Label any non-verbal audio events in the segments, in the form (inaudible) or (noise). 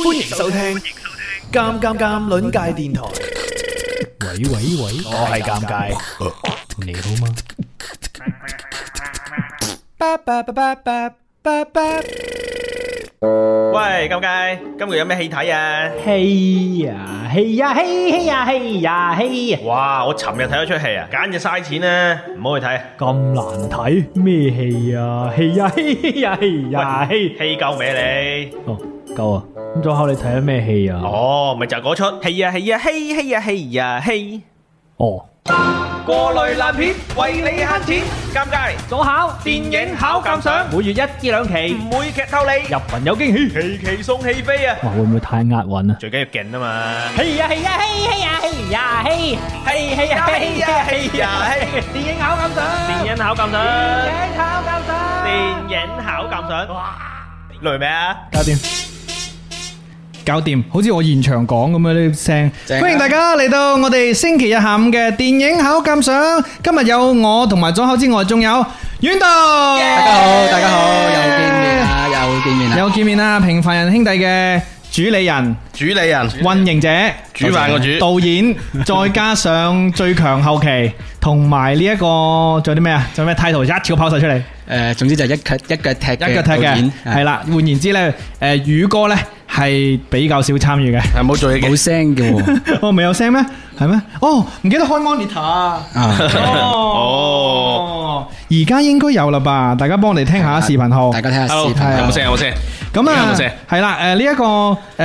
歡迎收聽《尷尷尷》鄰界電台。喂喂喂，我係尷尬，你好嗎？Ba ba ba ba ba ba。喂，尷尬，今日有咩戲睇啊？戲啊，戲呀，戲呀，戲呀，戲啊！哇，我尋日睇咗出戲啊，簡直嘥錢啦，唔好去睇。咁難睇咩戲啊？戲呀，戲呀，戲呀，戲呀，戲！戲夠未你？哦，夠啊。咁早考你睇咗咩戲啊？哦，咪就嗰出戲。係啊係啊，嘿嘿啊嘿啊嘿。哦。過濾爛片為你慳錢，尷尬。早考電影考鑑賞，每月一至兩期，唔會劇透你。入群有驚喜，期期送戲飛啊！哇，會唔會太押韻啊？最緊要勁啊嘛。係啊係啊，嘿嘿啊嘿啊嘿，嘿嘿啊嘿啊嘿啊嘿，電影考鑑賞，電影考鑑賞，電影考鑑賞，電影考鑑賞。哇！累未啊？搞掂。搞掂，好似我現場講咁樣啲聲。歡迎大家嚟到我哋星期日下午嘅電影考鑑賞。今日有我同埋左口之外，仲有遠道。大家好，大家好，又見面啦，又見面啦，又見面啦！平凡人兄弟嘅主理人、主理人、運營者、煮飯嘅主、導演，再加上最強後期，同埋呢一個，仲有啲咩啊？仲有咩？替圖一跳跑曬出嚟。誒，總之就係一腳一腳踢嘅。一腳踢嘅，係啦。換言之咧，誒，宇哥咧。係比較少參與嘅，係冇做嘢，冇聲嘅。哦，唔係有聲咩？係咩、啊？ (laughs) 哦，唔記得開 monitor 啊！哦。而家應該有啦吧，大家幫我哋聽下視頻號，大家聽下視頻號，有冇聲？有冇聲？咁啊，係啦，誒，呢一個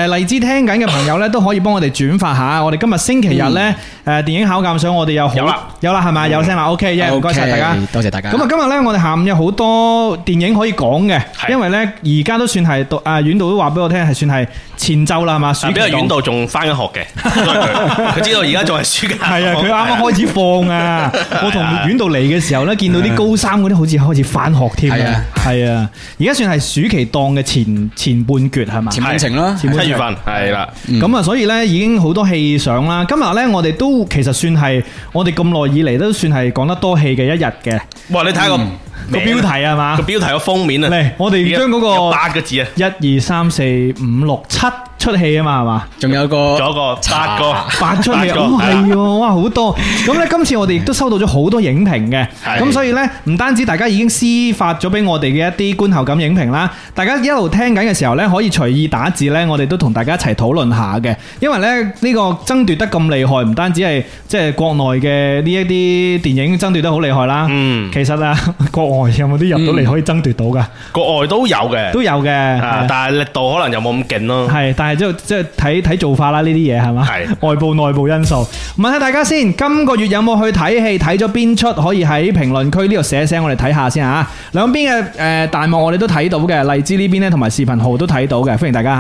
誒，荔枝聽緊嘅朋友咧，都可以幫我哋轉發下。我哋今日星期日咧，誒，電影考鑒賞我哋有有啦，有啦，係咪？有聲啦，OK，唔該晒大家，多謝大家。咁啊，今日咧我哋下午有好多電影可以講嘅，因為咧而家都算係讀啊，院度都話俾我聽係算係前奏啦，係嘛？比較院度仲翻緊學嘅，佢知道而家仲係暑假，係啊，佢啱啱開始放啊。我同院度嚟嘅時候咧，見到。啲高三嗰啲好似開始返學添，係啊，係啊，而家算係暑期檔嘅前前半橛係嘛？前半程咯，前半程，七月份係啦，咁啊，對嗯、所以呢已經好多戲上啦。今日呢，我哋都其實算係我哋咁耐以嚟都算係講得多戲嘅一日嘅。哇，你睇下、那個、嗯、個標題係嘛？個標題個封面啊！嚟，我哋將嗰個八個字啊，一二三四五六七。出戲啊嘛，係嘛？仲有個，仲有個，八個八出戲，係哦，哇，好多。咁咧，今次我哋亦都收到咗好多影評嘅。咁所以咧，唔單止大家已經私發咗俾我哋嘅一啲觀後感影評啦，大家一路聽緊嘅時候咧，可以隨意打字咧，我哋都同大家一齊討論下嘅。因為咧，呢個爭奪得咁厲害，唔單止係即係國內嘅呢一啲電影爭奪得好厲害啦。嗯，其實啊，國外有冇啲入到嚟可以爭奪到㗎？國外都有嘅，都有嘅啊，但係力度可能又冇咁勁咯。係，但係。即係睇睇做法啦，呢啲嘢，係嘛？係是的 外部內部因素。問下大家先，今個月有冇去睇戲？睇咗邊出？可以喺評論區呢度寫聲，我哋睇下先啊。兩邊嘅，誒，彈幕我哋都睇到嘅，荔枝呢邊咧同埋視頻號都睇到嘅，歡迎大家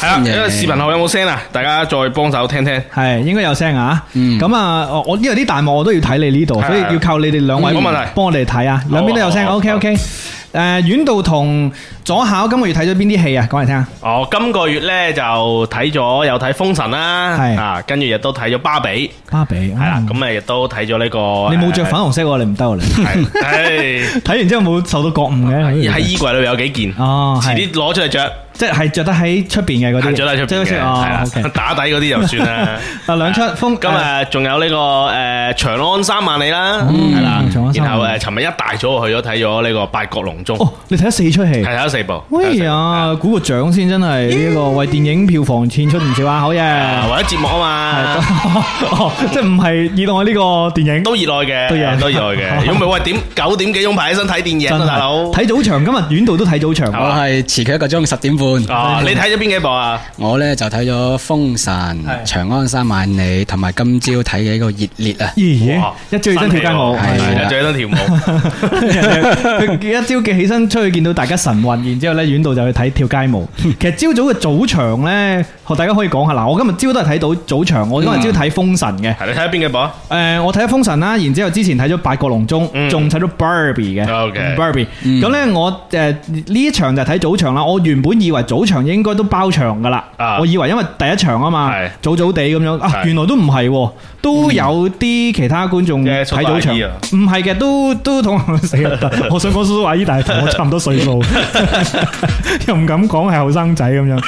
吓。係啊，因為視頻號有冇聲啊？大家再幫手聽聽。係應該有聲啊。嗯。咁啊，我因為啲彈幕我都要睇你呢度，所以要靠你哋兩位，嗯。冇問題。幫我哋睇啊！兩邊都有聲。OK OK，啊。誒，阮導同左考今個月睇咗邊啲戲啊？講嚟聽下。哦，今個月咧就睇咗，又睇《封神》啦，係啊，跟住亦都睇咗《芭比》。芭比係啦，咁啊亦都睇咗呢個。你冇着粉紅色，你唔得嚟。係，睇完之後冇受到覺悟嘅，喺衣櫃裏面有幾件，哦，遲啲攞出嚟着。即係着得喺出邊嘅嗰啲，着得出邊嘅，係啦，打底嗰啲就算啦。啊，兩出，今日仲有呢個誒《長安三萬里》啦，係啦，然後誒，尋日一大早去咗睇咗呢個《八角籠中》。你睇咗四出戲，睇咗四部。喂，呀，估個獎先，真係呢個為電影票房串出唔少啊好嘢，為咗節目啊嘛，即係唔係熱愛呢個電影都熱愛嘅，都熱都熱愛嘅。如果唔係，喂，點九點幾鐘排起身睇電影？大佬睇早場，今日院度都睇早場。我係遲佢一個鐘，十點哦，你睇咗邊幾部啊？我咧就睇咗《封神》、《長安三萬里》同埋今朝睇嘅一個熱烈啊！一朝起身跳街舞，一早都跳舞。一朝嘅起身出去見到大家神魂，然之後咧，遠道就去睇跳街舞。其實朝早嘅早場咧，大家可以講下嗱，我今日朝都係睇到早場，我今日朝睇《封神》嘅。係，你睇咗邊幾部？誒，我睇咗《封神》啦，然之後之前睇咗《八角籠中》，仲睇咗《Barbie》嘅。OK，Barbie。咁咧，我誒呢一場就睇早場啦。我原本以為，以為早場應該都包場噶啦，啊、我以為因為第一場啊嘛，是早早地咁樣啊，是原來都唔係，啊，都有啲其他觀眾睇、嗯、早場，唔係嘅，都都同死 (laughs) 我想講叔叔阿姨，但係我差唔多歲數， (laughs) (laughs) 又唔敢講係後生仔咁樣，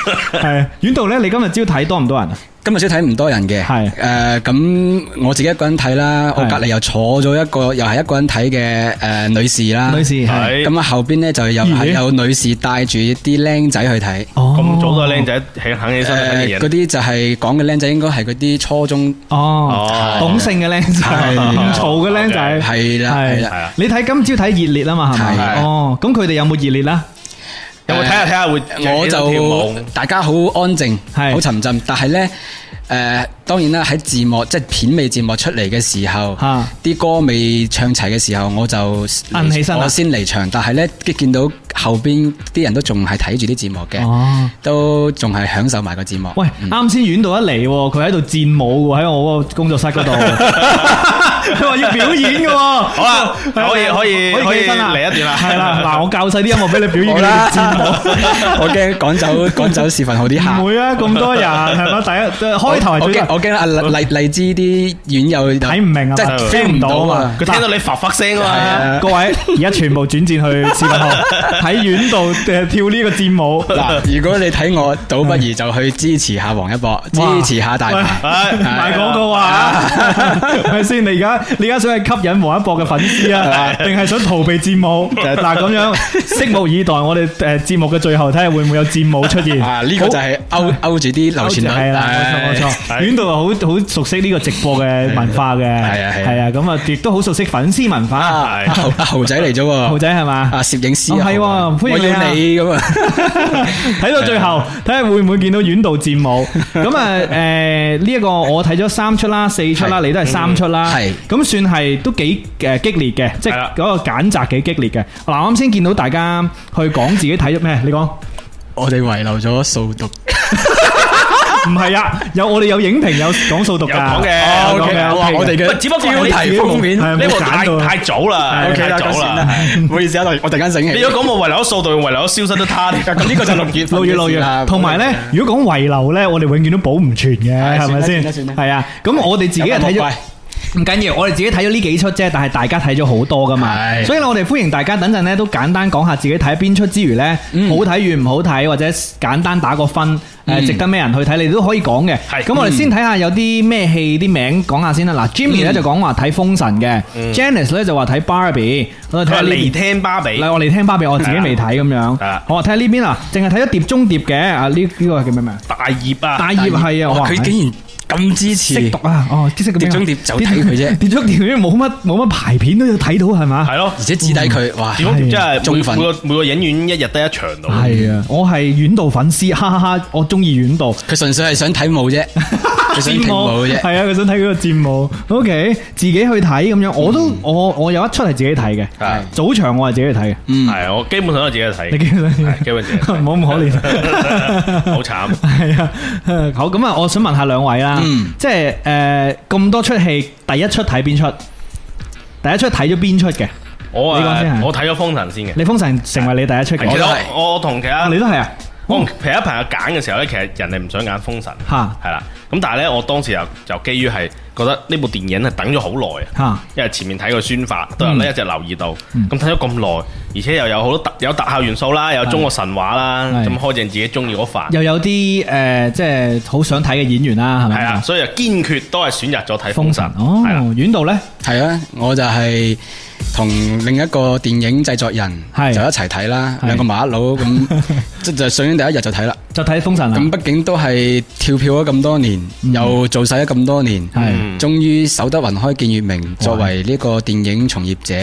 係，遠 (laughs) 道咧，你今日朝睇多唔多人啊？今日先睇唔多人嘅，係，誒，咁我自己一個人睇啦，我隔籬又坐咗一個，又係一個人睇嘅，誒，女士啦，女士，係，咁啊後邊咧就又有女士帶住啲僆仔去睇，哦，咁早多僆仔起，起身嗰啲就係講嘅僆仔，應該係嗰啲初中，哦，懂性嘅僆仔，咁嘈嘅僆仔，係啦，係啦，你睇今朝睇熱烈啊嘛，係咪？哦，咁佢哋有冇熱烈啦？ (noise) 有冇睇下睇下會？我就大家好安靜，好是沉浸。但係咧。誒，當然啦，喺字幕即係片尾字幕出嚟嘅時候，啲歌未唱齊嘅時候，我就摁起身，我先離場。但係咧，即見到後邊啲人都仲係睇住啲字幕嘅，都仲係享受埋個字幕。喂，啱先遠度一嚟，佢喺度戰舞，喺我個工作室嗰度，佢話要表演嘅，好啦，可以可以可以起身嚟一點啦，係啦，嗱，我教晒啲音樂俾你表演啦，戰舞，我驚趕走趕走視頻好啲行唔會啊，咁多人係嘛，第一我驚我驚啊！荔荔荔枝啲院友睇唔明啊，即係聽唔到啊嘛！佢聽到你發發聲啊嘛！各位而家全部轉戰去視頻號，喺院度誒跳呢個戰舞嗱。如果你睇我，倒不如就去支持下王一博，支持下大牌賣廣告啊！係咪先？你而家你而家想係吸引王一博嘅粉絲啊，定係想逃避戰舞？嗱咁樣拭目以待，我哋誒節目嘅最後，睇下會唔會有戰舞出現啊？呢個就係勾勾住啲流錢係啦。遠道啊，好好熟悉呢個直播嘅文化嘅，係啊係啊，咁啊亦都好熟悉粉絲文化，猴仔嚟咗喎，猴仔係嘛，攝影師啊，歡迎啊，歡迎你咁啊，睇到最後睇下會唔會見到遠道戰舞，咁啊誒呢一個我睇咗三出啦，四出啦，你都係三出啦，係，咁算係都幾誒激烈嘅，即係嗰個揀擇幾激烈嘅，嗱我啱先見到大家去講自己睇咗咩，你講，我哋遺留咗掃毒。唔係啊，有我哋有影評，有講數讀噶，有講嘅，OK，我哋嘅只不過要睇封面呢個太早啦，OK 啦，咁啦，唔好意思啊，我突然間醒起，如果講我遺留咗數讀，遺留咗消失的她呢？咁呢個就六月六月六月，同埋咧，如果講遺留咧，我哋永遠都保唔全嘅，係咪先？係啊，咁我哋自己睇咗，唔緊要，我哋自己睇咗呢幾出啫，但係大家睇咗好多噶嘛，所以咧，我哋歡迎大家等陣咧都簡單講下自己睇邊出之餘咧，好睇與唔好睇，或者簡單打個分。誒，值得咩人去睇？你都可以講嘅。係，咁我哋先睇下有啲咩戲，啲名講下先啦。嗱，Jimmy 咧就講話睇《封神》嘅，Janice 咧就話睇《b b 芭比芭比》，我睇下呢。嚟聽芭比，嗱我嚟聽芭比，我自己未睇咁樣。我睇下呢邊啊，淨係睇咗碟中碟嘅。啊，呢呢個叫咩名？大葉啊，大葉係啊，佢竟然。咁支持，識讀啊！哦，即係碟中諜就睇佢啫，碟中諜冇乜冇乜排片都要睇到係嘛？係咯，了而且只睇佢，嗯、哇！碟中諜真係中份分，每每個影院一日得一場度。係啊，我係遠道粉絲，哈哈哈！我中意遠道，佢純粹係想睇舞啫。 (laughs) 節係啊，佢想睇嗰個節目，OK，自己去睇咁樣，我都我我有一出係自己睇嘅，早場我係自己去睇嘅，嗯，係我基本上都自己去睇，你基本上都，冇咁可憐，好慘，係啊，好咁啊，我想問下兩位啦，即係誒咁多出戲，第一出睇邊出？第一出睇咗邊出嘅？我啊，我睇咗封神先嘅，你封神成為你第一出嘅，我我同其他你都係啊。我平一朋友揀嘅時候咧，其實人係唔想揀《封神》啊，係啦。咁但係咧，我當時又就基於係覺得呢部電影係等咗好耐啊，因為前面睇過宣發，多人咧一直留意到。咁睇咗咁耐，而且又有好多有特有特效元素啦，有中國神話啦，咁開正自己中意嗰瓣。又有啲誒，即係好想睇嘅演員啦、啊，係咪啊？所以就堅決都係選擇咗睇《封神》神。係、哦、啦，的院度咧，係啊，我就係、是。同另一個電影製作人就一齊睇啦，兩個麻甩佬咁，即就上映第一日就睇啦，就睇《封神》啦。咁畢竟都係跳票咗咁多年，又做晒咗咁多年，係終於守得雲開見月明。作為呢個電影從業者，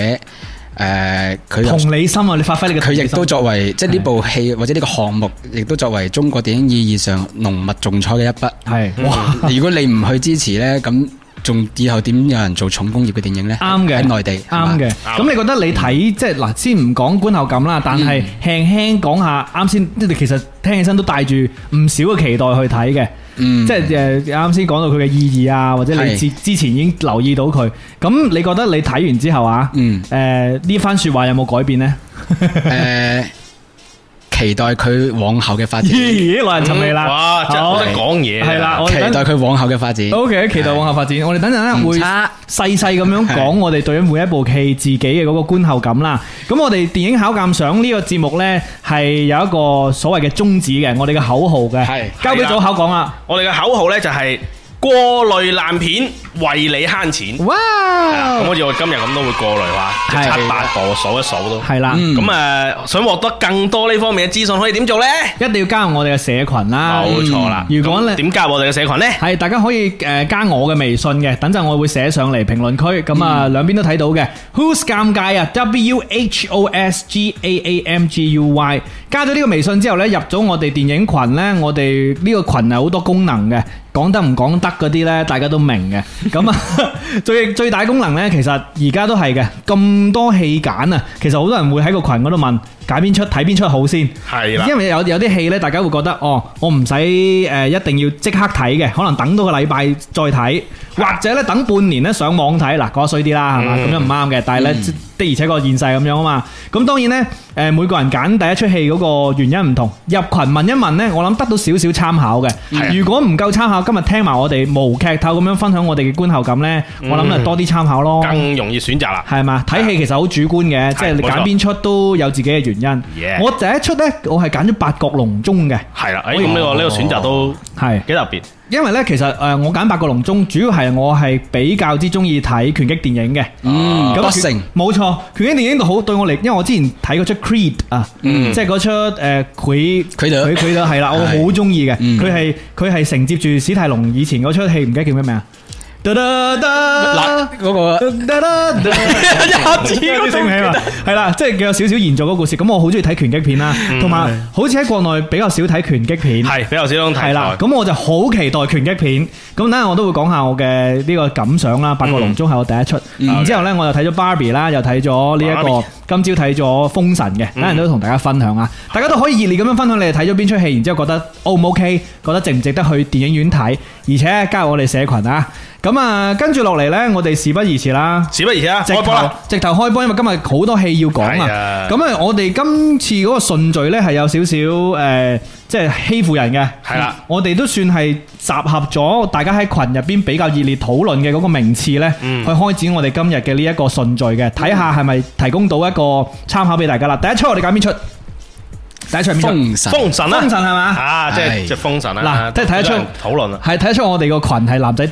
誒，佢同理心啊，你發揮你佢亦都作為即係呢部戲或者呢個項目，亦都作為中國電影意義上濃墨重彩嘅一筆。係哇，如果你唔去支持呢？咁。仲以後點有人做重工業嘅電影呢？啱嘅喺內地。啱嘅吧。咁的你覺得你睇即係嗱，的先唔講觀後感啦，但係輕輕講下啱先，即哋、嗯、其實聽起身都帶住唔少嘅期待去睇嘅。嗯。即係誒啱先講到佢嘅意義啊，或者你之之前已經留意到佢。咁的你覺得你睇完之後啊？嗯。誒呢、呃、番説話有冇改變呢？誒 (laughs) 呃。期待佢往後嘅發展，來人尋你啦，真係冇得講嘢，係啦。期待佢往後嘅發展，OK，期待往後發展。我哋等陣咧會細細咁樣講我哋對於每一部戲自己嘅嗰個觀後感啦。咁我哋電影考鑒賞呢個節目咧係有一個所謂嘅宗旨嘅，我哋嘅口號嘅，係交俾左口講啊。我哋嘅口號咧就係。過濾爛片，為你慳錢。哇！咁好似我今日咁都會過濾哇，一查八道數一數都係啦。咁誒，想獲得更多呢方面嘅資訊可以點做呢？一定要加入我哋嘅社群啦。冇錯啦。如果呢點加入我哋嘅社群呢？係大家可以誒加我嘅微信嘅，等陣我會寫上嚟評論區。咁啊兩邊都睇到嘅。Who’s 尷尬啊？W H O S G A A M G U Y。加咗呢個微信之後呢，入咗我哋電影群呢，我哋呢個群係好多功能嘅。講得唔講得嗰啲咧，大家都明嘅。咁啊， (laughs) 最最大功能咧，其實而家都係嘅。咁多戲揀啊，其實好多人會喺個群嗰度問。揀邊出睇邊出好先？係啦，因為有有啲戲咧，大家會覺得哦，我唔使誒，一定要即刻睇嘅，可能等到個禮拜再睇，或者咧等半年咧上網睇，嗱，講衰啲啦，係嘛，咁樣唔啱嘅。但係咧的而且確現世咁樣啊嘛，咁當然咧誒，每個人揀第一出戲嗰個原因唔同，入群問一問咧，我諗得到少少參考嘅。如果唔夠參考，今日聽埋我哋無劇透咁樣分享我哋嘅觀後感咧，我諗啊多啲參考咯，更容易選擇啦，係嘛，睇戲其實好主觀嘅，即係你揀邊出都有自己嘅原。原因，Yeah. 我第一出呢，我係揀咗八角籠中嘅。係啦，呢個呢個選擇都係幾特別。因為呢，其實誒，我揀八角籠中，主要係我係比較之中意睇拳擊電影嘅。嗯，得成，冇錯，拳擊電影都好對我嚟，因為我之前睇嗰、嗯、出 Creed 啊，即係嗰出誒，佢佢佢佢就係啦，我好中意嘅，佢係佢係承接住史泰龍以前嗰出戲，唔記得叫咩名啊？嗱嗰，那個一合之，咁醒起嘛，係啦，即係佢有少少延續嘅故事。咁我好中意睇拳擊片啦，同埋好似喺國內比較少睇拳擊片，係、嗯、比較少睇。題咁我就好期待拳擊片。咁等我下我都會講下我嘅呢個感想啦。八角籠中係我第一出，嗯、然後之後咧我就睇咗 Barbie 啦，又睇咗呢一個。今朝睇咗《封神》嘅，嗯、等人都同大家分享啊！大家都可以熱烈咁樣分享你哋睇咗邊出戲，然之後覺得 O 唔 O K，覺得值唔值得去電影院睇，而且加入我哋社群啊！咁啊，跟住落嚟呢，我哋事不宜遲啦，事不宜遲啊，直接開波啦！直頭開波！因為今日好多戲要講啊！咁啊、哎呀，我哋今次嗰個順序呢，係有少少誒。呃即係欺負人嘅，係啦的，我哋都算係集合咗大家喺群入邊比較熱烈討論嘅嗰個名次呢，去開展我哋今日嘅呢一個順序嘅，睇、嗯、下係咪提供到一個參考俾大家啦。第一出我哋揀邊出？第一出咩？封神啦，封神係嘛？啊，即係即係封神啦。嗱，即係睇得出討論啊，係睇得出我哋個群係男仔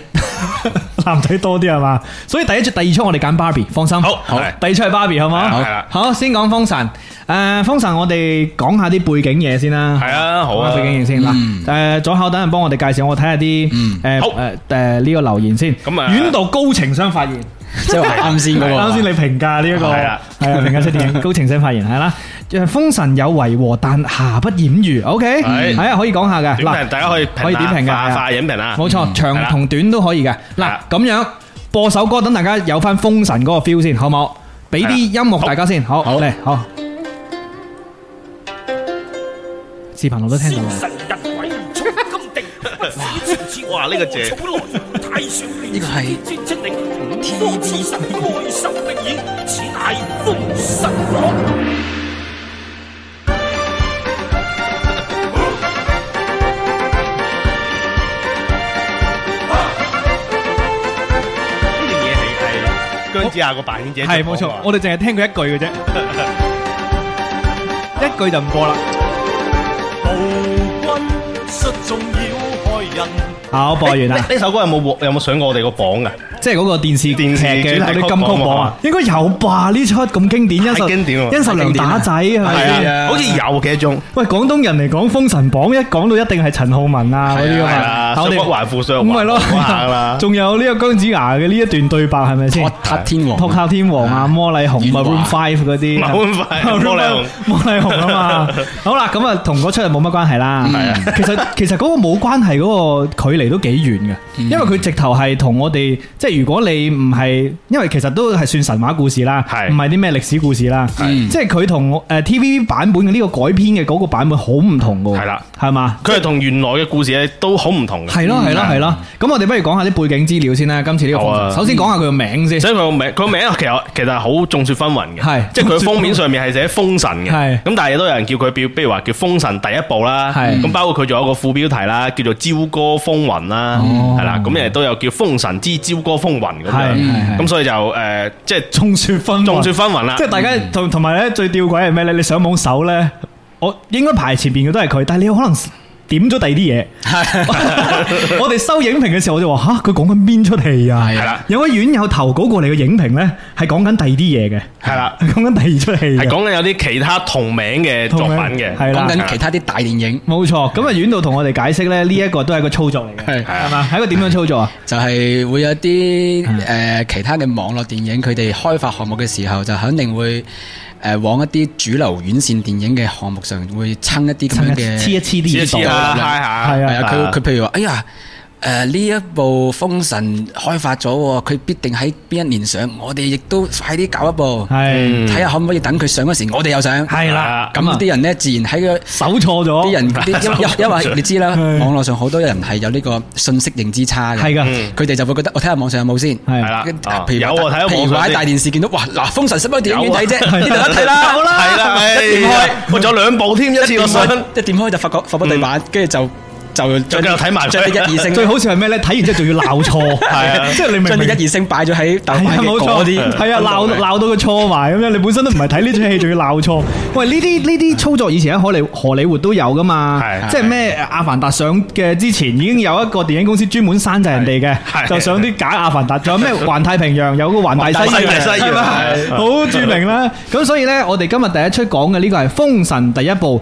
男仔多啲係嘛？所以第一出、第二出我哋揀芭比，放心。好，好，第二出係芭比，好唔好？好。先講封神。誒，封神，我哋講下啲背景嘢先啦。係啊，好啊，背景嘢先。嗱，誒，左口等人幫我哋介紹，我睇下啲誒誒誒呢個留言先。咁啊，遠度高情商發言，即係啱先嗰個，啱先你評價呢一個係啦，係啊，評價出電影高情商發言係啦。封神有為和，但瑕不掩瑜。O K，係啊，可以講下嘅。點，大家可以可以點評嘅，快快影評啦。冇錯，長同短都可以嘅。嗱，咁樣播首歌，等大家有翻封神嗰個 feel 先，好唔好？俾啲音樂大家先，好，嚟，好。視頻我都聽到。神神神。鬼呢字，心此乃封知下個扮演者係冇錯，啊、我哋淨係聽佢一句嘅啫， (laughs) 一句就唔播啦。好、哦、播完啦，呢、欸、首歌有冇播有冇上過我哋個榜㗎、啊？即係嗰個電視電視劇嘅啲金曲榜啊，應該有吧？呢出咁經典，因十零打仔啊，係好似有幾多種？喂，廣東人嚟講《封神榜》，一講到一定係陳浩文啊嗰啲啊嘛，相襯還富相唔啊嘛，仲有呢個姜子牙嘅呢一段對白係咪先？托天王、托靠天王啊，魔禮紅、Room Five 嗰啲，魔禮紅、魔禮紅啊嘛。好啦，咁啊同嗰出係冇乜關係啦。係啊，其實其實嗰個冇關係，嗰個距離都幾遠嘅，因為佢直頭係同我哋即係。如果你唔係，因為其實都係算神話故事啦，唔係啲咩歷史故事啦？即係佢同 TV 版本嘅呢個改編嘅嗰個版本好唔同嘅，係啦，係嘛？佢係同原來嘅故事咧都好唔同嘅，係咯，係咯，係咯。咁我哋不如講下啲背景資料先啦。今次呢個首先講下佢個名先。所以佢個名，佢個名其實其實係好眾說紛紜嘅，即係佢封面上面係寫《封神》嘅，咁，但係都有人叫佢比如話叫《封神第一部》啦，咁，包括佢仲有一個副標題啦，叫做《朝歌風雲》啦，係啦，咁亦都有叫《封神之朝歌》。風雲咁樣，咁是所以就誒、呃，即係眾說紛眾說紛紜啦。即係大家同同埋咧，最吊詭係咩咧？你上網搜咧，我應該排前邊嘅都係佢，但係你有可能。點咗第二啲嘢，我哋收影評嘅時候我就話吓，佢講緊邊出戲啊？係啦、啊，的有位院友投稿過嚟嘅影評呢，係講緊第二啲嘢嘅，係啦，講緊第二出戲，係講緊有啲其他同名嘅作品嘅，係啦名，講緊的其他啲大電影，冇錯的。咁啊，院度同我哋解釋呢，呢、這個、一個都係個操作嚟嘅，係係嘛？係的個點樣操作啊？就係會有啲誒、呃、其他嘅網絡電影，佢哋開發項目嘅時候就肯定會。誒往一啲主流院線電影嘅項目上，會撐一啲咁樣嘅黐一黐啲嘢度啦，high 下係啊！佢佢譬如話，哎呀～誒，呢一部《封神》開發咗，佢必定喺邊一年上，我哋亦都快啲搞一部，睇下可唔可以等佢上嗰時，我哋又上。係啦，咁啲人咧自然喺個守錯咗。啲人因因為你知啦，網絡上好多人係有呢個信息認知差嘅。係噶，佢哋就會覺得我睇下網上有冇先。係啦，譬如有我睇，我喺大電視見到，哇！嗱，《封神》使唔使電影院睇啫？呢度得睇啦，好啦。係啦，係，一點開，我仲兩部添，一次過上，一點開就發覺伏筆地板，跟住就。就再睇埋即係一二星，最好笑係咩咧？睇完之後仲要鬧錯，係即係你將啲一二星擺咗喺頭埋嗰啲。係啊鬧鬧到佢錯埋。咁樣，你本身都唔係睇呢出戲，仲要鬧錯。喂，呢啲呢啲操作以前喺荷里荷里活都有噶嘛？即係咩？阿凡達上嘅之前已經有一個電影公司專門山寨人哋嘅，就上啲假阿凡達。仲有咩環太平洋有個環大西洋，係嘛？好著名啦。咁所以咧，我哋今日第一出講嘅呢個係《封神》第一部。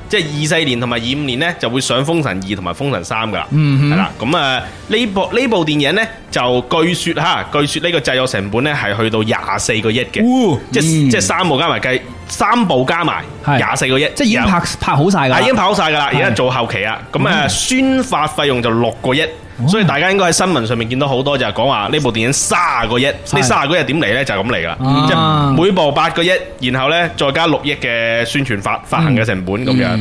即係二四年同埋二五年呢，就會上《封神二》同埋《封神三》噶啦、嗯哼，係啦。咁啊，呢部呢部電影呢，就據說吓，據說呢個製作成本呢，係去到廿四個億嘅，哦、即係、嗯、即係三部加埋計。三部加埋廿四個億，即係已經拍拍好晒噶，係已經拍好晒噶啦，而家做後期啊。咁誒，宣發費用就六個億，所以大家應該喺新聞上面見到好多就係講話呢部電影卅個億，呢卅個億點嚟呢？就係咁嚟噶啦，即每部八個億，然後呢再加六億嘅宣傳發發行嘅成本咁樣。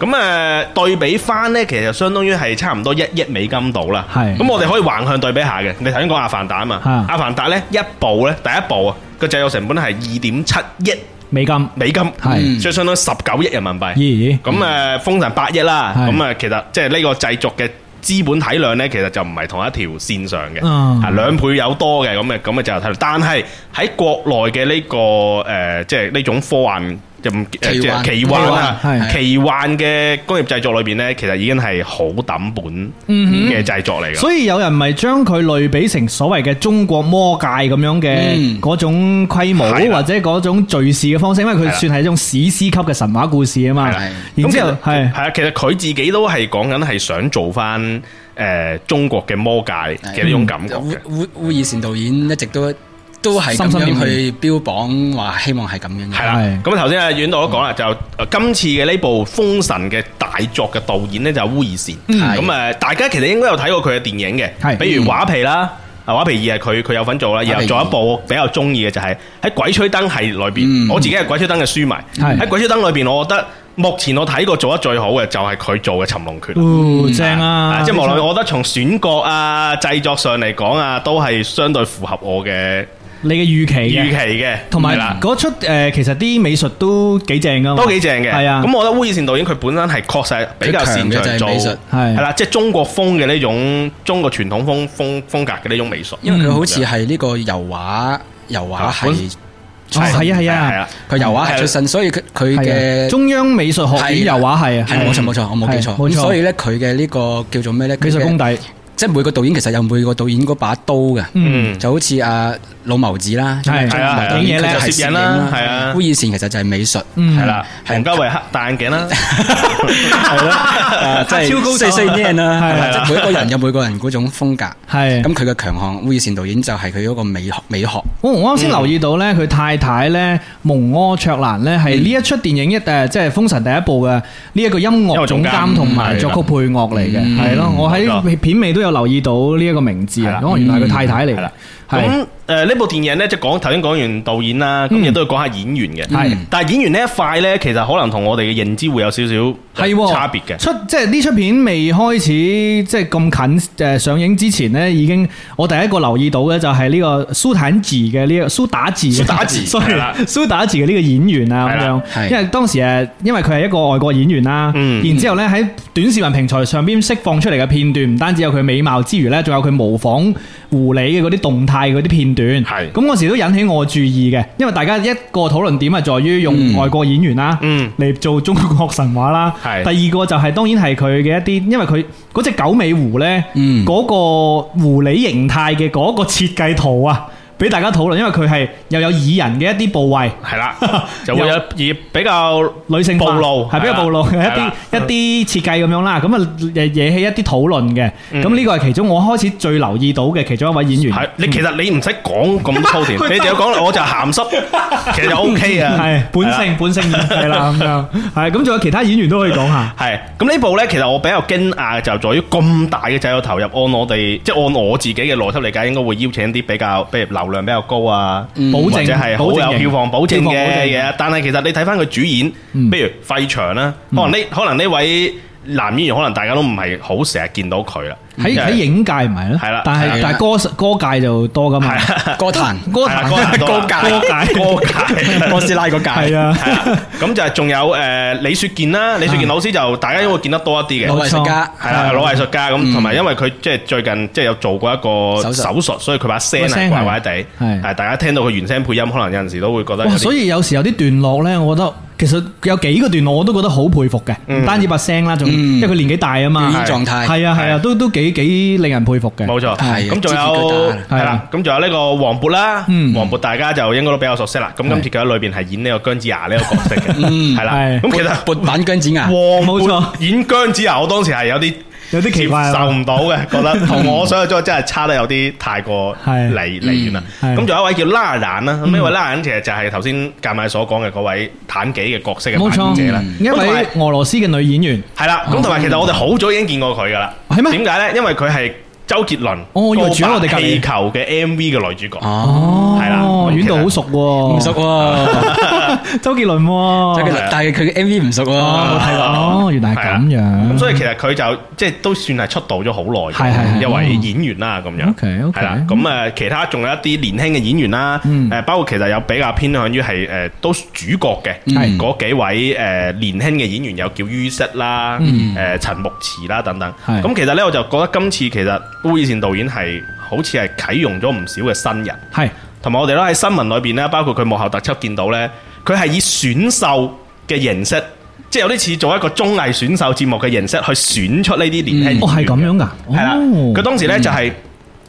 咁誒對比翻呢，其實相當於係差唔多一億美金到啦。係咁，我哋可以橫向對比下嘅。你頭先講阿凡達啊嘛，阿凡達呢，一部呢，第一部啊個製作成本係二點七億。美金，美金係，即係是相當於十九億人民幣。咁誒、嗯，封神八億啦。咁誒是，其實即係呢個製作嘅資本體量咧，其實就唔係同一條綫上嘅，啊、嗯、兩倍有多嘅，咁嘅，咁嘅就睇。但係喺國內嘅呢、呢個誒、呃，即係呢種科幻。就唔奇幻啊！奇幻嘅工業製作裏邊咧，其實已經係好抌本嘅製作嚟噶、嗯。所以有人咪將佢類比成所謂嘅中國魔界咁樣嘅嗰種規模或者嗰種敘事嘅方式，因為佢算係一種史詩級嘅神話故事啊嘛。咁之後係係啊，其實佢的的自己都係講緊係想做翻誒中國嘅魔界嘅呢種感覺嘅。烏烏、嗯、爾善導演一直都。都係咁樣去標榜話希望係咁樣嘅。係啦，咁啊頭先啊遠導都講啦，就今次嘅呢部《封神》嘅大作嘅導演呢，就烏爾善。嗯，咁誒，大家其實應該有睇過佢嘅電影嘅，比如《畫皮》啦，《畫皮二》係佢佢有份做啦，然後做一部比較中意嘅就係喺《鬼吹燈》系列裏邊，我自己係《鬼吹燈》嘅書迷。喺《鬼吹燈》裏邊，我覺得目前我睇過做得最好嘅就係佢做嘅《尋龍訣》。嗯，正啊，即係無論我覺得從選角啊、製作上嚟講啊，都係相對符合我嘅。你嘅預期，嘅預期嘅，同埋嗰出誒，其實啲美術都幾正噶，都幾正嘅。係啊，咁我覺得烏爾善導演佢本身係確實比較擅長做，係係啦，即係中國風嘅呢種中國傳統風風風格嘅呢種美術，因為佢好似係呢個油畫。油畫係係啊係啊係啊，佢油畫係出身，所以佢佢嘅中央美術學院油畫係係冇錯冇錯，我冇記錯。所以咧佢嘅呢個叫做咩咧？藝術功底。即係每個導演其實有每個導演把刀嘅，嗯，就好似阿老謀子啦，係啊，做嘢咧就攝影啦，係啊，烏爾善其實就係美術，係啦，係王家衛戴眼鏡啦，係咯，即係細細咩人啊，即係每一個人有每個人嗰種風格，係，咁佢嘅強項，烏爾善導演就係佢嗰個美學，美學。我我啱先留意到咧，佢太太咧，蒙柯卓蘭咧，係呢一出電影一，誒即係《封神》第一部嘅呢一個音樂總監同埋作曲配樂嚟嘅，係咯，我喺片尾都。有留意到呢一個名字啦，咁原來係佢太太嚟啦。咁誒，呢部電影呢，即係講頭先講完導演啦，咁亦都要講下演員嘅。係，但係演員呢一塊呢，其實可能同我哋嘅認知會有少少係差別嘅。出即係呢出片未開始，即係咁近上映之前呢，已經我第一個留意到嘅就係呢個蘇妲己嘅呢個蘇妲己，蘇妲己，係蘇妲己嘅呢個演員啊咁樣。因為當時誒，因為佢係一個外國演員啦。然之後咧喺短視頻平台上邊釋放出嚟嘅片段，唔單止有佢未美貌之餘呢，仲有佢模仿狐狸嘅嗰啲動態嗰啲片段，咁嗰是時都引起我注意嘅。因為大家一個討論點係在於用外國演員啦嚟、嗯、做中國神話啦，是第二個就係、是、當然係佢嘅一啲，因為佢嗰隻九尾狐呢，嗰、嗯、個狐狸形態嘅嗰個設計圖啊。俾大家討論，因為佢係又有擬人嘅一啲部位，係啦，就會有以比較女性暴露，係比較暴露一啲一啲設計咁樣啦，咁啊惹惹起一啲討論嘅。咁呢個係其中我開始最留意到嘅其中一位演員。係你其實你唔使講咁粗田，你只要講，我就鹹濕，其實 OK 啊。係本性本性演係啦咁樣。係咁，仲有其他演員都可以講下。係咁呢部咧，其實我比較驚訝嘅就係在於咁大嘅製作投入，按我哋即係按我自己嘅邏輯嚟講，應該會邀請一啲比較比如。流量比較高啊，嗯、或者係好有票房保證嘅嘢，保證，但係其實你睇翻佢主演，譬、嗯、如費翔啦，可能呢可能呢位男演員可能大家都唔係好成日見到佢啦。喺喺影界唔係咯，係啦，但係但係歌歌界就多噶嘛，歌壇歌壇歌壇歌界歌界歌斯拉個界係啊，咁就係仲有誒李雪健啦，李雪健老師就大家因為見得多一啲嘅老藝術家係啊，老藝術家咁同埋因為佢即係最近即係有做過一個手術，所以佢把聲係壞壞哋係，係大家聽到佢原聲配音，可能有陣時都會覺得哇，所以有時有啲段落咧，我覺得其實有幾個段落我都覺得好佩服嘅，唔單止把聲啦，仲因為佢年紀大啊嘛，狀態係啊係啊，都都幾。幾幾令人佩服嘅，冇錯，係咁仲有係啦，咁仲有呢個黃渤啦，嗯，黃渤大家就應該都比較熟悉啦，咁今次佢喺裏邊係演呢個姜子牙呢個角色嘅。嗯，係啦，咁其實渤版姜子牙，黃渤演姜子牙，我當時係有啲。有啲奇怪，受唔到嘅，覺得同我想象中真係差得有啲太過離離遠啦。咁仲有一位叫拉娜啦，咁呢位拉娜其實就係頭先夾埋所講嘅嗰位妲己嘅角色嘅扮演者啦。因為俄羅斯嘅女演員係啦，咁同埋其實我哋好早已經見過佢噶啦。係點解咧？因為佢係周杰倫《告白氣球》嘅 M V 嘅女主角。哦。我遠到好熟喎，唔熟喎，周杰倫，但係佢嘅 MV 唔熟喎，哦，原來係咁樣，所以其實佢就即係都算係出道咗好耐係係一位演員啦，咁樣，係啦，咁啊，其他仲有一啲年輕嘅演員啦，誒，包括其實有比較偏向於係誒都主角嘅，係嗰幾位誒年輕嘅演員有叫于適啦，誒陳牧馳啦等等，咁其實咧我就覺得今次其實烏爾善導演係好似係啟用咗唔少嘅新人，係。同埋我哋咧喺新聞裏邊咧，包括佢幕後特輯見到咧，佢係以選秀嘅形式，即係有啲似做一個綜藝選秀節目嘅形式，去選出呢啲年輕。哦，係咁樣噶，係啦。佢當時咧就係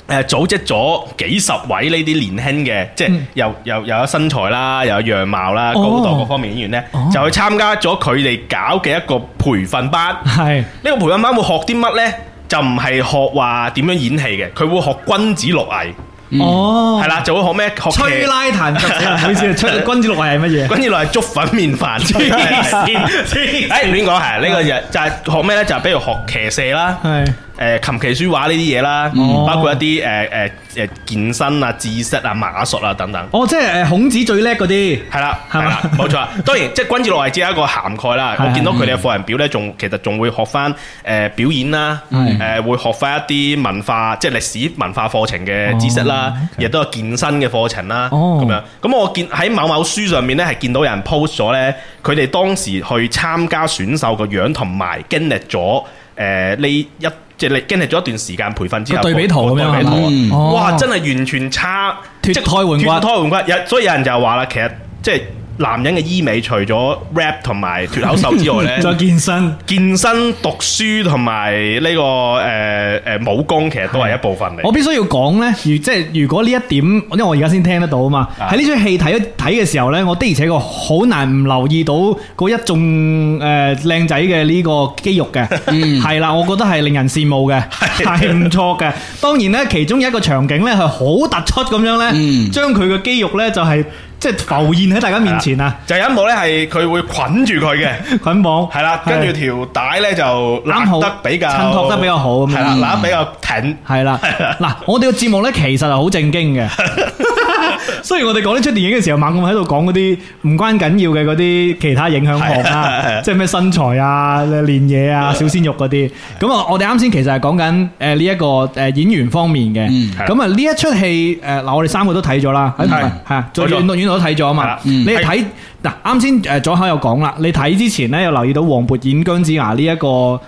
誒組織咗幾十位呢啲年輕嘅，即係又又又有身材啦，又有樣貌啦、高度好多各方面演員咧，就去參加咗佢哋搞嘅一個培訓班。係呢個培訓班會學啲乜咧？就唔係學話點樣演戲嘅，佢會學君子六藝。嗯、哦，係啦， (noise) 就會學咩？學吹拉彈奏。唔好意思，君子六藝係乜嘢？君子六藝係粥粉麵飯。哎 (laughs) 病，亂講？係呢、 (laughs) 這個就就係學咩咧？就係、比如學騎射啦。係。誒琴棋書畫呢啲嘢啦，包括一啲誒誒誒健身啊、知識啊、馬術啊等等。哦，即係誒孔子最叻嗰啲，係啦，係啦，冇錯。當然，即係君子樂為，只係一個涵蓋啦。我見到佢哋嘅課人表咧，仲其實仲會學翻誒表演啦，誒會學翻一啲文化，即係歷史文化課程嘅知識啦，亦都有健身嘅課程啦。咁樣，咁我見喺某某書上面咧，係見到有人 post 咗咧，佢哋當時去參加選秀嘅樣同埋經歷咗誒呢一。即係經歷咗一段時間培訓之後，對比圖咁樣，哇！哦、真係完全差，脫、哦即係、胎換骨，脫胎換骨。所以有人就話啦，其實即係。即係男人嘅醫美除咗 rap 同埋脫口秀之外咧，再 (laughs) 健身、健身、讀書同埋呢個誒誒、呃呃、武功，其實都係一部分嚟。我必須要講咧，如即係如果呢一點，因為我而家先聽得到啊嘛。喺呢出戲睇一睇嘅時候咧，我的而且確好難唔留意到嗰一眾誒靚仔嘅呢個肌肉嘅，係啦、嗯，我覺得係令人羨慕嘅，係唔 (laughs) 錯嘅。當然咧，其中有一個場景咧係好突出咁樣咧，將佢嘅肌肉咧就係、是。即係浮現喺大家面前啊！就有一幕咧，係佢會捆住佢嘅 (laughs) 捆綁綁，係啦了，跟住條帶咧就攬得比較襯托得比較好，係啦了，攬、嗯、比較挺，係啦，嗱，我哋個節目咧其實係好正經嘅。 (laughs) 雖然我哋講呢出電影嘅時候，猛咁喺度講嗰啲唔關緊要嘅嗰啲其他影響項，即係咩身材啊、練嘢啊、小鮮肉嗰啲。咁啊，我哋啱先其實係講緊誒呢一個誒演員方面嘅。咁啊呢一出戲誒嗱，我哋三個都睇咗啦，吓左口、院度都睇咗啊嘛。你睇嗱啱先誒左口又講啦，你睇之前咧又留意到黃渤演姜子牙呢一個誒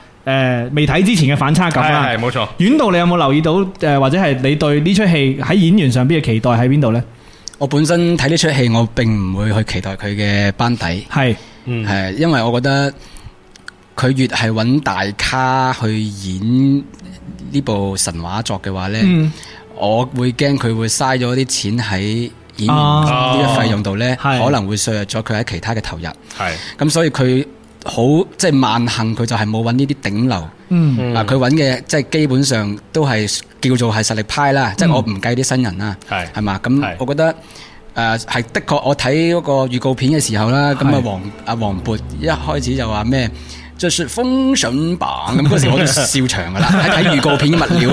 未睇之前嘅反差感啦。係冇錯。院度你有冇留意到誒或者係你對呢出戲喺演員上邊嘅期待喺邊度咧？我本身睇呢齣戲，我並唔會去期待佢嘅班底。係，係、嗯，因為我覺得佢越係揾大咖去演呢部神話作嘅話呢、嗯、我會驚佢會嘥咗啲錢喺演呢個費用度呢、哦、可能會削弱咗佢喺其他嘅投入。係，咁所以佢。好即係萬幸，佢就係冇揾呢啲頂流。嗯，嗱佢揾嘅即係基本上都係叫做係實力派啦。即係我唔計啲新人啦，係係嘛。咁我覺得誒係的確，我睇嗰個預告片嘅時候啦，咁啊黃阿黃渤一開始就話咩，即係說封神榜咁嗰時我都笑場噶啦，喺睇預告片嘅物料。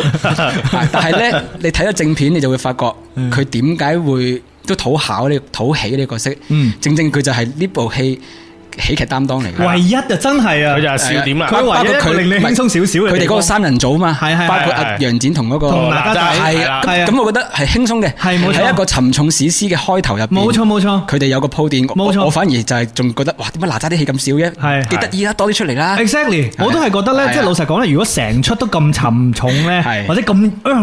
但係咧，你睇咗正片，你就會發覺佢點解會都討巧呢、討喜呢個角色。正正佢就係呢部戲。喜劇擔當嚟嘅，唯一就真係啊！佢就係笑點啦，佢唯一令你輕鬆少少嘅，佢哋嗰個三人組啊嘛，係係包括阿楊戩同嗰個，同哪吒係，咁我覺得係輕鬆嘅，係冇錯，係一個沉重史詩嘅開頭入邊，冇錯冇錯，佢哋有個鋪墊，冇錯，我反而就係仲覺得，哇，點解哪吒啲戲咁少啫？係，幾得意啊，多啲出嚟啦！Exactly，我都係覺得咧，即係老實講咧，如果成出都咁沉重咧，或者咁，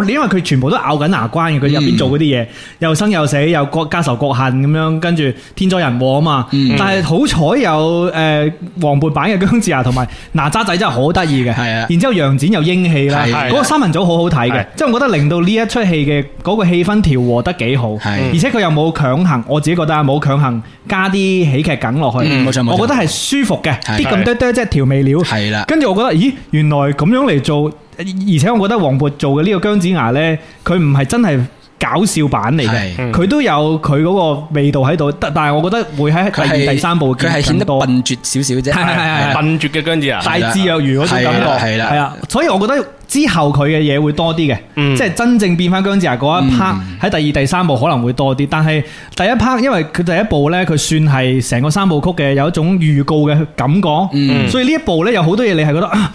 你因為佢全部都咬緊牙關嘅，佢入邊做嗰啲嘢，又生又死，又國家仇國恨咁樣，跟住天災人禍啊嘛，但係好彩又。有誒，黃渤版嘅薑子牙同埋哪吒仔真係好得意嘅，係啊的。然之後楊戩又英氣啦，嗰的個三人組好好睇嘅，即係的我覺得令到呢一出戲嘅嗰個氣氛調和得幾好，係的。而且佢又冇強行，我自己覺得啊，冇強行加啲喜劇梗落去，嗯、錯我覺得係舒服嘅，啲咁多多即係調味料，係啦的。跟住我覺得，咦，原來咁樣嚟做，而且我覺得黃渤做嘅呢個姜子牙咧，佢唔係真係。搞笑版嚟嘅，佢都有佢嗰個味道喺度，但係我覺得會喺第二、第三部佢係顯得笨拙少少啫，笨拙嘅姜子牙，大智若愚嗰種感覺，係啦，係啊，所以我覺得之後佢嘅嘢會多啲嘅，即係真正變翻姜子牙嗰一 part 喺第二、第三部可能會多啲，但係第一 part 因為佢第一部呢，佢算係成個三部曲嘅有一種預告嘅感覺，所以呢一部呢，有好多嘢你係覺得啊，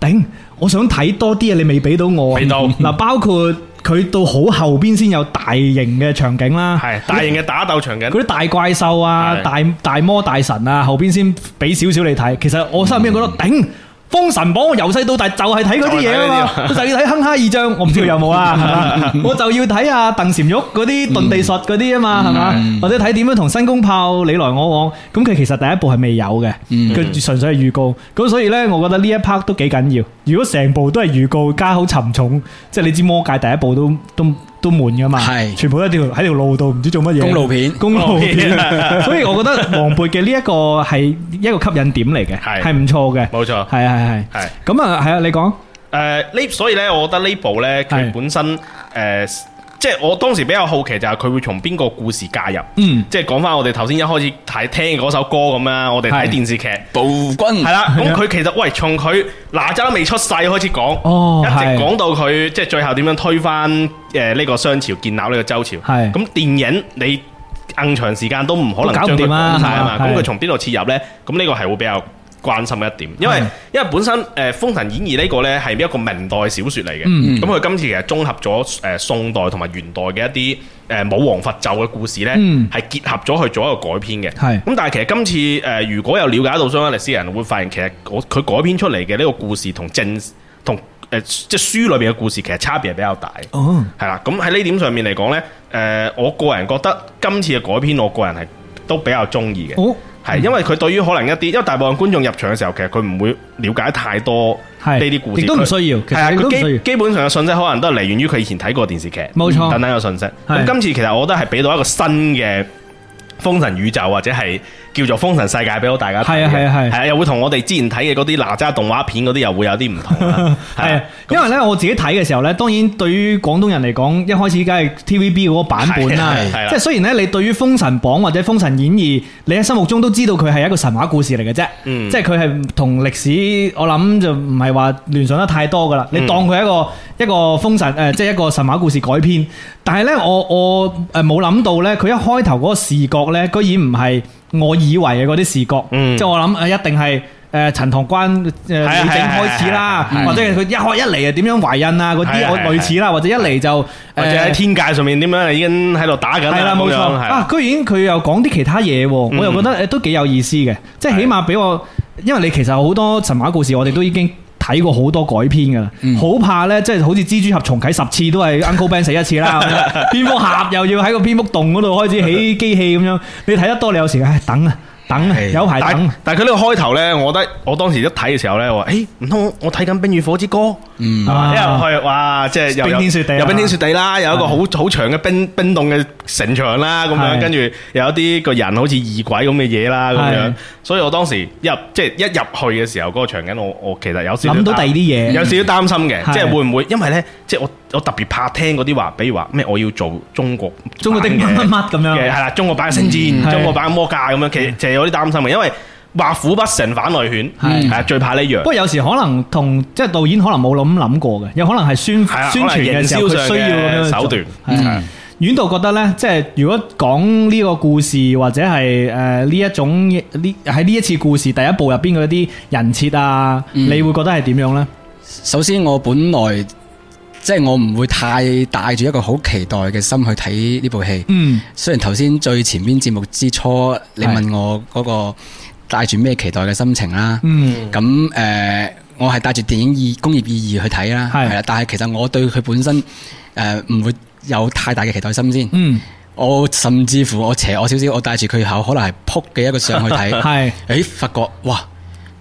頂。我想睇多啲嘢，你未俾到我。嗱，給到 (laughs) 包括佢到好後邊先有大型嘅場景啦，係大型嘅打鬥場景，嗰啲大，大怪獸啊、大是的 大魔大神啊，後邊先俾少少你睇。其實我心入邊覺得頂。嗯頂。封神榜我由細到大就係睇嗰啲嘢啊嘛，就要睇哼哈二將，我唔知佢有冇啦，我就要睇阿鄧嬋玉嗰啲遁地術嗰啲啊嘛，係嘛，或者睇點樣同申公豹你來我往，咁佢其實第一部係未有嘅，佢純粹係預告，咁所以呢，我覺得呢一 part 都幾緊要。如果成部都係預告加好沉重，即係你知魔戒第一部都都。都滿噶嘛，係，全部都喺條喺條路度，唔知做乜嘢，公路片，公路片，所以我覺得黃渤嘅呢一個係一個吸引點嚟嘅，係唔錯嘅，冇錯，係啊係係係，咁啊係啊你講，誒呢，所以咧，我覺得呢部咧，其實本身誒。即係我當時比較好奇就係佢會從邊個故事介入，嗯，即係講翻我哋頭先一開始睇聽嗰首歌咁的啦，我哋睇電視劇，暴君係啦。咁佢其實喂，從佢哪吒未出世開始講，哦，一直講到佢的即係最後點樣推翻誒呢、呃這個商朝建立呢個周朝，係咁的電影你硬長時間都唔可能搞掂，啊，講晒啊嘛，咁佢從邊度切入咧？咁呢個係會比較，關心嘅一點，因為的因為本身誒《封、呃、神演義》呢個呢，係一個明代小説嚟嘅，咁佢、嗯、今次其實綜合咗誒、呃、宋代同埋元代嘅一啲誒、呃、武王伐紂嘅故事呢，係、嗯、結合咗去做一個改編嘅。咁的但係其實今次誒、呃，如果有了解到相關歷史嘅人，會發現其實佢改編出嚟嘅呢個故事同正同誒、呃、即係書裏面嘅故事其實差別係比較大。哦，係啦，咁喺呢點上面嚟講呢，誒、呃、我個人覺得今次嘅改編，我個人係都比較中意嘅。哦。係，因為佢對於可能一啲，因為大部分觀眾入場嘅時候，其實佢唔會了解太多呢啲故事，其實都唔需要。係啊的，佢基基本上嘅信息可能都係嚟源於佢以前睇過嘅電視劇，冇錯錯。等等嘅信息，咁的今次其實我覺得係俾到一個新嘅《封神宇宙》，或者係。叫做《封神世界》俾我大家睇。係啊，係啊，係，係啊又會同我哋之前睇嘅嗰啲哪吒動畫片嗰啲又會有啲唔同。係，因為咧我自己睇嘅時候咧，當然對於廣東人嚟講，一開始梗係 TVB 嗰個版本啦。係啊，即係雖然咧你對於《封神榜》或者《封神演義》，你喺心目中都知道佢係一個神話故事嚟嘅啫。即係佢係同歷史，我諗就唔係話聯想得太多噶啦。你當佢一個一個封神誒，即係一個神話故事改編。但係咧，我我誒冇諗到咧，佢一開頭嗰個視覺咧，居然唔係。我以為嘅嗰啲視覺，嗯、即係我諗、呃、啊，一定係誒陳塘關誒李靖開始啦，啊啊啊、或者佢一開一嚟啊，點樣懷孕啊嗰啲類似啦，啊啊、或者一嚟就誒喺、呃、天界上面點樣、啊啊啊啊、已經喺度打緊啦咁樣。啊，居然佢又講啲其他嘢，我又覺得誒都幾有意思嘅，即係、嗯、起碼俾我，因為你其實好多神話故事，我哋都已經。睇過好多改編噶啦，嗯、怕好怕呢，即係好似蜘蛛俠重啟十次都係 Uncle Ben 死一次啦，蝙蝠俠又要喺個蝙蝠洞嗰度開始起機器咁樣， (laughs) 你睇得多你有時唉，等啊。等有排等，但係佢呢個開頭呢，我覺得我當時一睇嘅時候呢，我話誒，唔通我睇緊冰與火之歌，一入去哇，即係又冰天雪地，又冰天雪地啦，有一個好好長嘅冰冰凍嘅城牆啦，咁樣跟住有一啲個人好似異鬼咁嘅嘢啦，咁樣，所以我當時一入即係一入去嘅時候，嗰個場景我我其實有少諗到第二啲嘢，有少少擔心嘅，即係會唔會因為呢，即係我。我特別怕聽嗰啲話，比如話咩我要做中國中國的乜乜乜咁樣，係啦，中國版嘅《星戰》，中國版嘅《魔戒》咁樣，其實就有啲擔心嘅，因為話虎不成反類犬，係啊，最怕呢樣。不過有時可能同即係導演可能冇諗諗過嘅，有可能係宣宣傳嘅時候佢需要手段。院導覺得呢，即係如果講呢個故事或者係誒呢一種呢喺呢一次故事第一部入邊嗰啲人設啊，你會覺得係點樣呢？首先我本來。即係我唔會太帶住一個好期待嘅心去睇呢部戲。嗯，雖然頭先最前邊節目之初，你問我嗰個帶住咩期待嘅心情啦。嗯，咁誒，我係帶住電影意工業意義去睇啦。係啦，但係其實我對佢本身誒唔會有太大嘅期待心先。嗯，我甚至乎我斜我少少，我帶住佢口，可能係撲嘅一個相去睇。係，誒發覺哇，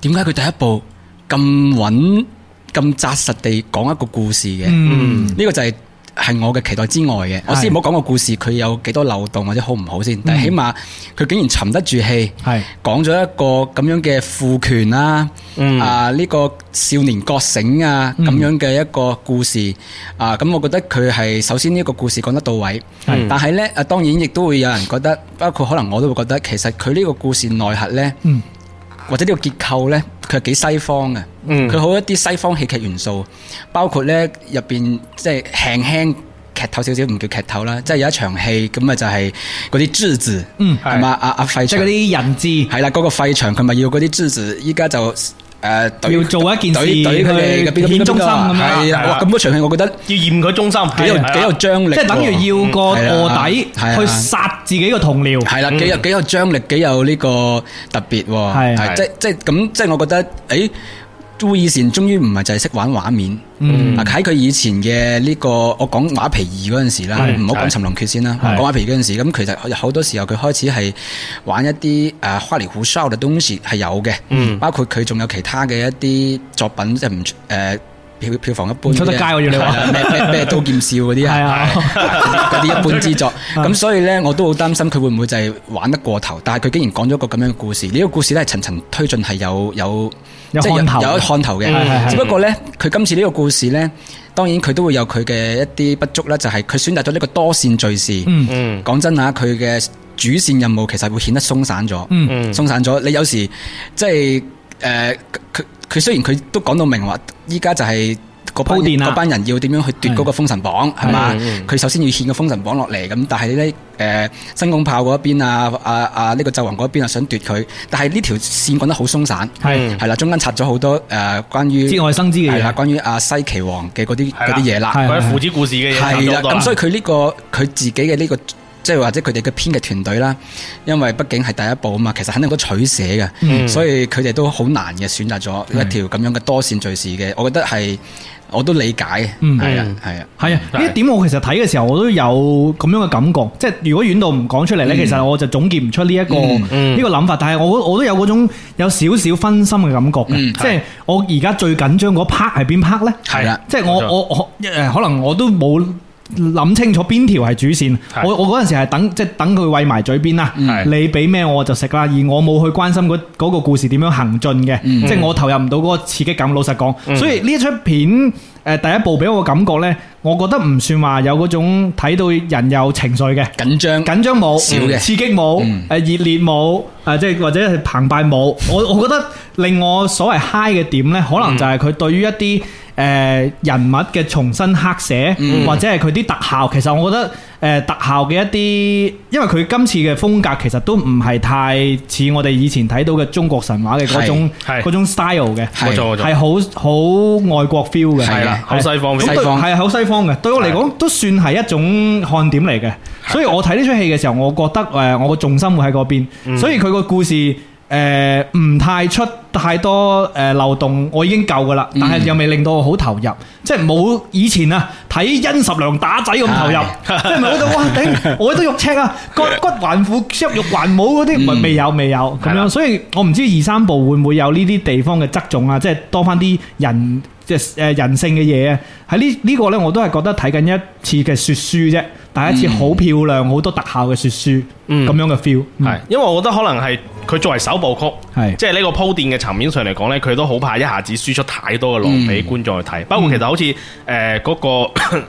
點解佢第一部咁穩？咁紮實地講一個故事嘅，呢、嗯嗯，這個就係係我嘅期待之外嘅。是我先唔好講個故事，佢有幾多漏洞或者好唔好先。但係起碼佢竟然沉得住氣，係講咗一個咁樣嘅父權啦，啊，嗯、啊呢、這個少年覺醒啊咁樣嘅一個故事，嗯、啊。咁我覺得佢係首先呢個故事講得到位，是但係呢，啊，當然亦都會有人覺得，包括可能我都會覺得，其實佢呢個故事內核呢。嗯或者呢個結構咧，佢係幾西方嘅，佢好一啲西方戲劇元素，包括咧入邊，即係輕輕劇透少少，唔叫劇透啦，即係有一場戲咁啊，就係嗰啲質子，係嘛啊啊廢，即係嗰啲人質，係啦，嗰個廢場佢咪要嗰啲質子，依家就。誒，要做一件事去變中心咁樣，哇！咁多場戲，我覺得要驗佢中心，幾有幾有張力，即係等於要個臥底去殺自己個同僚，係啦，幾有幾有張力，幾有呢個特別，係，即係即係咁，即係我覺得，誒。朱以前終於唔係就係識玩畫面，嗱喺佢以前嘅呢、呢個我講畫皮二嗰陣時啦，唔好講《尋龍決》先啦是，講畫皮二嗰陣時，咁其實好多時候佢開始係玩一啲誒花裡胡哨嘅東西係有嘅，嗯、包括佢仲有其他嘅一啲作品即係唔誒。就是票票房一般，出咗街我要你話咩咩刀劍笑嗰啲啊，嗰啲一般之作。咁所以咧，我都好擔心佢會唔會就係玩得過頭。但係佢竟然講咗個咁樣嘅故事，呢個故事都係層層推進，係有有即係有有看頭嘅。只不過咧，佢今次呢個故事咧，當然佢都會有佢嘅一啲不足啦。就係佢選擇咗呢個多線敘事。嗯，講真啊，佢嘅主線任務其實會顯得鬆散咗。嗯，鬆散咗。你有時即係誒佢。佢雖然佢都講到明話，依家就係個鋪墊，嗰班人要點樣去奪嗰個封神榜係嘛？佢首先要獻個封神榜落嚟，咁但係咧，誒，申公豹嗰一邊啊，啊啊，呢個紂王嗰一邊啊，想奪佢，但係呢條線講得好鬆散，係係啦，中間插咗好多誒，關於節外生枝嘅，係啦，關於阿西岐王嘅嗰啲啲嘢啦，嗰啲父子故事嘅嘢，係啦，咁所以佢呢個佢自己嘅呢個。即係或者佢哋嘅編劇團隊啦，因為畢竟係第一部啊嘛，其實肯定都取捨嘅，所以佢哋都好難嘅選擇咗一條咁樣嘅多線敘事嘅，我覺得係我都理解，嘅，係啊，係啊，係啊，呢一點我其實睇嘅時候我都有咁樣嘅感覺，即係如果遠度唔講出嚟咧，其實我就總結唔出呢一個呢個諗法，但係我我都有嗰種有少少分心嘅感覺嘅，即係我而家最緊張嗰 part 係邊 part 咧？係啦，即係我我我誒可能我都冇。諗清楚邊條係主線，是我我嗰陣時係等即係、就是、等佢餵埋嘴邊啦，是你俾咩我就食啦，而我冇去關心嗰個故事點樣行進嘅，即係、嗯、我投入唔到嗰個刺激感，老實講。所以呢一出片誒第一部俾我嘅感覺呢，我覺得唔算話有嗰種睇到人有情緒嘅緊張緊張冇的刺激冇誒、嗯、熱烈冇。誒，即係或者係澎湃舞，我我覺得令我所謂 high 嘅點呢，可能就係佢對於一啲誒人物嘅重新刻寫，嗯、或者係佢啲特效。其實我覺得誒特效嘅一啲，因為佢今次嘅風格其實都唔係太似我哋以前睇到嘅中國神話嘅嗰種，種 style 嘅。冇錯，冇錯，係好好外國 feel 嘅，係啦的，好西，西方，西方係好西方嘅。對我嚟講，都算係一種看點嚟嘅。.所以我睇呢出戲嘅時候，我覺得誒，我個重心會喺嗰邊，所以佢個故事誒唔、呃、太出太多誒漏洞，我已經夠噶啦。但係又未令到我好投入，即係冇以前啊睇殷十娘打仔咁投入，是的 即係唔係覺得哇頂，我都肉赤啊，割骨，骨、嗯、還父，削肉還母嗰啲，唔係未有未有咁樣。是的 所以我唔知二三部會唔會有呢啲地方嘅側重啊，即係多翻啲人即係誒人性嘅嘢啊。喺呢呢個咧，我都係覺得睇緊一次嘅說書啫。第一次好漂亮，好多特效嘅說書，咁樣嘅 feel，係，因為我覺得可能係佢作為首部曲，係，即係呢個鋪墊嘅層面上嚟講咧，佢都好怕一下子輸出太多嘅浪俾觀眾去睇，包括其實好似誒嗰個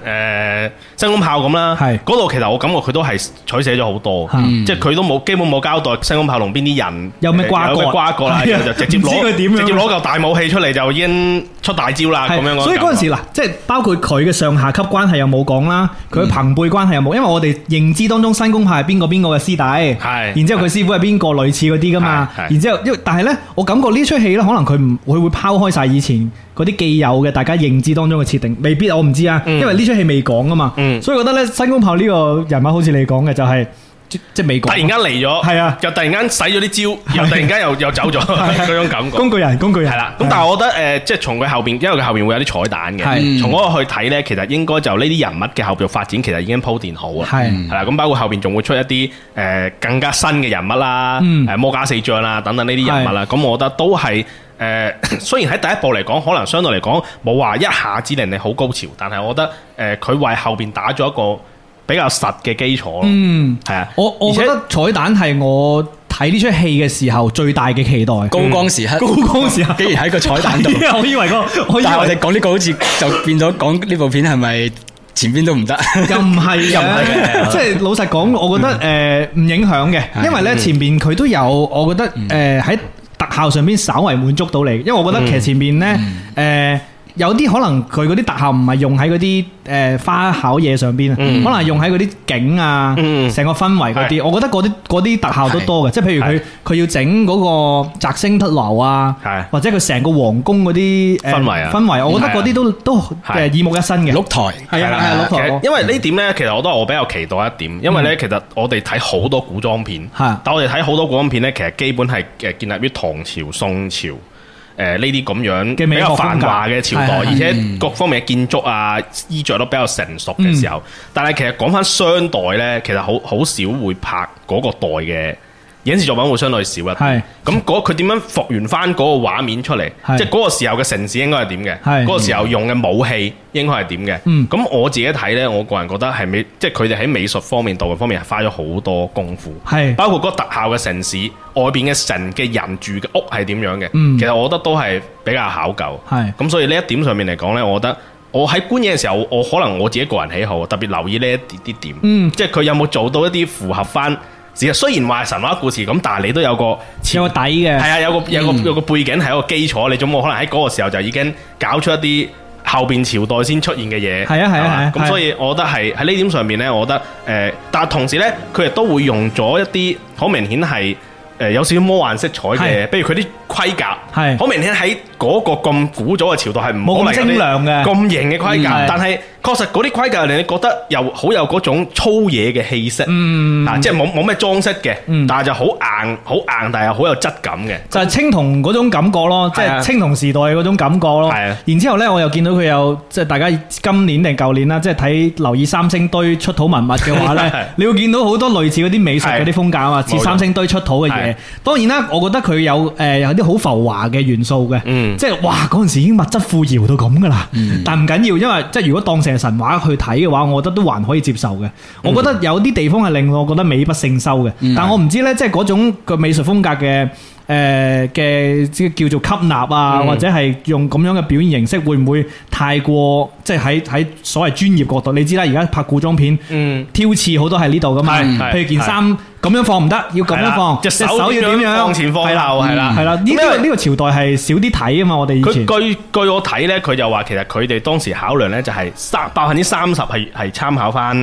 誒申公豹咁啦，係，嗰度其實我感覺佢都係取捨咗好多，即係佢都冇基本冇交代申公豹同邊啲人有咩瓜葛瓜葛，然後就直接攞點直接攞嚿大武器出嚟就已經出大招啦，咁樣。所以嗰陣時嗱，即係包括佢嘅上下級關係又冇講啦，佢嘅朋輩關係。因為我哋認知當中申公豹係邊個邊個嘅師弟，係，然之後佢師傅係邊個類似嗰啲噶嘛，然之後，因但係咧，我感覺呢出戲咧，可能佢唔，佢會拋開晒以前嗰啲既有嘅大家認知當中嘅設定，未必，我唔知啊，因為呢出戲未講啊嘛，嗯，所以覺得咧，申公豹呢個人物好似你講嘅就係、是。即係美國突然間嚟咗，係啊，又突然間使咗啲招，又突然間又又走咗嗰種感覺。工具人，工具人係啦。咁但係我覺得誒，即係從佢後邊，因為佢後邊會有啲彩蛋嘅。從嗰個去睇呢，其實應該就呢啲人物嘅後續發展，其實已經鋪墊好啦。係啦，咁包括後邊仲會出一啲誒更加新嘅人物啦，魔家四將啦等等呢啲人物啦。咁我覺得都係誒，雖然喺第一部嚟講，可能相對嚟講冇話一下子令你好高潮，但係我覺得誒，佢為後邊打咗一個。比較實嘅基礎，嗯，係啊，我我覺得彩蛋係我睇呢出戲嘅時候最大嘅期待，高光時刻，高光時刻竟然喺個彩蛋度，我以為個，但係我哋講呢個好似就變咗講呢部片係咪前邊都唔得？又唔係，又唔係，即係老實講，我覺得誒唔影響嘅，因為咧前面佢都有，我覺得誒喺特效上邊稍為滿足到你，因為我覺得其實前面咧誒。有啲可能佢嗰啲特效唔係用喺嗰啲誒花巧嘢上邊，啊，可能係用喺嗰啲景啊，成個氛圍嗰啲。我覺得嗰啲啲特效都多嘅，即係譬如佢佢要整嗰個摘星塔樓啊，或者佢成個皇宮嗰啲氛圍啊氛圍。我覺得嗰啲都都誒耳目一新嘅。鹿台係啊係鹿台，因為呢點咧，其實我都係我比較期待一點，因為咧其實我哋睇好多古裝片，但我哋睇好多古裝片咧，其實基本係誒建立於唐朝宋朝。誒呢啲咁樣比較繁華嘅朝代，而且各方面嘅建築啊、衣着 (noise) 都比較成熟嘅時候，嗯、但係其實講翻商代咧，其實好好少會拍嗰個代嘅。影視作品會相對少一啲，咁佢點樣復原翻嗰個畫面出嚟？是即係嗰個時候嘅城市應該係點嘅？嗰是個時候用嘅武器應該係點嘅？咁、嗯、我自己睇咧，我個人覺得係美，即係佢哋喺美術方面、道具方面係花咗好多功夫。係是包括嗰特效嘅城市外邊嘅城嘅人住嘅屋係點樣嘅？嗯、其實我覺得都係比較考究。係咁是，所以呢一點上面嚟講咧，我覺得我喺觀影嘅時候，我可能我自己個人喜好，特別留意呢一啲啲點。嗯，即係佢有冇做到一啲符合翻。其實雖然話神話故事咁，但係你都有個有個底嘅。係啊，有個有個有個背景係一個基礎，嗯、你總冇可能喺嗰個時候就已經搞出一啲後邊朝代先出現嘅嘢。係啊係啊，咁所以我覺得係喺呢點上面，咧，我覺得誒、呃，但係同時呢，佢亦都會用咗一啲好明顯係誒有少少魔幻色彩嘅，譬、啊、如佢啲盔甲，係好明顯喺嗰個咁古早嘅朝代係冇咁精良嘅，咁型嘅盔甲，但係。確實嗰啲規格令你覺得又好有嗰種粗野嘅氣息，即係冇冇咩裝飾嘅，但係就好硬，好硬，但係又好有質感嘅，就係青銅嗰種感覺咯，即係青銅時代嗰種感覺咯。然之後呢，我又見到佢有即係大家今年定舊年啦，即係睇留意三星堆出土文物嘅話呢，你會見到好多類似嗰啲美術嗰啲風格啊嘛，似三星堆出土嘅嘢。當然啦，我覺得佢有誒有啲好浮華嘅元素嘅，即係哇嗰陣時已經物質富饒到咁噶啦，但唔緊要，因為即係如果當。嘅神話去睇嘅話，我覺得都還可以接受嘅。我覺得有啲地方係令我覺得美不勝收嘅。嗯、但我唔知呢，即係嗰種個美術風格嘅誒嘅，叫做吸納啊，嗯、或者係用咁樣嘅表現形式，會唔會太過即係喺喺所謂專業角度？你知啦，而家拍古裝片，嗯、挑刺好多喺呢度噶嘛。嗯、譬如件衫。嗯咁樣放唔得，要咁樣放，隻手要點樣向前放？係啦，係啦，係啦。呢個呢個朝代係少啲睇啊嘛，我哋以前。據據我睇咧，佢就話其實佢哋當時考量咧就係三百分之三十係係參考翻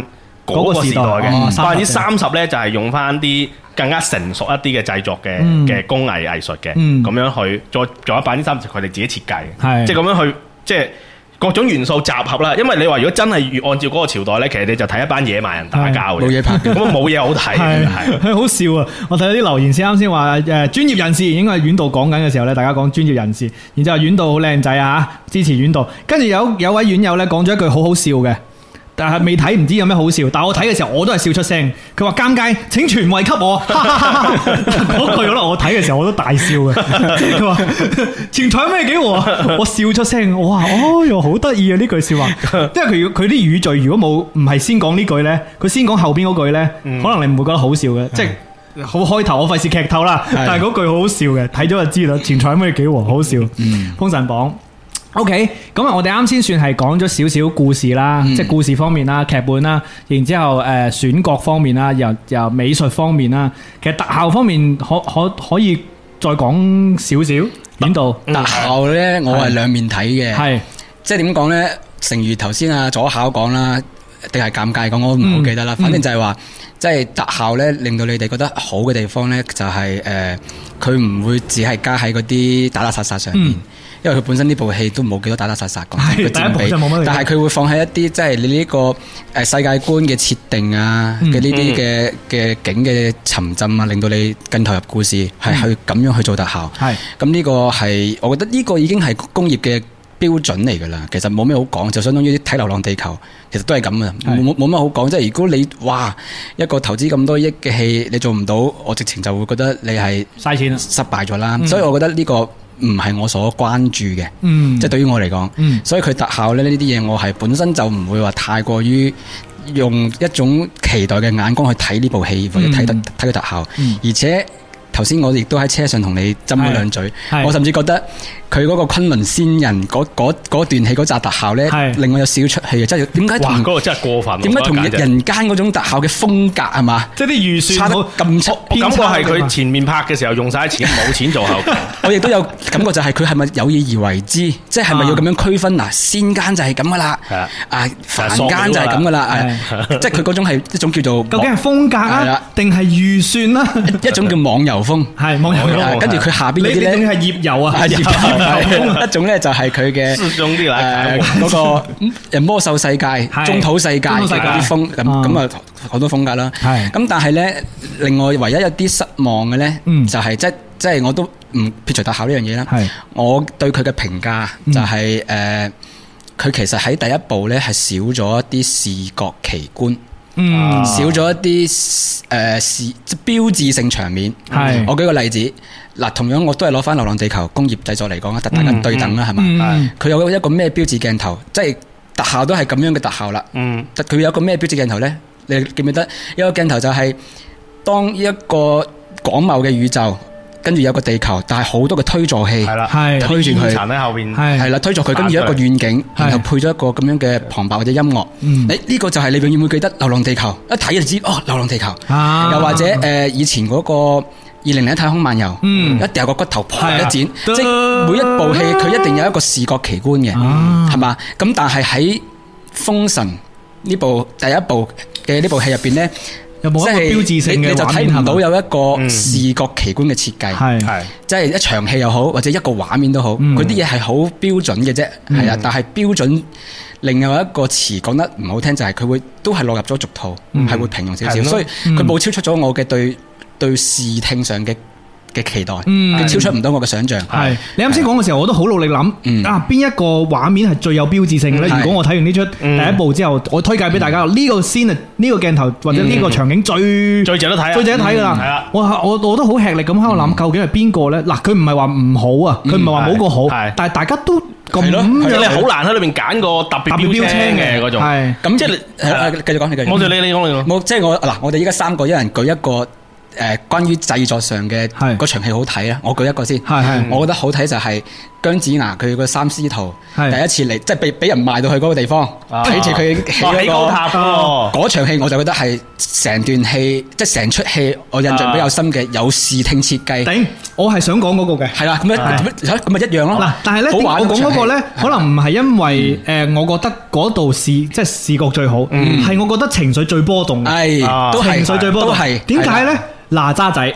嗰個時代嘅，代哦、百分之三十咧就係用翻啲更加成熟一啲嘅製作嘅嘅工藝藝術嘅，咁、嗯、樣去再做一百分之三十，佢哋自己設計，即係咁樣去即係。就是各種元素集合啦，因為你話如果真係按照嗰個朝代呢，其實你就睇一班野蠻人打交嘅，冇嘢拍嘅，咁啊冇嘢好睇嘅，係，係好笑啊！我睇到啲留言先，啱先話，誒，專業人士，應該係院度講緊嘅時候呢，大家講專業人士，然之後院度好靚仔啊，支持院度。跟住有有位院友呢講咗一句好好笑嘅。但係未睇唔知有咩好笑，但係我睇嘅時候我都係笑出聲。佢話尷尬，請傳位給我，嗰 (laughs) 句可能我睇嘅時候我都大笑嘅。即係佢話前彩咩幾王，我笑出聲。我話哦喲，好得意啊！呢句笑話，即係佢佢啲語序如果冇唔係先講呢句咧，佢先講後邊嗰句咧，可能你唔會覺得好笑嘅。即係好開頭，我費事劇透啦。的但係嗰句好好笑嘅，睇咗就知啦。前彩咩幾王，好笑。封、嗯、神榜。O K，咁啊，okay, 我哋啱先算係講咗少少故事啦，嗯、即係故事方面啦、劇本啦，然之後誒選角方面啦，又又美術方面啦，其實特效方面可可可以再講少少，點到？特效咧，我係兩面睇嘅，係是是即係點講咧？成如頭先啊左考講啦，定係尷尬講，我唔好記得啦。嗯、反正就係話，即係、嗯、特效咧，令到你哋覺得好嘅地方咧、就是，就係誒，佢唔會只係加喺嗰啲打打殺，殺殺上面。嗯因為佢本身呢部戲都冇幾多打打殺殺嘅，佢準備但係佢會放喺一啲即係你呢個誒世界觀嘅設定啊嘅呢啲嘅嘅景嘅沉浸啊，令到你更投入故事，係去咁樣去做特效。係咁呢個係，我覺得呢個已經係工業嘅標準嚟噶啦。其實冇咩好講，就相當於啲睇《流浪地球》，其實都係咁啊，冇冇乜好講。即係如果你哇一個投資咁多億嘅戲，你做唔到，我直情就會覺得你係嘥錢失敗咗啦。嗯、所以我覺得呢個。唔係我所關注嘅，即係、嗯、對於我嚟講，嗯、所以佢特效咧呢啲嘢，我係本身就唔會話太過於用一種期待嘅眼光去睇呢部戲，嗯、或者睇得睇佢特效，嗯嗯、而且。頭先我亦都喺車上同你斟咗兩嘴，我甚至覺得佢嗰個《昆崙仙人》嗰段戲嗰扎特效咧，令我有少出戲啊！即係點解同嗰真係過分？點解同人間嗰種特效嘅風格係嘛？即係啲預算差得咁錯，我感覺係佢前面拍嘅時候用晒錢，冇錢做後。我亦都有感覺就係佢係咪有意而為之？即係係咪要咁樣區分嗱？仙間就係咁噶啦，啊凡間就係咁噶啦，即係佢嗰種係一種叫做究竟係風格啊，定係預算啦？一種叫網遊，風系，跟住佢下邊呢啲咧，係葉油啊，一種咧就係佢嘅，嗰個誒魔獸世界、中土世界嗰啲風咁，咁啊好多風格啦。係咁，但係咧，另外唯一一啲失望嘅咧，就係即即係我都唔撇除特效呢樣嘢啦。係，我對佢嘅評價就係誒，佢其實喺第一部咧係少咗一啲視覺奇觀。嗯，mm hmm. 少咗一啲誒，是、呃、即係標誌性場面。係、mm，hmm. 我舉個例子，嗱同樣我都係攞翻《流浪地球》工業製作嚟講啊，特登對等啦，係嘛？佢有一個咩標誌鏡頭，即係特效都係咁樣嘅特效啦。嗯、mm，佢、hmm. 有一個咩標誌鏡頭呢？你記唔記得有一個鏡頭就係當一個廣袤嘅宇宙。跟住有個地球，但係好多嘅推助器，係啦的、嗯，推住佢，殘喺後邊，係啦，推助佢。跟住有一個願景，的然後配咗一個咁樣嘅旁白或者音樂。你呢的、嗯、個就係你永遠會記得流、哦《流浪地球》啊，一睇就知哦，《流浪地球》。又或者誒、呃，以前嗰個《二零零一太空漫遊》，嗯，一定有個骨頭破一剪。的即每一部戲，佢一定有一個視覺奇觀嘅，係嘛、啊？咁但係喺《封神》呢部第一部嘅呢部戲入邊呢。 (laughs) 有冇標誌性嘅即係，你你就睇唔到有一個視覺奇觀嘅設計，係即係一場戲又好，或者一個畫面都好，佢啲嘢係好標準嘅啫，係啊，嗯、但係標準，另外一個詞講得唔好聽就係、是、佢會都係落入咗俗套，係、嗯、會平庸少少，的所以佢冇超出咗我嘅對我對，對視聽上嘅。嘅期待，佢超出唔到我嘅想象。係你啱先講嘅時候，我都好努力諗啊，邊一個畫面係最有標誌性嘅咧？如果我睇完呢出第一部之後，我推介俾大家，呢個 scene 啊，呢個鏡頭或者呢個場景最最值得睇，最值得睇噶啦。我我我都好吃力咁喺度諗，究竟係邊個咧？嗱，佢唔係話唔好啊，佢唔係話冇個好，但係大家都咁咁你好難喺裏邊揀個特別標青嘅嗰種。係咁，即係你誒誒，繼續講，繼續。冇就你你講你講即係我嗱，我哋依家三個一人舉一個。誒，關於製作上嘅嗰場戲好睇啦，我舉一個先。係係，我覺得好睇就係姜子牙佢個三師徒第一次嚟，即係被俾人賣到去嗰個地方，睇住佢起高樓。嗰場戲我就覺得係成段戲，即係成出戲，我印象比較深嘅有視聽設計。頂，我係想講嗰個嘅。係啦，咁咁咪一樣咯。嗱，但係咧，我講嗰個咧，可能唔係因為誒，我覺得嗰度視即係視覺最好，係我覺得情緒最波動。係，情緒最波動。都係。點解咧？哪吒仔，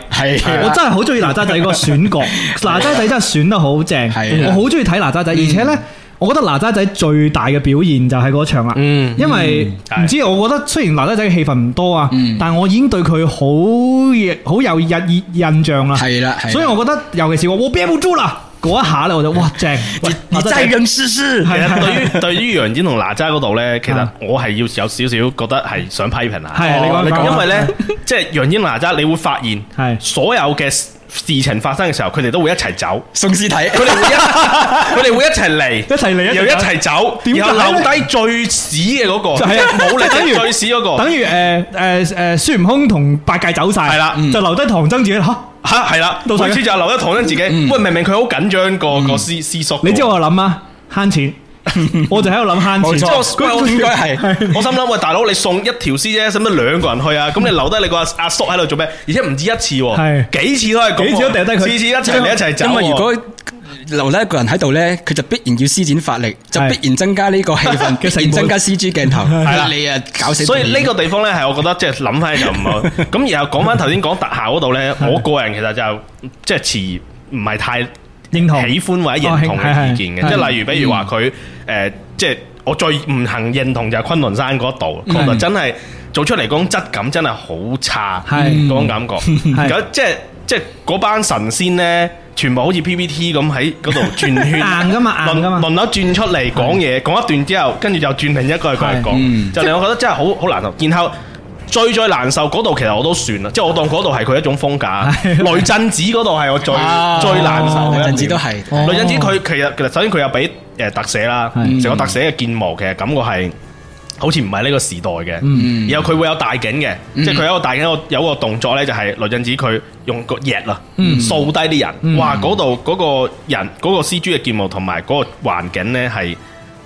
我真係好中意哪吒仔個選角，哪吒仔真係選得好正，我好中意睇哪吒仔，而且咧，我覺得哪吒仔最大嘅表現就係嗰場啦，因為唔知，我覺得雖然哪吒仔嘅戲份唔多啊，但我已經對佢好好有印象啦，係啦，所以我覺得尤其是我我憋唔住啦。嗰一下咧，我就哇正，你你真係楊詩詩。其實對於對於楊戬同哪吒嗰度咧，其實我係要有少少覺得係想批評啊。係你講，因為咧即係楊戬同哪吒，你會發現，係所有嘅事情發生嘅時候，佢哋都會一齊走。送屍體，佢哋會一，佢哋會一齊嚟，一齊嚟，然後一齊走，然後留低最屎嘅嗰個，係啊，冇力，等於最屎嗰個，等於誒誒誒，孫悟空同八戒走晒，係啦，就留低唐僧自己。吓係啦，啊、到頭先就留得唐僧自己。不過、嗯、明明佢好緊張個 C,、嗯那個師師叔，你知道我諗啊，慳錢。我就喺度諗慳錢，咁點解係？我心諗喂，大佬你送一條絲啫，使唔使兩個人去啊？咁你留低你個阿叔喺度做咩？而且唔止一次，係幾次都係咁，幾次掉低佢，次次一齊嚟，一齊走。因為如果留低一個人喺度咧，佢就必然要施展法力，就必然增加呢個氣氛，必然增加 CG 鏡頭。係啦，你啊搞死！所以呢個地方咧，係我覺得即係諗翻又唔好。咁然後講翻頭先講特效嗰度咧，我個人其實就即係詞唔係太。喜歡或者認同嘅意見嘅，即係例如，比如話佢誒，即係我最唔肯認同就係崑崙山嗰度，覺得真係做出嚟嗰種質感真係好差，嗰種感覺。即係即係嗰班神仙呢，全部好似 PPT 咁喺嗰度轉圈，輪噶嘛，輪輪到轉出嚟講嘢，講一段之後，跟住又轉另一個佢講，就令我覺得真係好好難受。然後。最最難受嗰度其實我都算啦，即、就、係、是、我當嗰度係佢一種風格。 (laughs) 雷震子嗰度係我最、啊、最難受嘅。雷震子都係，哦、雷震子佢其實首先佢有俾誒特寫啦，成、嗯、個特寫嘅建模其實感覺係好似唔係呢個時代嘅。嗯、然後佢會有大景嘅，即係佢有一個大景，有個動作呢就係雷震子佢用個翼啊掃低啲人。哇、嗯！嗰度嗰個人嗰、嗰個 C G 嘅建模同埋嗰個環境呢係。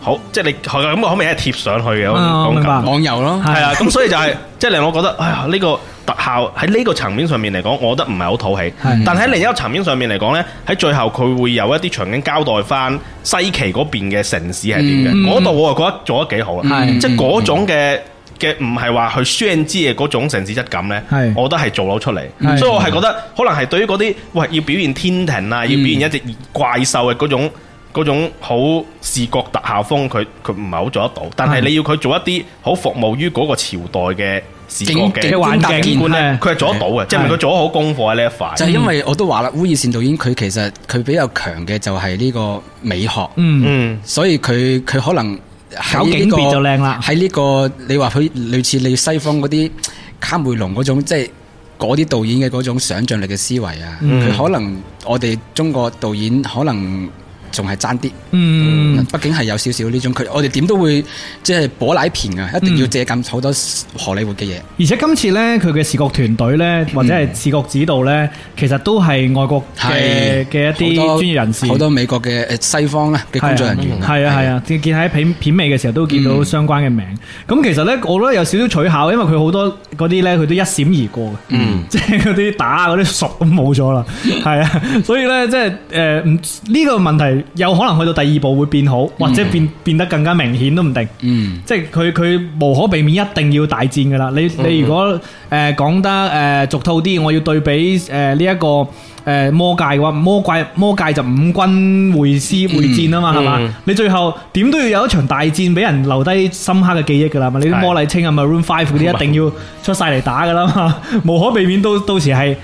好，即係你，佢嘅感覺可唔可以係貼上去嘅？講緊，網遊咯，係啊，咁所以就係，即係令我覺得，哎呀，呢個特效喺呢個層面上面嚟講，我覺得唔係好討喜。但喺另一個層面上面嚟講呢，喺最後佢會有一啲場景交代翻西岐嗰邊嘅城市係點嘅，嗰度我啊覺得做得幾好。即係嗰種嘅嘅唔係話去宣知嘅嗰種城市質感呢，我覺得係做到出嚟。所以我係覺得，可能係對於嗰啲喂要表現天庭啊，要表現一隻怪獸嘅嗰種。嗰種好視覺特效風，佢佢唔係好做得到。但係你要佢做一啲好服務於嗰個朝代嘅視覺嘅玩景觀咧，佢係做得到嘅，是即係佢做好功課喺呢是一塊？就係因為我都話啦，烏爾善導演佢其實佢比較強嘅就係呢個美學，嗯嗯，所以佢佢可能、這個、搞景別就靚啦。喺呢、這個你話佢類似你西方嗰啲卡梅隆嗰種，即係嗰啲導演嘅嗰種想像力嘅思維啊，佢、嗯嗯、可能我哋中國導演可能。仲係爭啲，嗯，畢竟係有少少呢種佢，我哋點都會即係補奶片啊，一定要借鑒好多荷里活嘅嘢。而且今次咧，佢嘅視覺團隊咧，或者係視覺指導咧，其實都係外國嘅嘅一啲專業人士，好多美國嘅西方嘅工作人員。係啊係啊，見喺片片尾嘅時候都見到相關嘅名。咁其實咧，我覺得有少少取巧，因為佢好多嗰啲咧，佢都一閃而過嘅，嗯，即係嗰啲打嗰啲熟咁冇咗啦，係啊，所以咧即係誒，呢個問題。有可能去到第二部會變好，或者變變得更加明顯都唔定。嗯、即係佢佢無可避免一定要大戰噶啦。你你如果誒講、呃、得誒俗、呃、套啲，我要對比誒呢一個誒魔界嘅話，魔界魔界就五軍會師會戰啊嘛，係嘛？你最後點都要有一場大戰，俾人留低深刻嘅記憶噶啦。嘛，你啲魔禮青是啊、Maroon Five 啲，一定要出晒嚟，打噶啦嘛，是 (laughs) (laughs) 無可避免到到時係。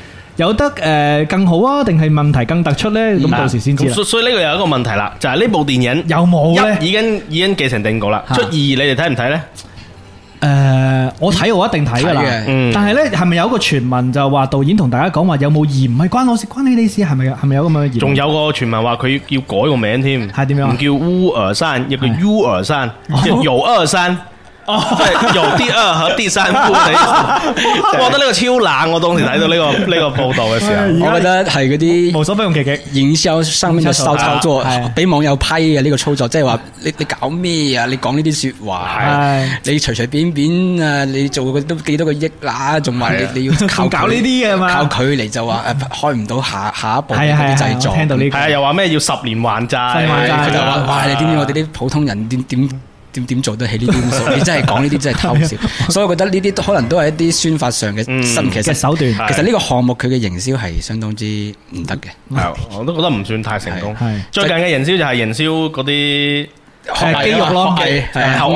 有得誒更好啊，定係問題更突出咧？咁到時先知。所以呢個又一個問題啦，就係呢部電影有冇咧？已經已經既成定局啦。出二你哋睇唔睇咧？誒，我睇我一定睇噶啦。嗯，但係咧係咪有一個傳聞就話導演同大家講話有冇二唔係關我事，關你哋事係咪？係咪有咁嘅二？仲有個傳聞話佢要改個名添，係點樣？唔叫烏爾山，又叫 U 爾山，叫尤二山。即係由第二和第三部我覺得呢個超冷，我當時睇到呢個呢個報道嘅時候，我覺得係嗰啲無所不用其極營銷上面嘅騷操作，俾網友批嘅呢個操作，即係話你你搞咩啊？你講呢啲說話，你隨隨便便啊，你做都幾多個億啦，仲話你你要靠搞呢啲嘅嘛，靠佢嚟，就話開唔到下下一部嘅製作，係啊係啊，我聽到呢個係啊，又話咩要十年還債，佢就話喂，你知唔知我哋啲普通人點點？點點做得起呢啲，你真係講呢啲真係偷笑。所以我覺得呢啲都可能都係一啲宣發上嘅新嘅手段。其實呢個項目佢嘅營銷係相當之唔得嘅。我都覺得唔算太成功。最近嘅營銷就係營銷嗰啲肌肉咯，係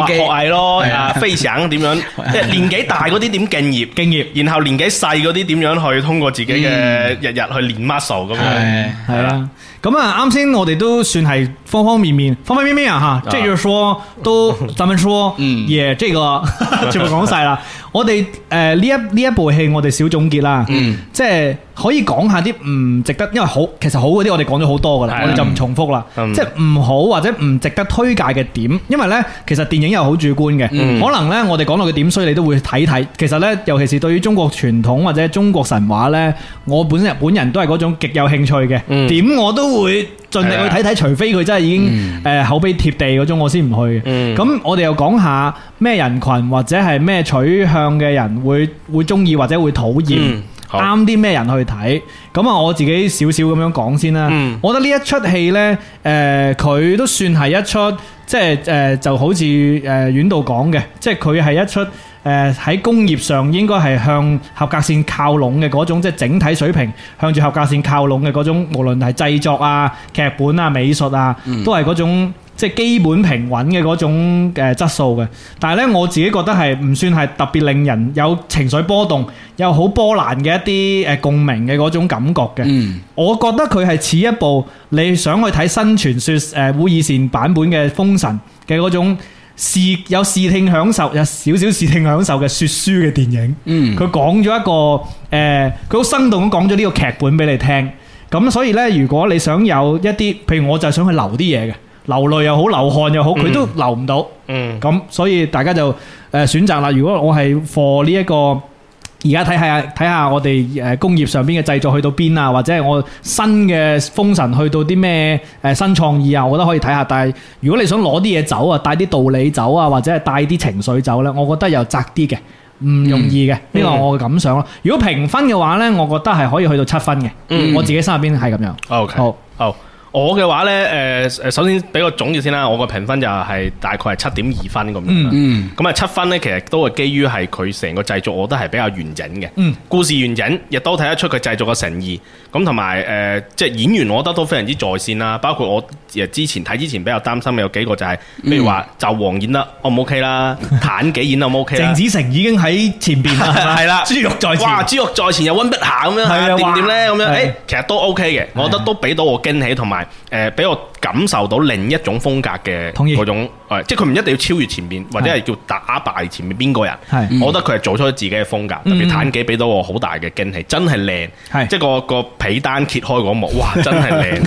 技學藝咯 face 點樣？即係年紀大嗰啲點敬業？敬業。然後年紀細嗰啲點樣去通過自己嘅日日去練 muscle 咁樣？係啊。咁啊，啱先我哋都算係方方面面、方方面面啊，吓，即係說都，咱們說，說 (laughs) 嗯，耶，即、這、係個 (laughs) 全部講晒啦， (laughs) 我哋誒呢一呢一部戲，我哋小總結啦，嗯，即係。可以講下啲唔值得，因為好其實好嗰啲我哋講咗好多噶啦，的我哋就唔重複啦。嗯、即係唔好或者唔值得推介嘅點，因為呢，其實電影又好主觀嘅，嗯、可能呢，我哋講到嘅點，所以你都會睇睇。其實呢，尤其是對於中國傳統或者中國神話呢，我本身本人都係嗰種極有興趣嘅點，嗯、我都會盡力去睇睇。的除非佢真係已經誒口碑貼地嗰種，我先唔去。咁、嗯、我哋又講下咩人群或人，或者係咩取向嘅人會會中意或者會討厭。嗯啱啲咩人去睇？咁啊，我自己少少咁樣講先啦。嗯、我覺得呢一出戲呢，誒、呃，佢都算係一出，即係誒、呃，就好似誒，遠度講嘅，即係佢係一出誒，喺、呃、工業上應該係向合格線靠攏嘅嗰種，即係整體水平向住合格線靠攏嘅嗰種，無論係製作啊、劇本啊、美術啊，嗯、都係嗰種。即係基本平穩嘅嗰種誒質素嘅，但係咧我自己覺得係唔算係特別令人有情緒波動，有好波瀾嘅一啲誒共鳴嘅嗰種感覺嘅。嗯，我覺得佢係似一部你想去睇新傳説誒烏爾善版本嘅《封神》嘅嗰種視有視聽享受，有少少視聽享受嘅説書嘅電影。嗯，佢講咗一個誒，佢好生動咁講咗呢個劇本俾你聽。咁所以咧，如果你想有一啲，譬如我就想去留啲嘢嘅。流淚又好，流汗又好，佢都流唔到。嗯，咁所以大家就誒選擇啦。如果我係 for 呢一個，而家睇下睇下我哋誒工業上邊嘅製作去到邊啊，或者係我新嘅封神，去到啲咩誒新創意啊，我覺得可以睇下。但係如果你想攞啲嘢走啊，帶啲道理走啊，或者係帶啲情緒走呢，我覺得又窄啲嘅，唔容易嘅，呢個我嘅感想咯。嗯、如果評分嘅話呢，我覺得係可以去到七分嘅。嗯、我自己心入邊係咁樣。O K，嗯、好，好。我嘅話呢，誒誒，首先俾個總結先啦，我個評分就係大概係七點二分咁樣。嗯、mm，咁、hmm. 啊七分呢，其實都係基於係佢成個製作我覺得係比較完整嘅。嗯、mm，hmm. 故事完整，亦都睇得出佢製作嘅誠意。咁同埋誒，即係演員，我覺得都非常之在線啦。包括我誒之前睇之前比較擔心嘅有幾個就係、是，譬如話就紂王演得好好，安唔 OK 啦，妲己演啦，唔 OK 啦。鄭子誠已經喺前邊係啦， (laughs) 了豬肉在哇，豬肉在前又溫碧霞咁樣掂唔掂咧？咁樣，誒，其實都 OK 嘅，的我覺得都俾到我驚喜，同埋誒俾我。感受到另一種風格嘅嗰種，誒意，即係佢唔一定要超越前面，是或者係叫打敗前面邊個人。是我覺得佢係做出自己嘅風格，是特別《妲己》俾到我好大嘅驚喜，嗯、真係靚。是即係個個被單揭開嗰幕，哇！真係靚，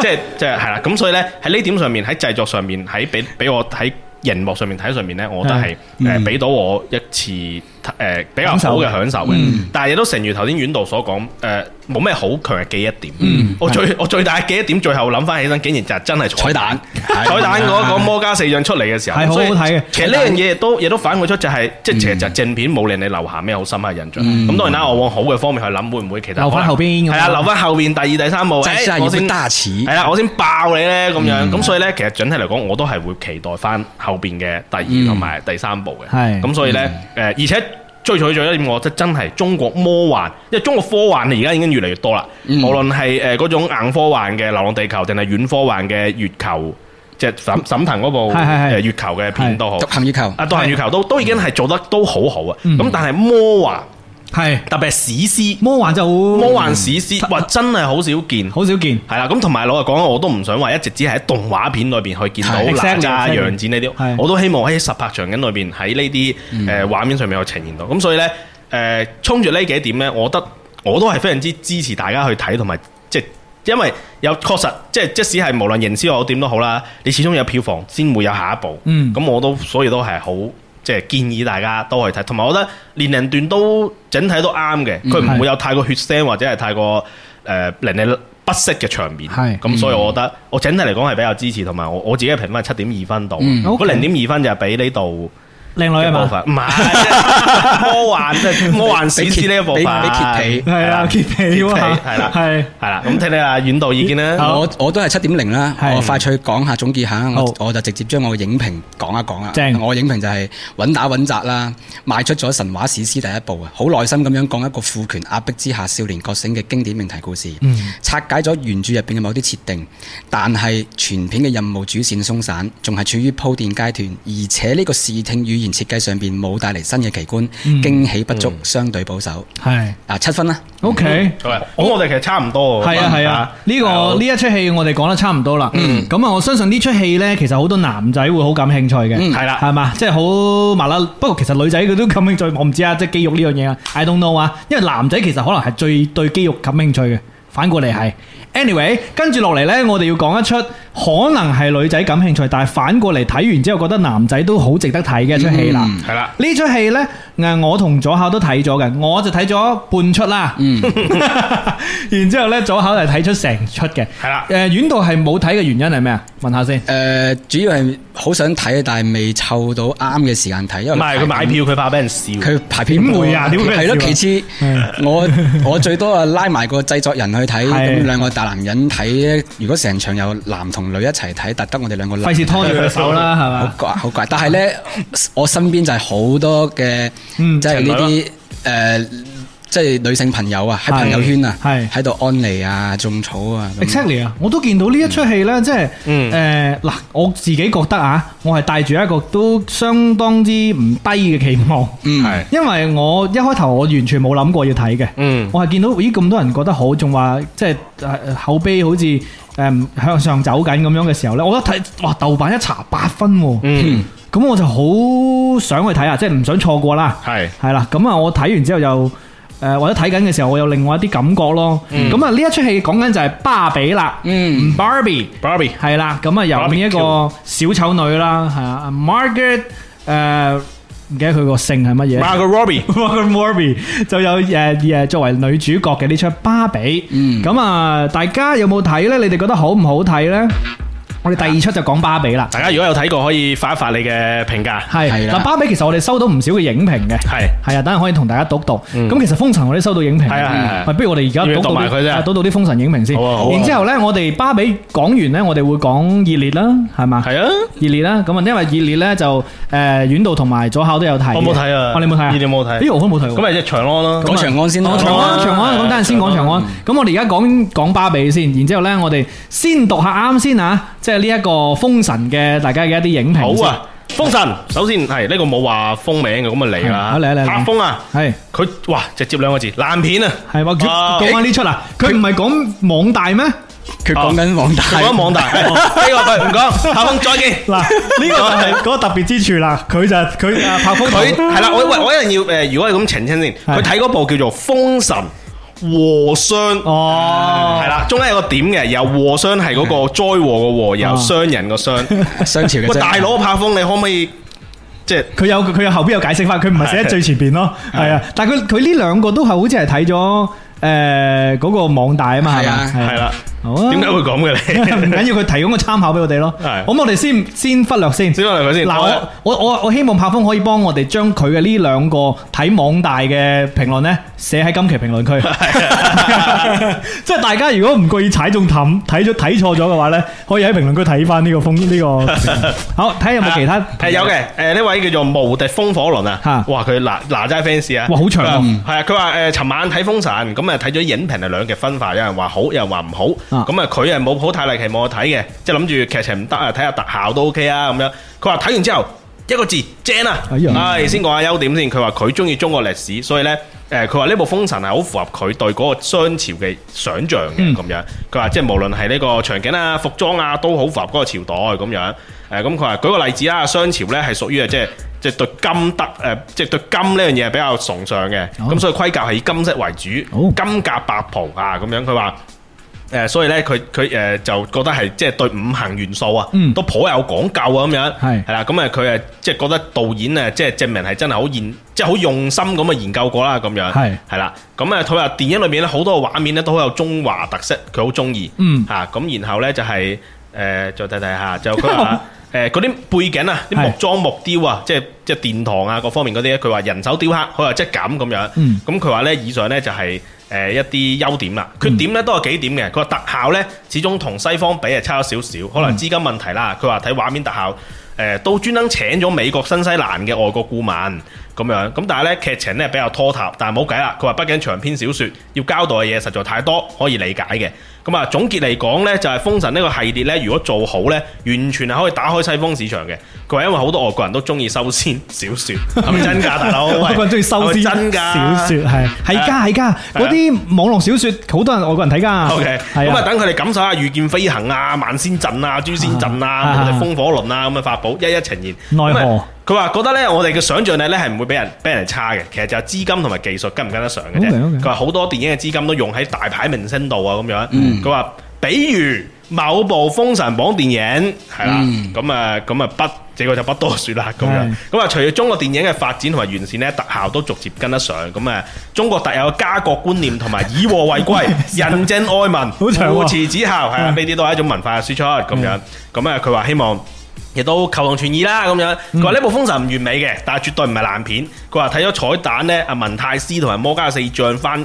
即係即係係啦。咁所以呢，喺呢點上面，喺製作上面，喺俾俾我喺熒幕上面睇上面呢，我覺得係誒是是俾到我一次。誒，比較好嘅享受嘅，但係亦都成如頭先遠道所講，誒，冇咩好強嘅記憶點。嗯，我最我最大嘅記憶點，最後諗翻起身，竟然就係真係彩蛋，彩蛋嗰個魔家四將出嚟嘅時候係好好睇嘅。其實呢樣嘢都亦都反映出就係，即係其實就係正片冇令你留下咩好深刻嘅印象。咁當然啦，我往好嘅方面去諗，會唔會其實留翻後邊，係啊，留翻後邊第二、第三部，即係要先打齊，係啊，我先爆你咧咁樣。咁所以咧，其實整體嚟講，我都係會期待翻後邊嘅第二同埋第三部嘅。係，咁所以咧，誒，而且。追取咗一點，我覺得真係中國魔幻，因為中國科幻而家已經越嚟越多啦。嗯、無論係誒嗰種硬科幻嘅《流浪地球》，定係軟科幻嘅《月球》即，即係沈沈騰嗰部誒《月球、嗯》嘅片都好。的獨行月球啊，獨行月球都的都已經係做得都好好啊。咁、嗯、但係魔幻。係，是特別係史詩魔幻就魔幻史詩，哇、嗯，真係好少見，好少見。係啦，咁同埋老實講，我都唔想話一直只係喺動畫片裏邊去見到哪吒楊戬呢啲，我都希望喺實拍場景裏邊喺呢啲誒畫面上面去呈現到。咁、嗯呃、所以呢，誒、呃，衝住呢幾點呢，我覺得我都係非常之支持大家去睇，同埋即係因為有確實即係即使係無論營銷我點都好啦，你始終有票房先會有下一步。咁、嗯、我都所以都係好。即建議大家都去睇，同埋我覺得年齡段都整體都啱嘅，佢唔、嗯、會有太過血腥或者係太過誒令你不適嘅場面。係咁、嗯，所以我覺得我整體嚟講係比較支持，同埋我我自己嘅評分係七點二分度，嗰零點二分就係俾呢度。靚女係嘛？唔係、啊、魔幻，魔幻史詩呢一部俾皮係啊揭皮係啦，係係啦，咁睇你啊，遠道意見啦。我我都係七點零啦。我快脆講下，下，總結下，我我就直接將我嘅影評講一講啦。我，我影評就係、是、穩打穩紮啦，邁出咗神話史詩第一部啊，好耐心咁樣講一個父權壓迫之下少年覺醒嘅經典命題故事。嗯、拆解咗原著入邊嘅某啲設定，但係全片嘅任務主線鬆散，仲係處於鋪墊階段，而且呢個視聽與設計上邊冇帶嚟新嘅奇觀，驚喜不足，相對保守。係啊，七分啦。OK，我我哋其實差唔多。係啊係啊，呢個呢一出戲我哋講得差唔多啦。咁啊，我相信呢出戲呢，其實好多男仔會好感興趣嘅。係啦，係嘛，即係好麻甩。不過其實女仔佢都感興趣，我唔知啊，即係肌肉呢樣嘢啊。I don't know 啊，因為男仔其實可能係最對肌肉感興趣嘅，反過嚟係。Anyway，跟住落嚟呢，我哋要講一出可能係女仔感興趣，但係反過嚟睇完之後覺得男仔都好值得睇嘅一出戲啦。係啦，呢出戲呢，我同左考都睇咗嘅，我就睇咗半出啦。嗯，然之後呢，左考係睇出成出嘅。係啦，誒，院度係冇睇嘅原因係咩啊？問下先。誒，主要係好想睇，但係未湊到啱嘅時間睇，因為唔係佢買票，佢怕俾人笑，佢排片會啊？點會係咯？其次，我我最多啊拉埋個製作人去睇，咁兩個。男人睇，如果成場有男同女一齊睇，特得我哋兩個費事拖住佢手啦，係咪？好怪，好怪！ (laughs) 但係呢，我身邊就係好多嘅，即係呢啲誒。即係女性朋友啊，喺朋友圈啊，係喺度安利啊，種草啊。Exactly 啊，我都見到呢一出戲咧，嗯、即係誒嗱，我自己覺得啊，我係帶住一個都相當之唔低嘅期望，係，嗯、因為我一開頭我完全冇諗過要睇嘅，嗯，我係見到咦咁多人覺得好，仲話即係誒口碑好似誒向上走緊咁樣嘅時候咧，我一睇哇豆瓣一查八分、啊，嗯，咁、嗯、我就好想去睇啊，即係唔想錯過啦，係係啦，咁啊我睇完之後又。誒，或者睇緊嘅時候，我有另外一啲感覺咯、嗯。咁啊，呢一出戲講緊就係芭比啦，Barbie，係啦。咁啊，入面一個小丑女啦，係 Barbie, 啊，Margot，誒、呃、唔記得佢個姓係乜嘢？Margot Robbie，Margot (laughs) Robbie，就有誒誒、uh, yeah, 作為女主角嘅呢出芭比。咁、嗯、啊，大家有冇睇咧？你哋覺得好唔好睇咧？我哋第二出就講芭比啦，大家如果有睇過，可以發一發你嘅評價。係，嗱，芭比其實我哋收到唔少嘅影評嘅。係，係啊，等下可以同大家讀讀。咁其實《封神》我哋收到影評。係啊，不如我哋而家讀埋佢啫，讀讀啲《封神》影評先。好啊，好。然之後咧，我哋芭比講完咧，我哋會講熱烈啦，係嘛？係啊，熱烈啦。咁啊，因為熱烈咧就誒，院度同埋左口都有睇。我冇睇啊，你冇睇？熱烈冇睇。咦，我都冇睇？咁咪只長安啦，講長安先咯。長安，長安咁等陣先講長安。咁我哋而家講講芭比先，然之後咧我哋先讀下啱先啊。即係呢一個封神嘅，大家嘅一啲影評。好啊，封神，首先係呢個冇話封名嘅，咁啊嚟啦。阿峰啊，係佢，哇，直接兩個字爛片啊，係嘛？講翻呢出啦，佢唔係講網大咩？佢講緊網大，講網大。呢個佢唔講。阿峰再見嗱，呢個就係嗰個特別之處啦。佢就佢阿拍峰，佢係啦。我我我一定要誒，如果係咁澄清先，佢睇嗰部叫做封神。禍商哦，係啦、oh.，中間有個點嘅，有和禍商係嗰個災禍嘅禍，有後商人個商，oh. (laughs) 商朝嘅大佬柏鋒，你可唔可以即係佢有佢有後邊有解釋翻，佢唔係寫喺最前邊咯，係啊的的。但係佢佢呢兩個都係好似係睇咗誒嗰個網大啊嘛，係啦。點解會咁嘅？唔緊要，佢提供個參考俾我哋咯。咁我哋先先忽略先，忽略係先？嗱，我我我希望柏峰可以幫我哋將佢嘅呢兩個睇網大嘅評論咧，寫喺今期評論區。即係大家如果唔故意踩中氹，睇咗睇錯咗嘅話咧，可以喺評論區睇翻呢個風呢個。好，睇下有冇其他？誒，有嘅。誒，呢位叫做無敵風火輪啊！吓，哇，佢哪哪吒 fans 啊！哇，好長，係啊。佢話誒，尋晚睇封神咁啊，睇咗影評係兩極分化，有人話好，有人話唔好。咁啊，佢啊冇抱太大力期望睇嘅，即係諗住劇情唔得啊，睇下特效都 OK 啊咁樣。佢話睇完之後一個字正啊，唉先講下優點先。佢話佢中意中國歷史，所以咧，誒，佢話呢部《封神》係好符合佢對嗰個商朝嘅想象嘅咁樣。佢話即係無論係呢個場景啊、服裝啊，都好符合嗰個朝代咁樣。誒，咁佢話舉個例子啦，商朝咧係屬於啊，即係即係對金德誒，即係對金呢樣嘢係比較崇尚嘅，咁所以規格係以金色為主，金甲白袍啊咁樣。佢話。誒、所以咧，佢佢誒，就覺得係即係對五行元素啊，都頗有講究啊，咁樣係係啦，咁啊，佢誒，即係覺得導演啊，即係證明係真係好研，即係好用心咁啊研究過啦，咁樣係係啦，咁啊，佢話電影裏面咧好多畫面咧都好有中華特色，佢好中意，嗯吓，咁然後咧就係、是、誒、呃，再睇睇下，就佢話誒，嗰啲哈哈、呃、背景啊，啲木樁木雕啊，即係即係殿堂啊，各方面嗰啲，佢話人手雕刻，好有質感咁樣，咁佢話咧以上咧就係、是。誒、呃、一啲優點啦，缺點咧都係幾點嘅。佢話特效咧始終同西方比係差咗少少，可能資金問題啦。佢話睇畫面特效，誒、呃、都專登請咗美國、新西蘭嘅外國顧問咁樣。咁但係咧劇情咧比較拖沓，但係冇計啦。佢話畢竟長篇小説要交代嘅嘢實在太多，可以理解嘅。咁啊，總結嚟講呢，就係封神呢個系列呢，如果做好呢，完全係可以打開西方市場嘅。佢話因為好多外國人都中意修仙小説，係咪真噶大佬？外國人中意修仙小説，係係噶係噶，嗰啲網絡小説好多人外國人睇噶。OK，咁啊，等佢哋感受下御劍飛行啊、萬仙陣啊、誅仙陣啊、風火輪啊咁嘅法寶，一一呈現。內佢話覺得咧，我哋嘅想像力咧係唔會俾人俾人差嘅。其實就係資金同埋技術跟唔跟得上嘅啫。佢話好多電影嘅資金都用喺大牌明星度啊，咁樣。佢話，比如某部《封神榜》電影係啦，咁啊，咁啊不，這個就不多説啦。咁樣，咁啊，隨著中國電影嘅發展同埋完善咧，特效都逐漸跟得上。咁啊，中國特有嘅家國觀念同埋以和為貴、仁政愛民、父慈子孝，係啊，呢啲都係一種文化嘅輸出。咁樣，咁啊，佢話希望，亦都求同存異啦，咁樣佢話呢部封神唔完美嘅，但絕對唔係爛片。佢話睇咗彩蛋咧，阿文太師同埋魔家四將翻。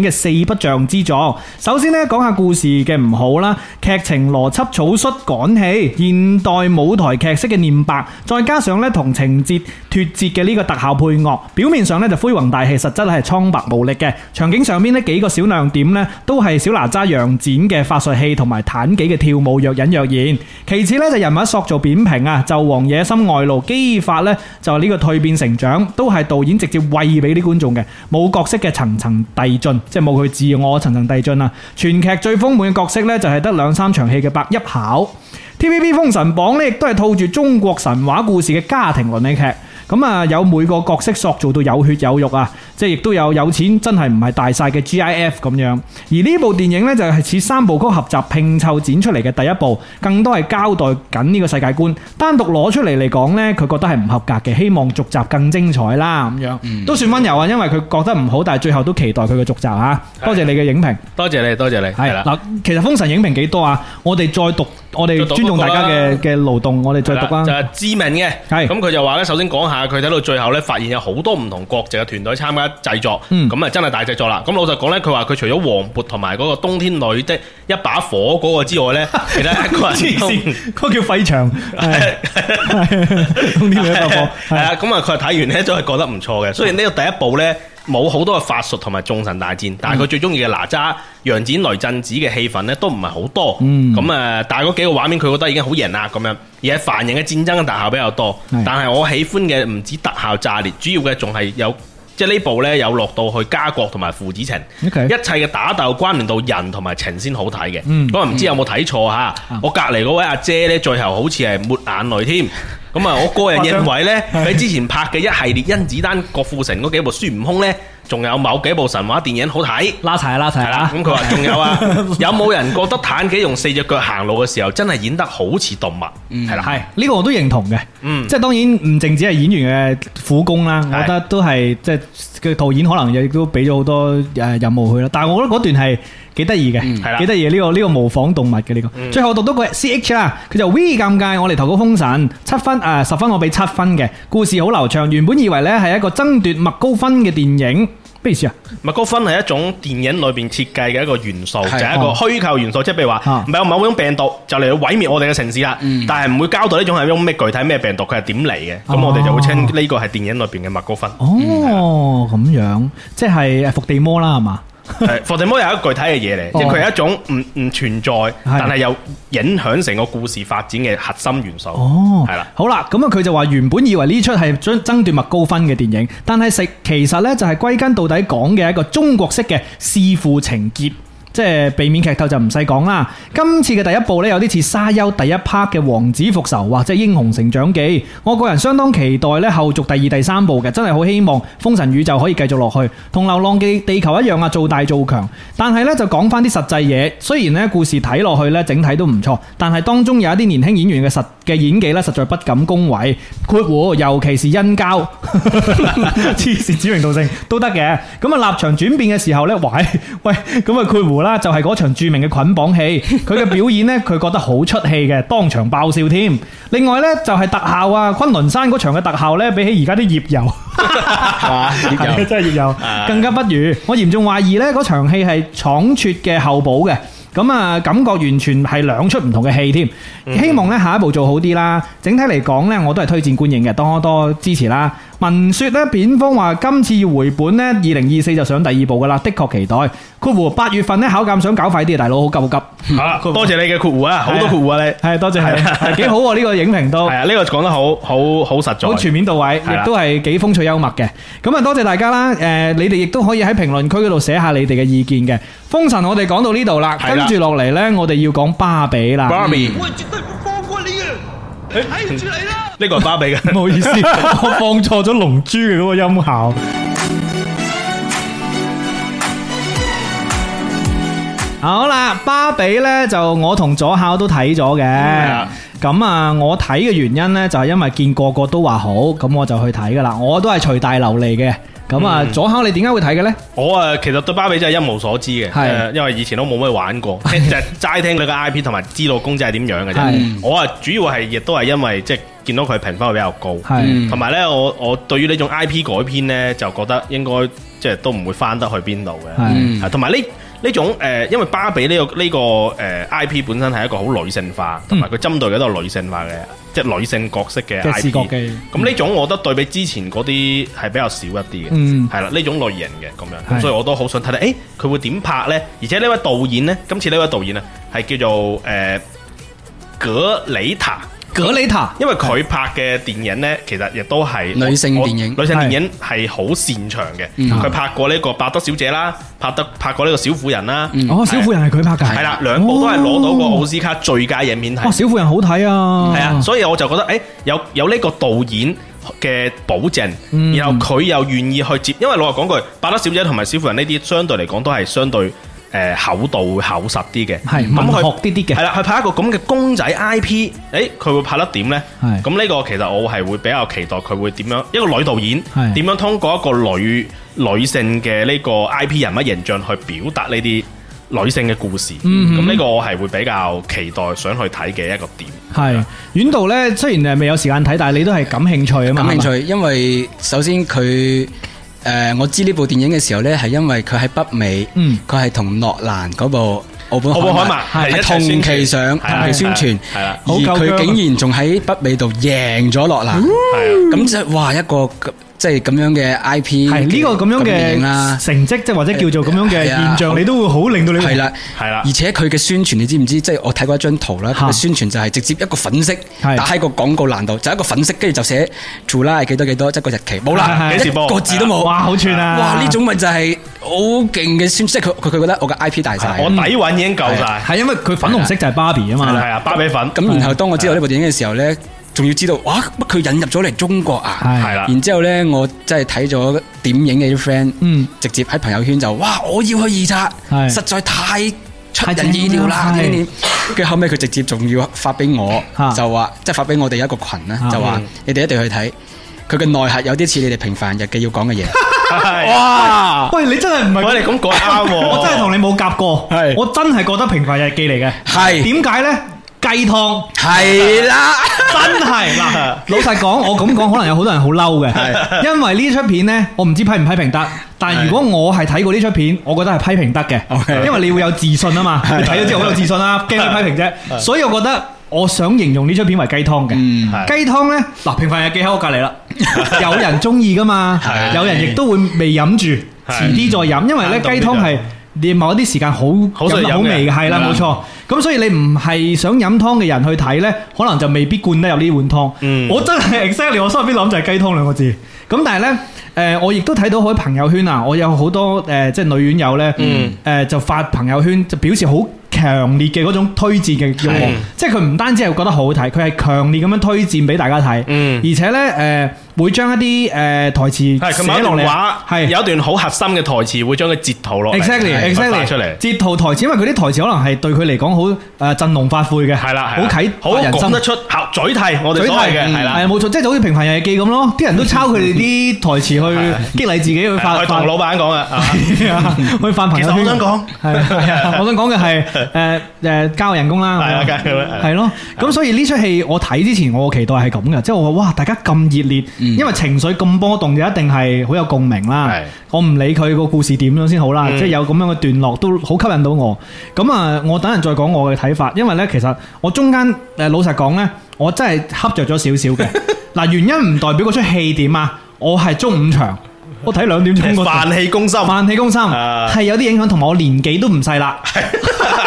嘅四不像之作，首先咧講下故事嘅唔好啦，劇情邏輯草率趕戲，現代舞台劇式嘅念白，再加上咧同情節脫節嘅呢個特效配樂，表面上咧就恢宏大氣，實質係蒼白無力嘅。場景上面咧幾個小亮點咧，都係小哪吒楊戩嘅髮術戲同埋妲己嘅跳舞若隱若現。其次咧就人物塑造扁平啊，紂王野心外露，姬發咧就呢個蛻變成長都係導演直接喂俾啲觀眾嘅，冇角色嘅層層遞進。即係冇佢自我層層遞進啊！全劇最豐滿嘅角色咧，就係得兩三場戲嘅伯邑考。TVB 封神榜咧，亦都係套住中國神話故事嘅家庭倫理劇。咁啊，有每個角色塑造到有血有肉啊！即係亦都有有錢真係唔係大晒嘅 GIF 咁樣，而呢部電影咧就係似三部曲合集拼湊剪出嚟嘅第一部，更多係交代緊呢個世界觀，單獨攞出嚟嚟講咧，佢覺得係唔合格嘅，希望續集更精彩啦咁樣、嗯、都算溫柔啊，因為佢覺得唔好，但係最後都期待佢嘅續集吓、啊，係多謝你嘅影評，多謝你，多謝你。係啦，嗱，其實《封神》影評幾多啊？我哋再讀，再讀，我哋尊重大家嘅嘅勞動，我哋再讀啦、啊。就係、係、知名嘅，係咁佢就話咧，首先講下佢睇到最後咧，發現有好多唔同國籍嘅團隊參加。製作咁啊，嗯、真係大製作啦！咁老實講呢，佢話佢除咗黃渤同埋嗰個冬天女的一把火嗰個之外呢，哈哈其他一個人都叫廢場。 (laughs) 是 (laughs) 冬天女一把火係啊！咁啊，佢睇完呢，都係覺得唔錯嘅。雖然呢個第一部呢，冇好多嘅法術同埋眾神大戰，嗯、但係佢最中意嘅哪吒、楊戩、雷震子嘅戲份呢，都唔係好多。咁啊、嗯，但係嗰幾個畫面佢覺得已經好型啦。咁樣而係凡人嘅戰爭嘅特效比較多，但係我喜歡嘅唔止特效炸裂，主要嘅仲係有。即係呢部呢，有落到去家國同埋父子情，Okay. 一切嘅打鬥關聯到人同埋情先好睇嘅。咁啊、嗯，唔知有冇睇錯嚇？嗯、我隔離嗰位阿姐呢，最後好似係抹眼淚添。咁啊，我個人認為呢，喺之前拍嘅一系列甄子丹、郭富城嗰幾部《孫悟空》呢。仲有某幾部神話電影好睇，拉齊拉齊啦。咁佢話仲有啊， (laughs) 有冇人覺得妲己用四隻腳行路嘅時候，真係演得好似動物？嗯，係啦是的，係、這、呢個我都認同嘅。嗯，即係當然唔淨止係演員嘅苦功啦，是的 我覺得都係即係嘅導演可能亦都俾咗好多誒任務佢啦。但係我覺得嗰段係幾得意嘅，係啦、嗯，幾得意呢個呢、這個模仿動物嘅呢、這個。嗯、最後我讀到個 C H 啦，佢就 we 尷尬，我嚟投個封神七分，誒、呃、十分我俾七分嘅故事好流暢。原本以為呢係一個爭奪麥高芬嘅電影。咩意思啊？麥高芬係一種電影裏邊設計嘅一個元素，的就係一個虛構元素，即係譬如話，唔係我某一種病毒就嚟到毀滅我哋嘅城市啦，嗯、但係唔會交代呢種係一種咩具體咩病毒，佢係點嚟嘅，咁、哦、我哋就會稱呢個係電影裏邊嘅麥高芬。哦，咁的、哦、樣，即係伏地魔啦嘛。係伏地魔有一個具體嘅嘢嚟，即佢係一種唔唔存在，但係又影響成個故事發展嘅核心元素。係啦，oh. 的，好啦，咁啊佢就話原本以為呢出係爭爭奪麥高芬嘅電影，但係食其實呢就係歸根到底講嘅一個中國式嘅弒父情結。即係避免劇透就唔使講啦。今次嘅第一部呢，有啲似沙丘第一 part 嘅王子復仇，或者英雄成長記。我個人相當期待呢後續第二、第三部嘅，真係好希望封神宇宙可以繼續落去，同流浪記地球一樣啊，做大做強。但係呢，就講翻啲實際嘢，雖然呢故事睇落去呢，整體都唔錯，但係當中有一啲年輕演員嘅實。嘅演技咧實在不敢恭維，括弧尤其是殷郊，黐 (laughs) 線指名道姓都得嘅。咁啊立場轉變嘅時候呢，哎，喂喂，咁啊括弧啦，就係嗰場著名嘅捆綁戲，佢嘅表演呢，佢覺得好出戲嘅，當場爆笑添。另外呢，就係特效啊，崑崙山嗰場嘅特效呢，比起而家啲頁遊，真係頁遊更加不如。我嚴重懷疑呢，嗰場戲係倉促嘅後補嘅。咁啊，感覺完全係兩出唔同嘅戲添。希望咧下一部做好啲啦。整體嚟講咧，我都係推薦觀影嘅，多多支持啦。文說咧，片方話今次要回本呢，二零二四就上第二部噶啦，的確期待。括弧八月份咧，考鑑想搞快啲，大佬好急好急。 (laughs) 好，多謝你嘅括弧啊，好多括弧啊你。係、啊、多謝你，係幾 (laughs) 好喎呢個影評都係啊，呢、這個講得好好好實在，好全面到位，啊、亦都係幾風趣幽默嘅。咁啊，多謝大家啦。誒，你哋亦都可以喺評論區嗰度寫下你哋嘅意見嘅。封神我哋講到呢度啦，跟住落嚟呢，我哋要講芭比啦。睇唔住你啦！呢個係芭比嘅，唔好意思， (laughs) 我放錯咗龍珠嘅嗰個音效。 (laughs) 好啦，芭比呢，就我同左考都睇咗嘅，咁麼啊，我睇嘅原因呢，就係因為見個個都話好，咁我就去睇噶啦，我都係隨大流嚟嘅。咁啊，嗯、左口你點解會睇嘅咧？我啊，其實對芭比真係一無所知嘅，係是、呃、因為以前都冇乜玩過，就係齋聽佢個 I P 同埋，知道公仔係點樣嘅。啫是。我啊，主要係亦都係因為即係見到佢評分會比較高，係同埋咧，我我對於呢種 I P 改編咧，就覺得應該即係都唔會翻得去邊度嘅，係同埋呢。嗯呢種誒、呃，因為芭比呢、呢個呢、呢個誒 IP 本身係一個好女性化，同埋佢針對嘅都係女性化嘅，即係女性角色嘅 IP。咁呢種我覺得對比之前嗰啲係比較少一啲嘅，係啦、嗯，呢種類型嘅咁樣，是的 所以我都好想睇睇，誒、欸、佢會點拍呢？而且呢位導演呢，今次呢位導演呢，係叫做誒格、呃、里塔。葛莉塔，因為佢拍嘅電影呢，其實亦都係女性電影，女性電影係好擅長嘅。佢、嗯、拍過呢個《伯德小姐》啦，拍得拍過呢個《小婦人》啦。哦，《小婦人》係佢拍嘅，係啦，兩部都係攞到個奧斯卡最佳影片。哇、哦，的哦《小婦人》好睇啊，係啊的，嗯、所以我就覺得，誒、欸，有有呢個導演嘅保證，嗯、然後佢又願意去接，嗯、因為老實講句，《伯德小姐》同埋《小婦人》呢啲相對嚟講都係相對。誒厚度會厚實啲嘅，咁佢是學啲啲嘅，係啦，佢拍一個咁嘅公仔 IP，誒、欸、佢會拍得點呢？咁呢的個其實我係會比較期待佢會點樣，一個女導演點的樣通過一個女女性嘅呢個 IP 人物形象去表達呢啲女性嘅故事。咁呢、嗯嗯嗯、個我係會比較期待想去睇嘅一個點。係的遠道咧，雖然誒未有時間睇，但係你都係感興趣啊嘛。感興趣，吧因為首先佢。誒、呃，我知呢部電影嘅時候咧，係因為佢喺北美，佢係同諾蘭嗰部《奧本海默》係同期上同期宣傳，啊啊啊啊、而佢竟然仲喺北美度贏咗諾蘭，咁即係哇一個。即係咁樣嘅 IP，係呢個咁樣嘅成績，即或者叫做咁樣嘅現象，你都會好令到你係啦，係啦。而且佢嘅宣傳，你知唔知？即係我睇過一張圖啦，佢嘅宣傳就係直接一個粉色打喺個廣告欄度，就一個粉色，跟住就寫 July 幾多幾多，即係個日期冇啦，幾時播，一個字都冇。哇！好串啊！哇！呢種咪就係好勁嘅宣，即係佢佢佢覺得我嘅 IP 大晒。我底蘊已經夠晒，係因為佢粉紅色就係芭比啊嘛，係啊芭比粉。咁然後當我知道呢部電影嘅時候咧。仲要知道，哇！乜佢引入咗嚟中國啊？係啦。然之後咧，我真係睇咗點映嘅啲 friend，嗯，直接喺朋友圈就哇！我要去二刷，係實在太出人意料啦。跟住後尾，佢直接仲要發俾我，就話即係發俾我哋一個群啦，就話你哋一定要去睇，佢嘅內核有啲似你哋平凡日記要講嘅嘢。哇！喂，你真係唔係我哋咁講啱，我真係同你冇夾過，我真係覺得平凡日記嚟嘅。係點解咧？雞湯係啦， (laughs) 真係嗱，老實講，我咁講可能有好多人好嬲嘅， (laughs) 因為呢出片呢，我唔知批唔批評得，但係如果我係睇過呢出片，我覺得係批評得嘅， (laughs) 因為你會有自信啊嘛， (laughs) 你睇咗之後好有自信啊，驚你 (laughs) 批評啫，所以我覺得我想形容呢出片為雞湯嘅，雞湯、嗯、呢，嗱，平凡日記喺我隔籬啦， (laughs) 有人中意噶嘛， (laughs) 有人亦都會未飲住，遲啲再飲，因為呢雞湯係。你某一啲時間好有好味嘅，係啦，冇錯對啦。咁所以你唔係想飲湯嘅人去睇呢，可能就未必灌得入呢碗湯。嗯、我真係 (laughs) exactly，我心入邊諗就係雞湯兩個字。咁但係呢，誒、呃，我亦都睇到喺朋友圈啊，我有好多誒、呃，即係女院友咧，誒、嗯呃，就發朋友圈就表示好強烈嘅嗰種推薦嘅願望，是的 即係佢唔單止係覺得好睇，佢係強烈咁樣推薦俾大家睇，嗯、而且呢。誒、呃。呃會將一啲誒台詞，係佢某一段話係有段好核心嘅台詞，會將佢截圖落嚟，exactly，exactly 出嚟截圖台詞。因為佢啲台詞可能係對佢嚟講好誒振聾發聵嘅，係啦，好啟好人講得出口嘴替，我哋所謂嘅，係啦，係冇錯，即係好似平凡人日記咁咯，啲人都抄佢哋啲台詞去激勵自己，去發同老闆講嘅，去發朋友圈。其實我想講，係我想講嘅係誒誒交人工啦，係咯，咁所以呢出戲我睇之前我期待係咁嘅，即係我話哇，大家咁熱烈。因為情緒咁波動，就一定係好有共鳴啦。是的 我唔理佢個故事點是的 樣先好啦，即係有咁樣嘅段落都好吸引到我。咁啊，我等陣再講我嘅睇法，因為呢，其實我中間誒老實講呢，我真係恰着咗少少嘅。嗱 (laughs) 原因唔代表嗰出戲點啊，我係中午場，我睇兩點鐘嘅。飯氣 (laughs) 攻心，飯氣攻心，係、啊、有啲影響，同埋我年紀都唔細啦。 (laughs)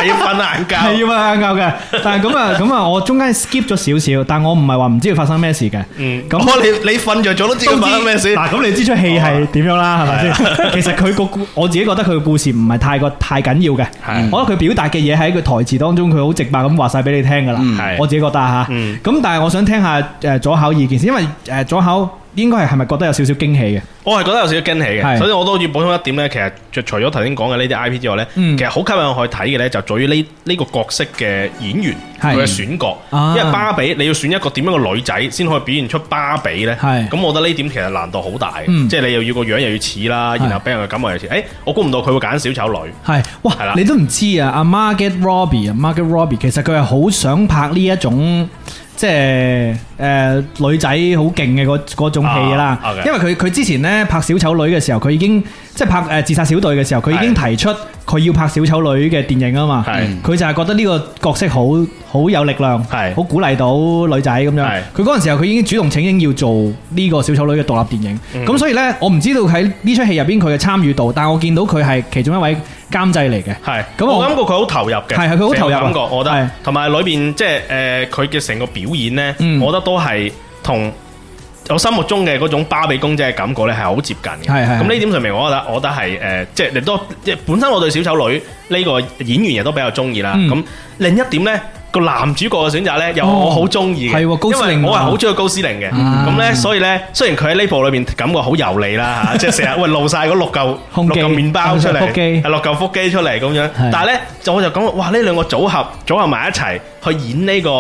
要瞓晏覺係要瞓晏覺嘅，但係咁啊，咁啊，我中間 skip 咗少少，但我唔係話唔知佢發生咩事嘅、嗯。嗯、哦，咁你你瞓着咗都知唔知咩事？嗱，咁你知出戲係點樣啦、哦？係咪先？其實佢個故，我自己覺得佢嘅故事唔係太過太緊要嘅。係，我覺得佢表達嘅嘢喺佢台詞當中，佢好直白咁話晒俾你聽噶啦。係，我自己覺得吓、啊。嗯，咁、嗯、但係我想聽下誒、呃、左考意見，因為誒、呃、左考。應該係係咪覺得有少少驚喜嘅？我係覺得有少少驚喜嘅。是所以我都要補充一點呢，其實除咗頭先講嘅呢啲 IP 之外呢，嗯、其實好吸引我去睇嘅呢，就在於呢呢個角色嘅演員佢嘅是選角。啊、因為芭比你要選一個點樣嘅女仔先可以表現出芭比呢？咁是我覺得呢點其實難度好大、嗯、即係你又要個樣又要似啦，然後俾人嘅感覺又似。誒、欸，我估唔到佢會揀小丑女。係哇，的你都唔知啊，Margaret Robbie 啊，Margaret Robbie，其實佢係好想拍呢一種。即係誒、呃、女仔好勁嘅嗰嗰種戲啦，啊 okay. 因為佢佢之前呢拍小丑女嘅時候，佢已經即係拍誒、呃、自殺小隊嘅時候，佢已經提出佢要拍小丑女嘅電影啊嘛。佢是就係覺得呢個角色好好有力量，好是鼓勵到女仔咁樣。佢嗰陣時候佢已經主動請纓要做呢個小丑女嘅獨立電影，咁是所以呢，我唔知道喺呢出戲入邊佢嘅參與度，但係我見到佢係其中一位。監製嚟嘅，係，是我，我覺感覺佢好投入嘅，係佢好投入感覺，我覺得，同埋的裏邊即係，誒、就是，佢嘅成個表演咧，嗯、我覺得都係同我心目中嘅嗰種芭比公仔嘅感覺咧，係好接近嘅，係的，咁呢點上面，我覺得，我覺得係，誒、呃，即係亦都，即係本身我對小丑女呢個演員亦都比較中意啦，咁、嗯、另一點咧。個男主角嘅選擇呢，又我好中意，因為我係好中意高斯林嘅。咁呢，所以呢，雖然佢喺呢部裏面感覺好油膩啦，即係成日會露晒嗰六嚿六嚿麵包出嚟，六嚿腹肌出嚟咁樣。但係呢，就我就講話，哇！呢兩個組合組合埋一齊去演呢個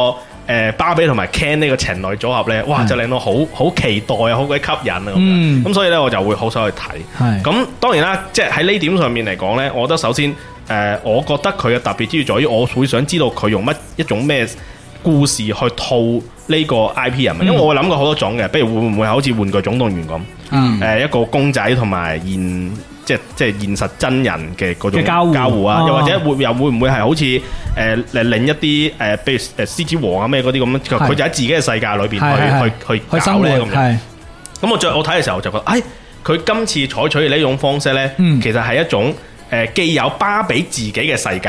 誒芭比同埋 Ken 呢個情侶組合呢，哇！就令到好好期待啊，好鬼吸引啊咁。咁所以呢，我就會好想去睇。咁當然啦，即係喺呢點上面嚟講呢，我覺得首先。誒，uh, 我覺得佢嘅特別之處在於，我會想知道佢用乜一種咩故事去套呢個 IP 人物，嗯、因為我諗過好多種嘅，比如會唔會好似玩具總動員咁，誒、嗯、一個公仔同埋現即，即即現實真人嘅嗰種交互啊，戶又或者會又會唔會係好似誒誒另一啲誒，比如誒獅子王啊咩嗰啲咁，佢是就喺自己嘅世界裏邊去是的是的去去搞咧咁，咁我再我睇嘅時候就覺得，誒、哎、佢今次採取嘅呢一種方式咧，其實係一種。嗯既有芭比自己嘅世界，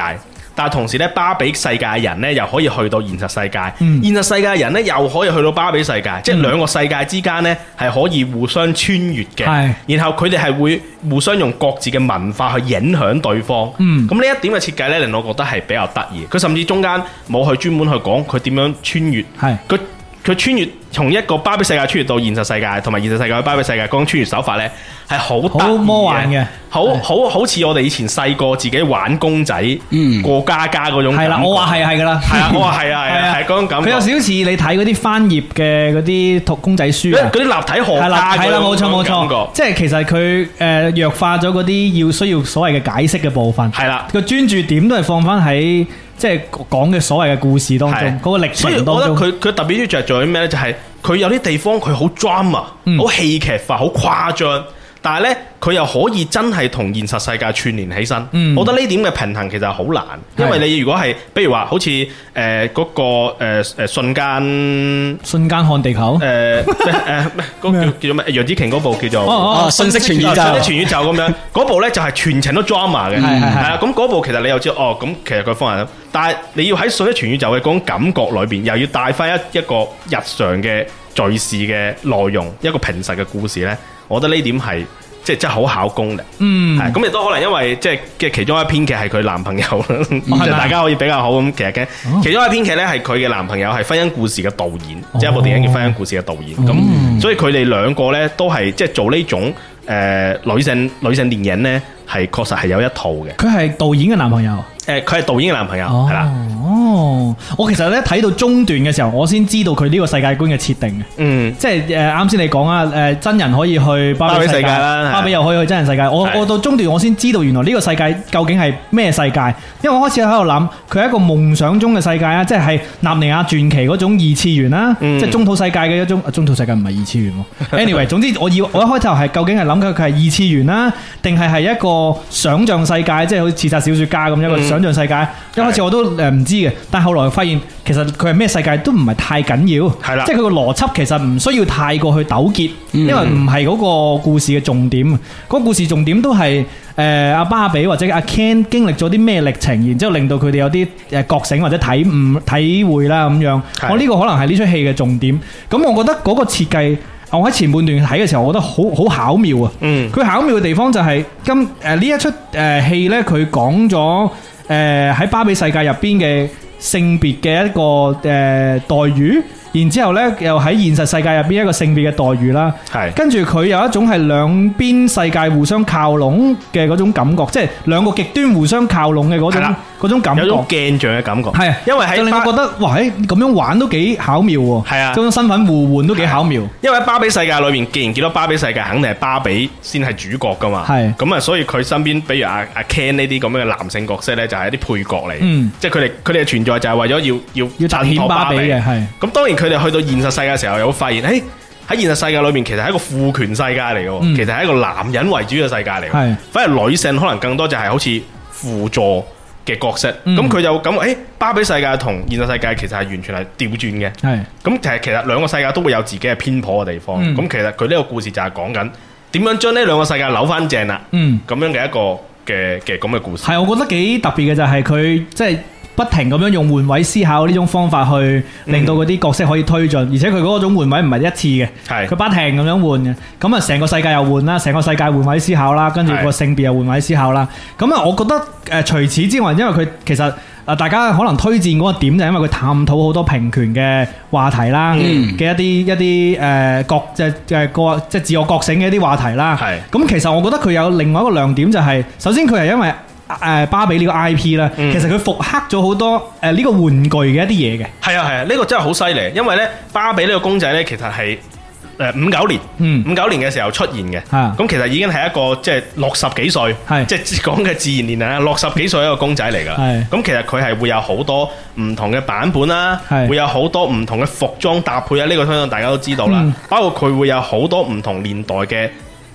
但同時咧，芭比世界嘅人咧又可以去到現實世界，嗯、現實世界人咧又可以去到芭比世界，嗯、即係兩個世界之間咧係可以互相穿越嘅。是然後佢哋係會互相用各自嘅文化去影響對方。咁呢、嗯、一點嘅設計咧令我覺得係比較得意。佢甚至中間冇去專門去講佢點樣穿越。係是佢穿越從一個芭比世界穿越到現實世界，同埋現實世界去芭比世界，嗰種穿越手法咧係好得魔幻嘅好的，好好好似我哋以前細個自己玩公仔、嗯、過家家嗰種感覺。係啦，我話係係噶啦，係啊， (laughs) 我話係啊，係啊，嗰的種感。佢有少似你睇嗰啲翻頁嘅嗰啲讀公仔書，嗰啲 (laughs) 立體賀卡。係啦，係啦，冇錯冇錯，即係其實佢誒、呃、弱化咗嗰啲要需要所謂嘅解釋嘅部分。係啦的，個專的注點都係放翻喺。即係講嘅所謂嘅故事當中，嗰個歷史當中，所以我覺得，佢佢特別中意就係做啲咩咧？就係、是、佢有啲地方佢好 drama 好戲劇化，好誇張。但係咧，佢又可以真係同現實世界串聯起身。我覺得呢點嘅平衡其實好難，因為你如果係，比如話好似誒嗰個誒瞬間瞬間看地球誒誒嗰叫做咩？楊紫瓊嗰部叫做瞬息全宇宙宇宙咁樣嗰部咧就係全程都 drama 嘅，係啊，咁嗰部其實你又知哦咁，其實佢方案但係，你要喺瞬息全宇宙嘅嗰種感覺裏邊，又要帶翻一一個日常嘅。敘事嘅內容，一個平實嘅故事呢，我覺得呢點係即係真係好考功力。嗯，咁亦都可能因為即係嘅其中一編劇係佢男朋友、嗯， (laughs) 大家可以比較好咁。其實嘅其中一編劇呢，係佢嘅男朋友係婚姻故事嘅導演，哦、即係一部電影叫《婚姻故事》嘅導演。咁所以佢哋兩個呢，都係即係做呢種誒、呃、女性女性電影呢，係確實係有一套嘅。佢係導演嘅男朋友？誒、呃，佢係導演嘅男朋友係啦。哦哦哦。哦，我其實咧睇到中段嘅時候，我先知道佢呢個世界觀嘅設定，嗯，即係啱先你講啊，誒，真人可以去芭比世界啦，芭比，芭比又可以去真人世界。對 我我到中段我先知道原來呢個世界究竟係咩世界。因為我開始喺度諗，佢係一個夢想中嘅世界啊，即係納尼亞傳奇嗰種二次元啦，嗯、即係中土世界嘅一種。中土世界唔係二次元喎。 (laughs) Anyway，總之我要我一開頭係究竟係諗佢佢係二次元啦，定係係一個想象世界，即係好似《刺殺小說家》咁樣、嗯、一個想象世界。一對 開始我都唔知嘅。但後來發現，其實佢係咩世界都唔係太緊要，係啦，即係佢個邏輯其實唔需要太過去糾結，因為唔係嗰個故事嘅重點。嗰個故事重點都係誒阿芭比或者阿 Ken 經歷咗啲咩歷程，然之後令到佢哋有啲誒覺醒或者體悟體會啦咁樣。我呢個可能係呢出戲嘅重點。咁我覺得嗰個設計，我喺前半段睇嘅時候，我覺得好好巧妙啊。嗯，佢巧妙嘅地方就係今誒呢一出誒戲呢，佢講咗誒喺芭比世界入邊嘅。性別嘅一個誒待遇。然之後咧，又喺現實世界入邊一個性別嘅待遇啦。係。跟住佢有一種係兩邊世界互相靠攏嘅嗰種感覺，即係兩個極端互相靠攏嘅嗰種感覺。有種鏡像嘅感覺。係。因為喺令我覺得，哇！咁樣玩都幾巧妙喎。係啊。嗰種身份互換都幾巧妙。因為喺芭比世界裏面，既然見到芭比世界，肯定係芭比先係主角噶嘛。係。咁啊，所以佢身邊，比如阿阿 Ken 呢啲咁樣嘅男性角色咧，就係一啲配角嚟。嗯。即係佢哋佢哋嘅存在就係為咗要要要襯托芭比嘅係。咁當然佢哋去到現實世界嘅時候，又發現，喺現實世界裏面，其實係一個父權世界嚟嘅，其實係一個男人為主嘅世界嚟，反而女性可能更多就係好似輔助嘅角色。咁佢就感覺，誒，芭比世界同現實世界其實係完全係調轉嘅。咁其實其實兩個世界都會有自己嘅偏頗嘅地方。咁其實佢呢個故事就係講緊點樣將呢兩個世界扭翻正啦。咁樣嘅一個嘅嘅咁嘅故事。係我覺得幾特別嘅就係佢即係。不停咁樣用換位思考呢種方法去令到嗰啲角色可以推進，而且佢嗰種換位唔係一次嘅，佢不停咁樣換嘅，咁啊成個世界又換啦，成個世界換位思考啦，跟住個性別又換位思考啦，咁啊我覺得誒除此之外，因為佢其實啊大家可能推薦嗰個點就係因為佢探討好多平權嘅話題啦，嘅一啲一啲誒，即係嘅個即係自我覺醒嘅一啲話題啦，咁其實我覺得佢有另外一個亮點就係，首先佢係因為。誒芭比呢個 IP 咧、嗯，其實佢復刻咗好多誒呢、呃呢個玩具嘅一啲嘢嘅。係啊係啊，呢、啊呢個真係好犀利，因為呢，芭比呢個公仔呢，其實係誒五九年，五九、嗯、年嘅時候出現嘅。咁、嗯、其實已經係一個即係六十幾歲，是即係講嘅自然年齡啦，六十幾歲一個公仔嚟噶。咁是其實佢係會有好多唔同嘅版本啦、啊，是會有好多唔同嘅服裝搭配啊。呢、呢個相信大家都知道啦，嗯、包括佢會有好多唔同年代嘅。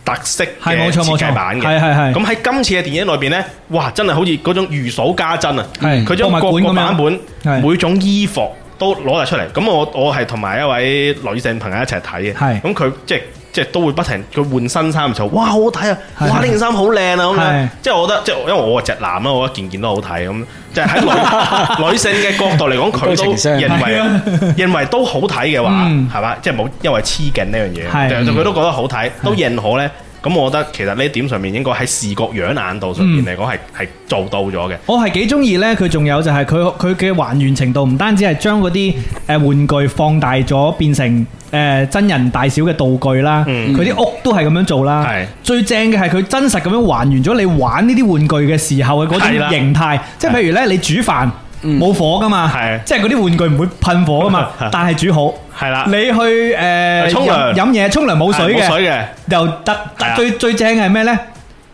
特色嘅設計版嘅，係係係。咁喺今次嘅電影裏邊咧，哇！真係好似嗰種如數家珍啊。係是，佢將各個版本每種衣服都攞晒出嚟。咁我我係同埋一位女性朋友一齊睇嘅。係是，咁佢即係。就是即係都會不停佢換新衫，唔錯，哇好睇啊！哇，呢件衫好靚啊！咁即係我覺得即係因為我係直男啊，我覺得件件都好睇咁。即係喺女性嘅角度嚟講，佢都認為認為都好睇嘅話，係嘛？即係冇因為黐緊呢樣嘢，其實佢都覺得好睇，都認可呢。咁我覺得其實呢點上面應該喺視覺養眼度上面嚟講係係做到咗嘅。我係幾中意呢，佢仲有就係佢佢嘅還原程度，唔單止係將嗰啲誒玩具放大咗變成。誒，真人大小嘅道具啦，佢啲屋都係咁樣做啦。最正嘅係佢真實咁樣還原咗你玩呢啲玩具嘅時候嘅嗰種形態，即係譬如呢，你煮飯冇火噶嘛，即係嗰啲玩具唔會噴火噶嘛，但係煮好。你去誒沖涼飲嘢，沖涼冇水嘅，又得最正嘅係咩呢？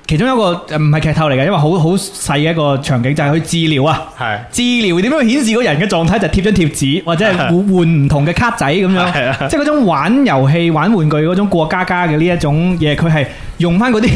其中一個唔係劇透嚟嘅，因為好好細嘅一個場景，就係、是、佢治療啊，是的 治療點樣顯示個人嘅狀態，就是、貼張貼紙或者換唔同嘅卡仔咁樣，是的 即係嗰種玩遊戲、玩玩具嗰種過家家嘅呢一種嘢，佢係用翻嗰啲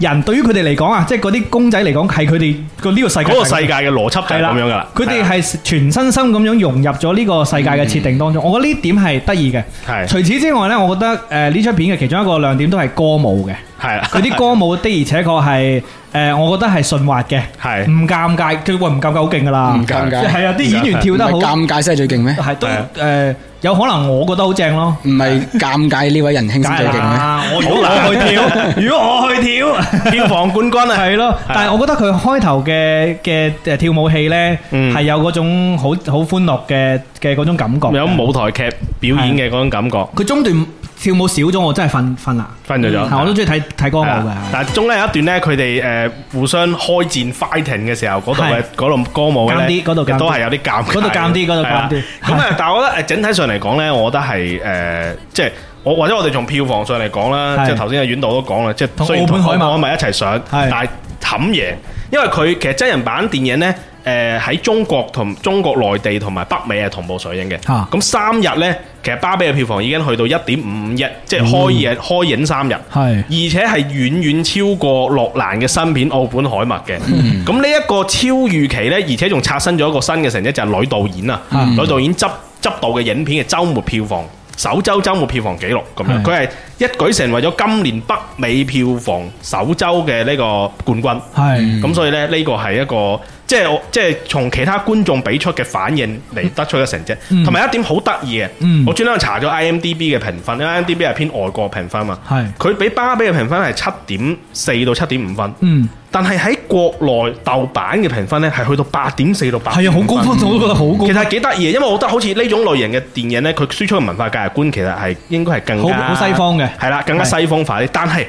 人對於佢哋嚟講啊，即係嗰啲公仔嚟講，係佢哋個呢個世界嗰個世界嘅邏輯啦，咁樣噶啦。佢哋係全身心咁樣融入咗呢個世界嘅設定當中，嗯、我覺得呢點係得意嘅。係。是的 除此之外呢，我覺得誒呢出片嘅其中一個亮點都係歌舞嘅。係佢啲歌舞的而且確係，誒，我覺得係順滑嘅，係唔尷尬，佢會唔尷尬好勁噶啦，唔尷尬，係啊，啲演員跳得好，尷尬先係最勁咩？係都誒，有可能我覺得好正咯，唔係尷尬呢位仁兄先最勁咩？我好難去跳，如果我去跳，票房冠軍係咯。但係我覺得佢開頭嘅嘅跳舞戲咧，係有嗰種好好歡樂嘅嘅嗰種感覺，有舞台劇表演嘅嗰種感覺。佢中段。跳舞少咗，我真係瞓瞓啦，瞓咗咗。我都中意睇睇歌舞嘅。但係中間有一段咧，佢哋誒互相開戰 fighting 嘅時候，嗰度嘅嗰度歌舞啲，咧，都係有啲尷。嗰度尷啲，嗰度尷啲。咁啊，但係我覺得誒整體上嚟講咧，我覺得係誒，即係我或者我哋從票房上嚟講啦，即係頭先阿遠道都講啦，即係雖然同《奧本海默》咪一齊上，但係冚贏，因為佢其實真人版電影咧。誒，喺中國同中國內地同埋北美係同步上映嘅。咁三日呢，其實芭比嘅票房已經去到一點五五億，即係開嘢開映三日係，而且係遠遠超過諾蘭嘅新片《澳本海默》嘅。咁呢一個超預期呢，而且仲刷新咗一個新嘅成績，就係女導演啊，女導演執執導嘅影片嘅周末票房首周周末票房紀錄咁樣，佢係一舉成為咗今年北美票房首周嘅呢個冠軍。係咁所以呢，呢個係一個。即係我，即係從其他觀眾俾出嘅反應嚟得出嘅成績，同埋、嗯、一點好得意嘅，嗯、我專登查咗 IMDB 嘅評分，IMDB 係偏外國評分嘛，係佢是比芭比嘅評分係七點四到七點五分，嗯，但係喺國內豆瓣嘅評分咧係去到八點四到八，係啊，好高分，嗯、我都覺得好高。其實係幾得意嘅，因為我覺得好似呢種類型嘅電影咧，佢輸出嘅文化價值觀其實係應該係更好,好西方嘅，係啦，更加西方化啲，但係。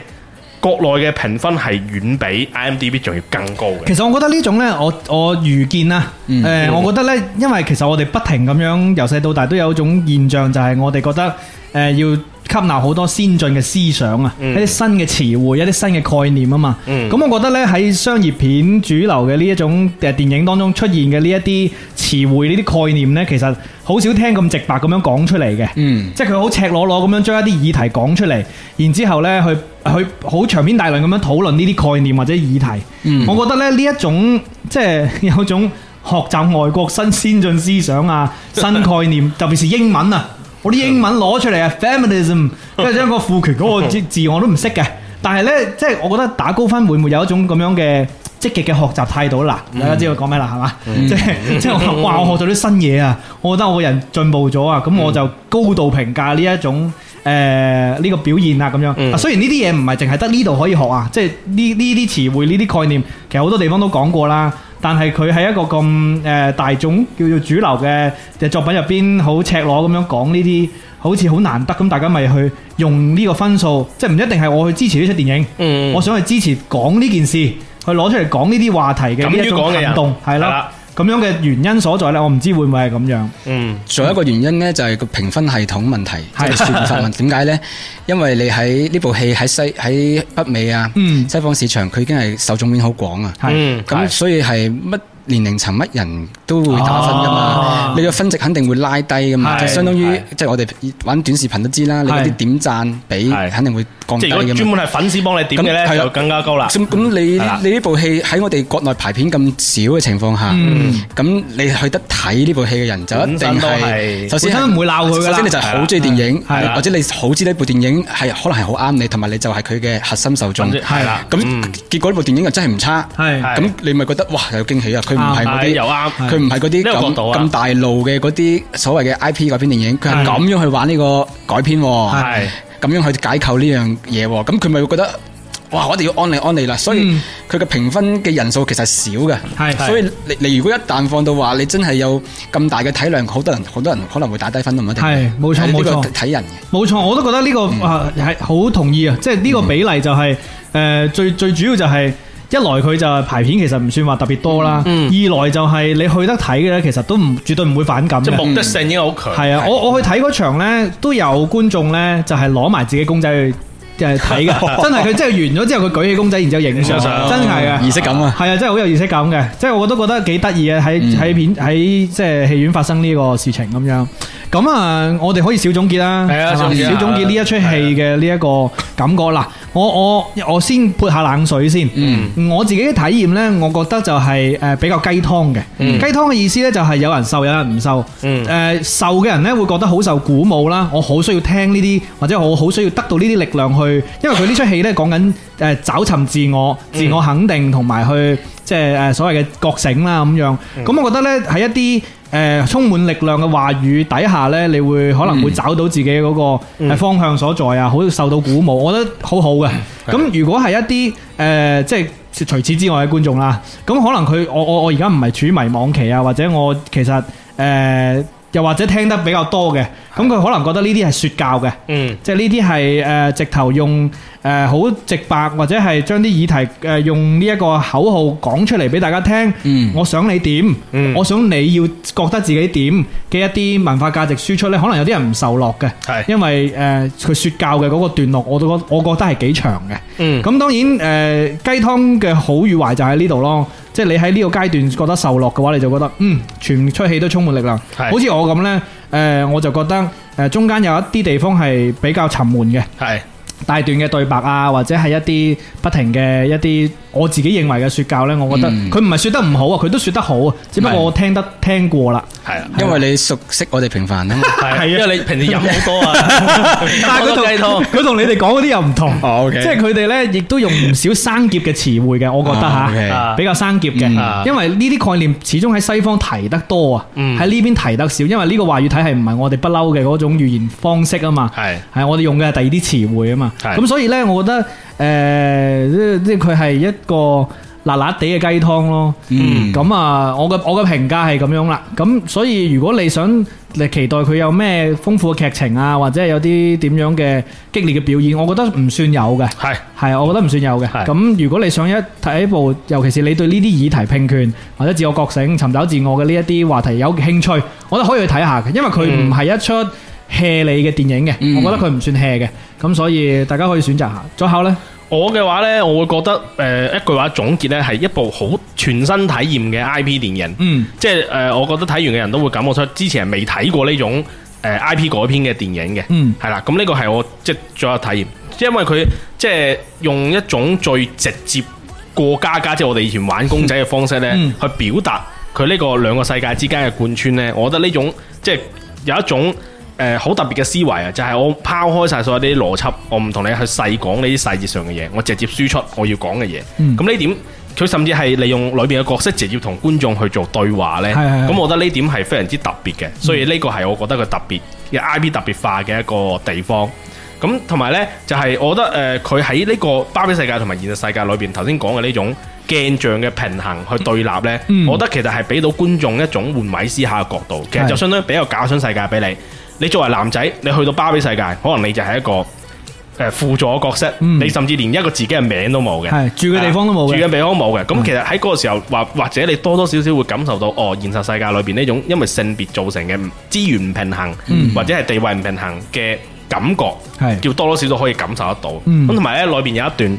國內嘅評分係遠比 IMDb 仲要更高嘅。其實我覺得呢種呢，我我預見啦，誒、嗯呃，我覺得呢，因為其實我哋不停咁樣由細到大都有一種現象，就係我哋覺得誒、呃、要吸納好多先進嘅思想啊，嗯、一啲新嘅詞彙，一啲新嘅概念啊嘛。咁、嗯、我覺得咧，喺商業片主流嘅呢一種嘅電影當中出現嘅呢一啲詞彙、呢啲概念咧，其實好少聽咁直白咁樣講出嚟嘅。嗯、即係佢好赤裸裸咁樣將一啲議題講出嚟，然之後咧佢佢好長篇大論咁樣討論呢啲概念或者議題。嗯、我覺得咧呢一種即係有種學習外國新先進思想啊、新概念，特別是英文啊。 (laughs) (laughs) 我啲英文攞出嚟啊，feminism，跟住將個賦權嗰個字，我都唔識嘅。但係咧，即係我覺得打高分會唔會有一種咁樣嘅積極嘅學習態度啦。Mm. 大家知道講咩啦，係嘛、mm.？即係即係話，哇！我學咗啲新嘢啊，我覺得我個人進步咗啊，咁我就高度評價呢一種誒呢、呃這個表現啊，咁樣。Mm. 雖然呢啲嘢唔係淨係得呢度可以學啊，即係呢呢啲詞彙、呢啲概念，其實好多地方都講過啦。但係佢喺一個咁誒大眾叫做主流嘅嘅作品入邊，好赤裸咁樣講呢啲，好似好難得咁，大家咪去用呢個分數，即係唔一定係我去支持呢出電影，嗯，我想去支持講呢件事，去攞出嚟講呢啲話題嘅一種人行動，係咯。咁樣嘅原因所在咧，我唔知會唔會係咁樣。嗯，仲有一個原因咧，就係個評分系統問題，即係 (laughs) 說法問點解咧？因為你喺呢部戲喺西喺北美啊，嗯，西方市場佢已經係受眾面好廣啊。嗯，咁那是所以係乜？年齡層乜人都會打分噶嘛，你個分值肯定會拉低噶嘛，就相當於即係我哋玩短視頻都知啦，你啲點讚比肯定會降低咁。即係如果專門係粉絲幫你點嘅咧，就更加高啦。咁你你呢部戲喺我哋國內排片咁少嘅情況下，咁你去得睇呢部戲嘅人就一定係首先唔會鬧佢噶啦，首先你就係好中意電影，或者你好知呢部電影係可能係好啱你，同埋你就係佢嘅核心受眾。係啦，咁結果呢部電影又真係唔差，咁你咪覺得哇有驚喜啊！佢唔係嗰啲，佢唔係啲咁大路嘅嗰啲所謂嘅 IP 改編電影，佢係咁樣去玩呢個改編，係咁樣去解構呢樣嘢。咁佢咪會覺得，哇！我哋要安利安利啦，所以佢嘅評分嘅人數其實少嘅，係。所以你你如果一旦放到話，你真係有咁大嘅體量，好多人好多人可能會打低分咁啊，係冇錯冇錯，睇人嘅。冇錯，我都覺得呢個啊係好同意啊，即係呢個比例就係誒最最主要就係。一來佢就排片其實唔算話特別多啦，嗯嗯、二來就係你去得睇嘅咧，其實都唔絕對唔會反感嘅。即係目的性已經好強。係、嗯啊、我我去睇嗰場咧，都有觀眾咧，就係攞埋自己的公仔去。睇嘅，真係佢真係完咗之後，佢舉起公仔，然之後影相，真係啊，儀式感啊，係啊，真係好有儀式感嘅，即係我都覺得幾得意嘅，喺喺片喺即係戲院發生呢個事情咁樣，咁啊，我哋可以小總結啦，係啊，小總結呢一出戲嘅呢一個感覺啦。我我我先潑下冷水先，嗯，我自己嘅體驗咧，我覺得就係誒比較雞湯嘅，雞湯嘅意思咧就係有人受，有人唔受，嗯，誒受嘅人咧會覺得好受鼓舞啦，我好需要聽呢啲，或者我好需要得到呢啲力量去。因為佢呢出戲呢，講緊誒找尋自我、嗯、自我肯定同埋去即係、就是、所謂嘅覺醒啦咁樣，咁、嗯、我覺得呢，喺一啲誒、呃、充滿力量嘅話語底下呢，你會可能會找到自己嗰個方向所在啊，好、嗯、受到鼓舞，我覺得好好嘅。咁、嗯、如果係一啲誒即係除此之外嘅觀眾啦，咁可能佢我我我而家唔係處於迷茫期啊，或者我其實誒、呃、又或者聽得比較多嘅。咁佢可能覺得呢啲係説教嘅，嗯、即係呢啲係誒直頭用誒好直白，或者係將啲議題誒用呢一個口號講出嚟俾大家聽。嗯、我想你點，嗯、我想你要覺得自己點嘅一啲文化價值輸出咧，可能有啲人唔受落嘅，是因為誒佢説教嘅嗰個段落，我都我覺得係幾長嘅。咁、嗯、當然誒、呃、雞湯嘅好與壞就喺呢度咯，即係你喺呢個階段覺得受落嘅話，你就覺得嗯全出戲都充滿力量，是好似我咁呢。誒、呃、我就覺得誒、呃、中間有一啲地方係比較沉悶嘅，係的大段嘅對白啊，或者係一啲不停嘅一啲。我自己認為嘅説教呢，我覺得佢唔係説得唔好啊，佢都説得好啊，只不過我聽得聽過啦。係啊，因為你熟悉我哋平凡啊嘛。係啊，因為你平時飲好多啊。但係佢同你哋講嗰啲又唔同。OK，即係佢哋呢亦都用唔少生澀嘅詞彙嘅，我覺得吓，比較生澀嘅。因為呢啲概念始終喺西方提得多啊，喺呢邊提得少，因為呢個話語體系唔係我哋不嬲嘅嗰種語言方式啊嘛。係係，我哋用嘅係第二啲詞彙啊嘛。咁，所以呢，我覺得。誒，即係佢係一個辣辣地嘅雞湯咯。咁啊，我嘅我嘅評價係咁樣啦。咁所以如果你想你期待佢有咩豐富嘅劇情啊，或者係有啲點樣嘅激烈嘅表演，我覺得唔算有嘅。係係，我覺得唔算有嘅。咁如果你想一睇一部，尤其是你對呢啲議題平權或者自我覺醒、尋找自我嘅呢一啲話題有興趣，我都可以去睇下嘅。因為佢唔係一出 hea 你嘅電影嘅，我覺得佢唔算 hea 嘅。咁所以大家可以選擇下。最後呢。我嘅話呢，我會覺得，誒、呃，一句話總結呢，係一部好全新體驗嘅 I P 電影，嗯，即係誒、呃，我覺得睇完嘅人都會感覺出，之前係未睇過呢種誒 I P 改編嘅電影嘅，嗯，係啦，咁呢個係我即係最有體驗，因為佢即係用一種最直接過家家，即係我哋以前玩公仔嘅方式呢，嗯、去表達佢呢個兩個世界之間嘅貫穿呢，我覺得呢種即係有一種。誒，好特別嘅思維啊，就係、是、我拋開晒所有啲邏輯，我唔同你去細講呢啲細節上嘅嘢，我直接輸出我要講嘅嘢。咁呢、嗯、點，佢甚至係利用裏邊嘅角色直接同觀眾去做對話呢。咁是我覺得呢點係非常之特別嘅，所以呢個係我覺得佢特別嘅 I B 特別化嘅一個地方。咁同埋呢，就係、是、我覺得誒，佢喺呢個芭比世界同埋現實世界裏邊，頭先講嘅呢種鏡像嘅平衡去對立呢。嗯、我覺得其實係俾到觀眾一種換位思考嘅角度，其實就相當於比較假想世界俾你。你作為男仔，你去到芭比世界，可能你就係一個誒、呃、輔助嘅角色，嗯、你甚至連一個自己嘅名都冇嘅，住嘅地方都冇嘅，住嘅地方冇嘅。咁、嗯、其實喺嗰個時候，或或者你多多少少會感受到，哦，現實世界裏邊呢種因為性別造成嘅資源唔平衡，嗯、或者係地位唔平衡嘅感覺，的叫多多少少可以感受得到。咁同埋咧，裏邊有一段。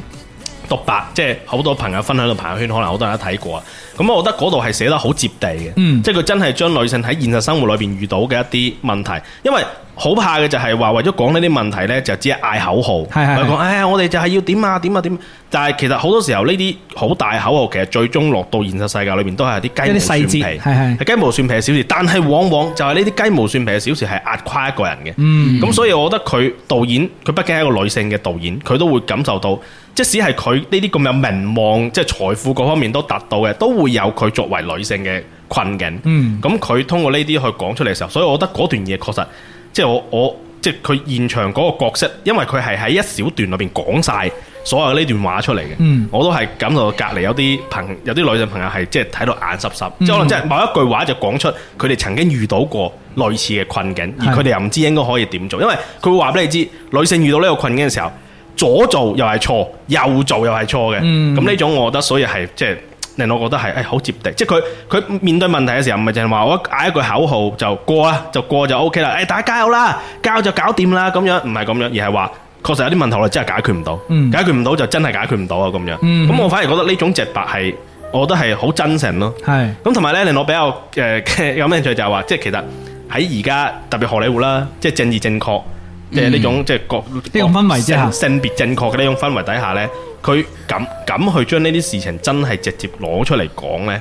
獨白，即係好多朋友分享到朋友圈，可能好多人都睇過啊。咁我覺得嗰度係寫得好接地嘅，嗯、即係佢真係將女性喺現實生活裏邊遇到嘅一啲問題。因為好怕嘅就係話，為咗講呢啲問題呢，就只係嗌口號，係講，哎我哋就係要點啊，點啊，點。但係其實好多時候呢啲好大口號，其實最終落到現實世界裏面都係啲雞毛蒜皮，係雞毛蒜皮小事。是是但係往往就係呢啲雞毛蒜皮嘅小事係壓垮一個人嘅。咁、嗯、所以，我覺得佢導演，佢畢竟係一個女性嘅導演，佢都會感受到。即使係佢呢啲咁有名望，即係財富各方面都達到嘅，都會有佢作為女性嘅困境。咁佢、嗯、通過呢啲去講出嚟嘅時候，所以我覺得嗰段嘢確實，即係我我即係佢現場嗰個角色，因為佢係喺一小段裏邊講晒所有呢段話出嚟嘅。嗯、我都係感到隔離有啲朋有啲女性朋友係即係睇到眼濕濕，嗯、即係可能即係某一句話就講出佢哋曾經遇到過類似嘅困境，嗯、而佢哋又唔知應該可以點做，因為佢會話俾你知女性遇到呢個困境嘅時候。左做又係錯，右做又係錯嘅，咁呢、嗯、種我覺得，所以係即係令我覺得係誒好接地，即係佢佢面對問題嘅時候唔係淨係話我嗌一句口號就過啊，就過就 O K 啦，誒大家加油啦，加油就搞掂啦，咁樣唔係咁樣，而係話確實有啲問題我真係解決唔到，嗯、解決唔到就真係解決唔到啊，咁樣。咁、嗯、我反而覺得呢種直白係，我覺得係好真誠咯。係是。咁同埋呢，令我比較誒、呃、有咩興趣就係、是、話，即、就、係、是、其實喺而家特別荷里活啦，即係政治正確。即係呢種、嗯、即係個呢種氛圍之下，啊、性別正確嘅呢種氛圍底下呢，佢敢敢去將呢啲事情真係直接攞出嚟講呢，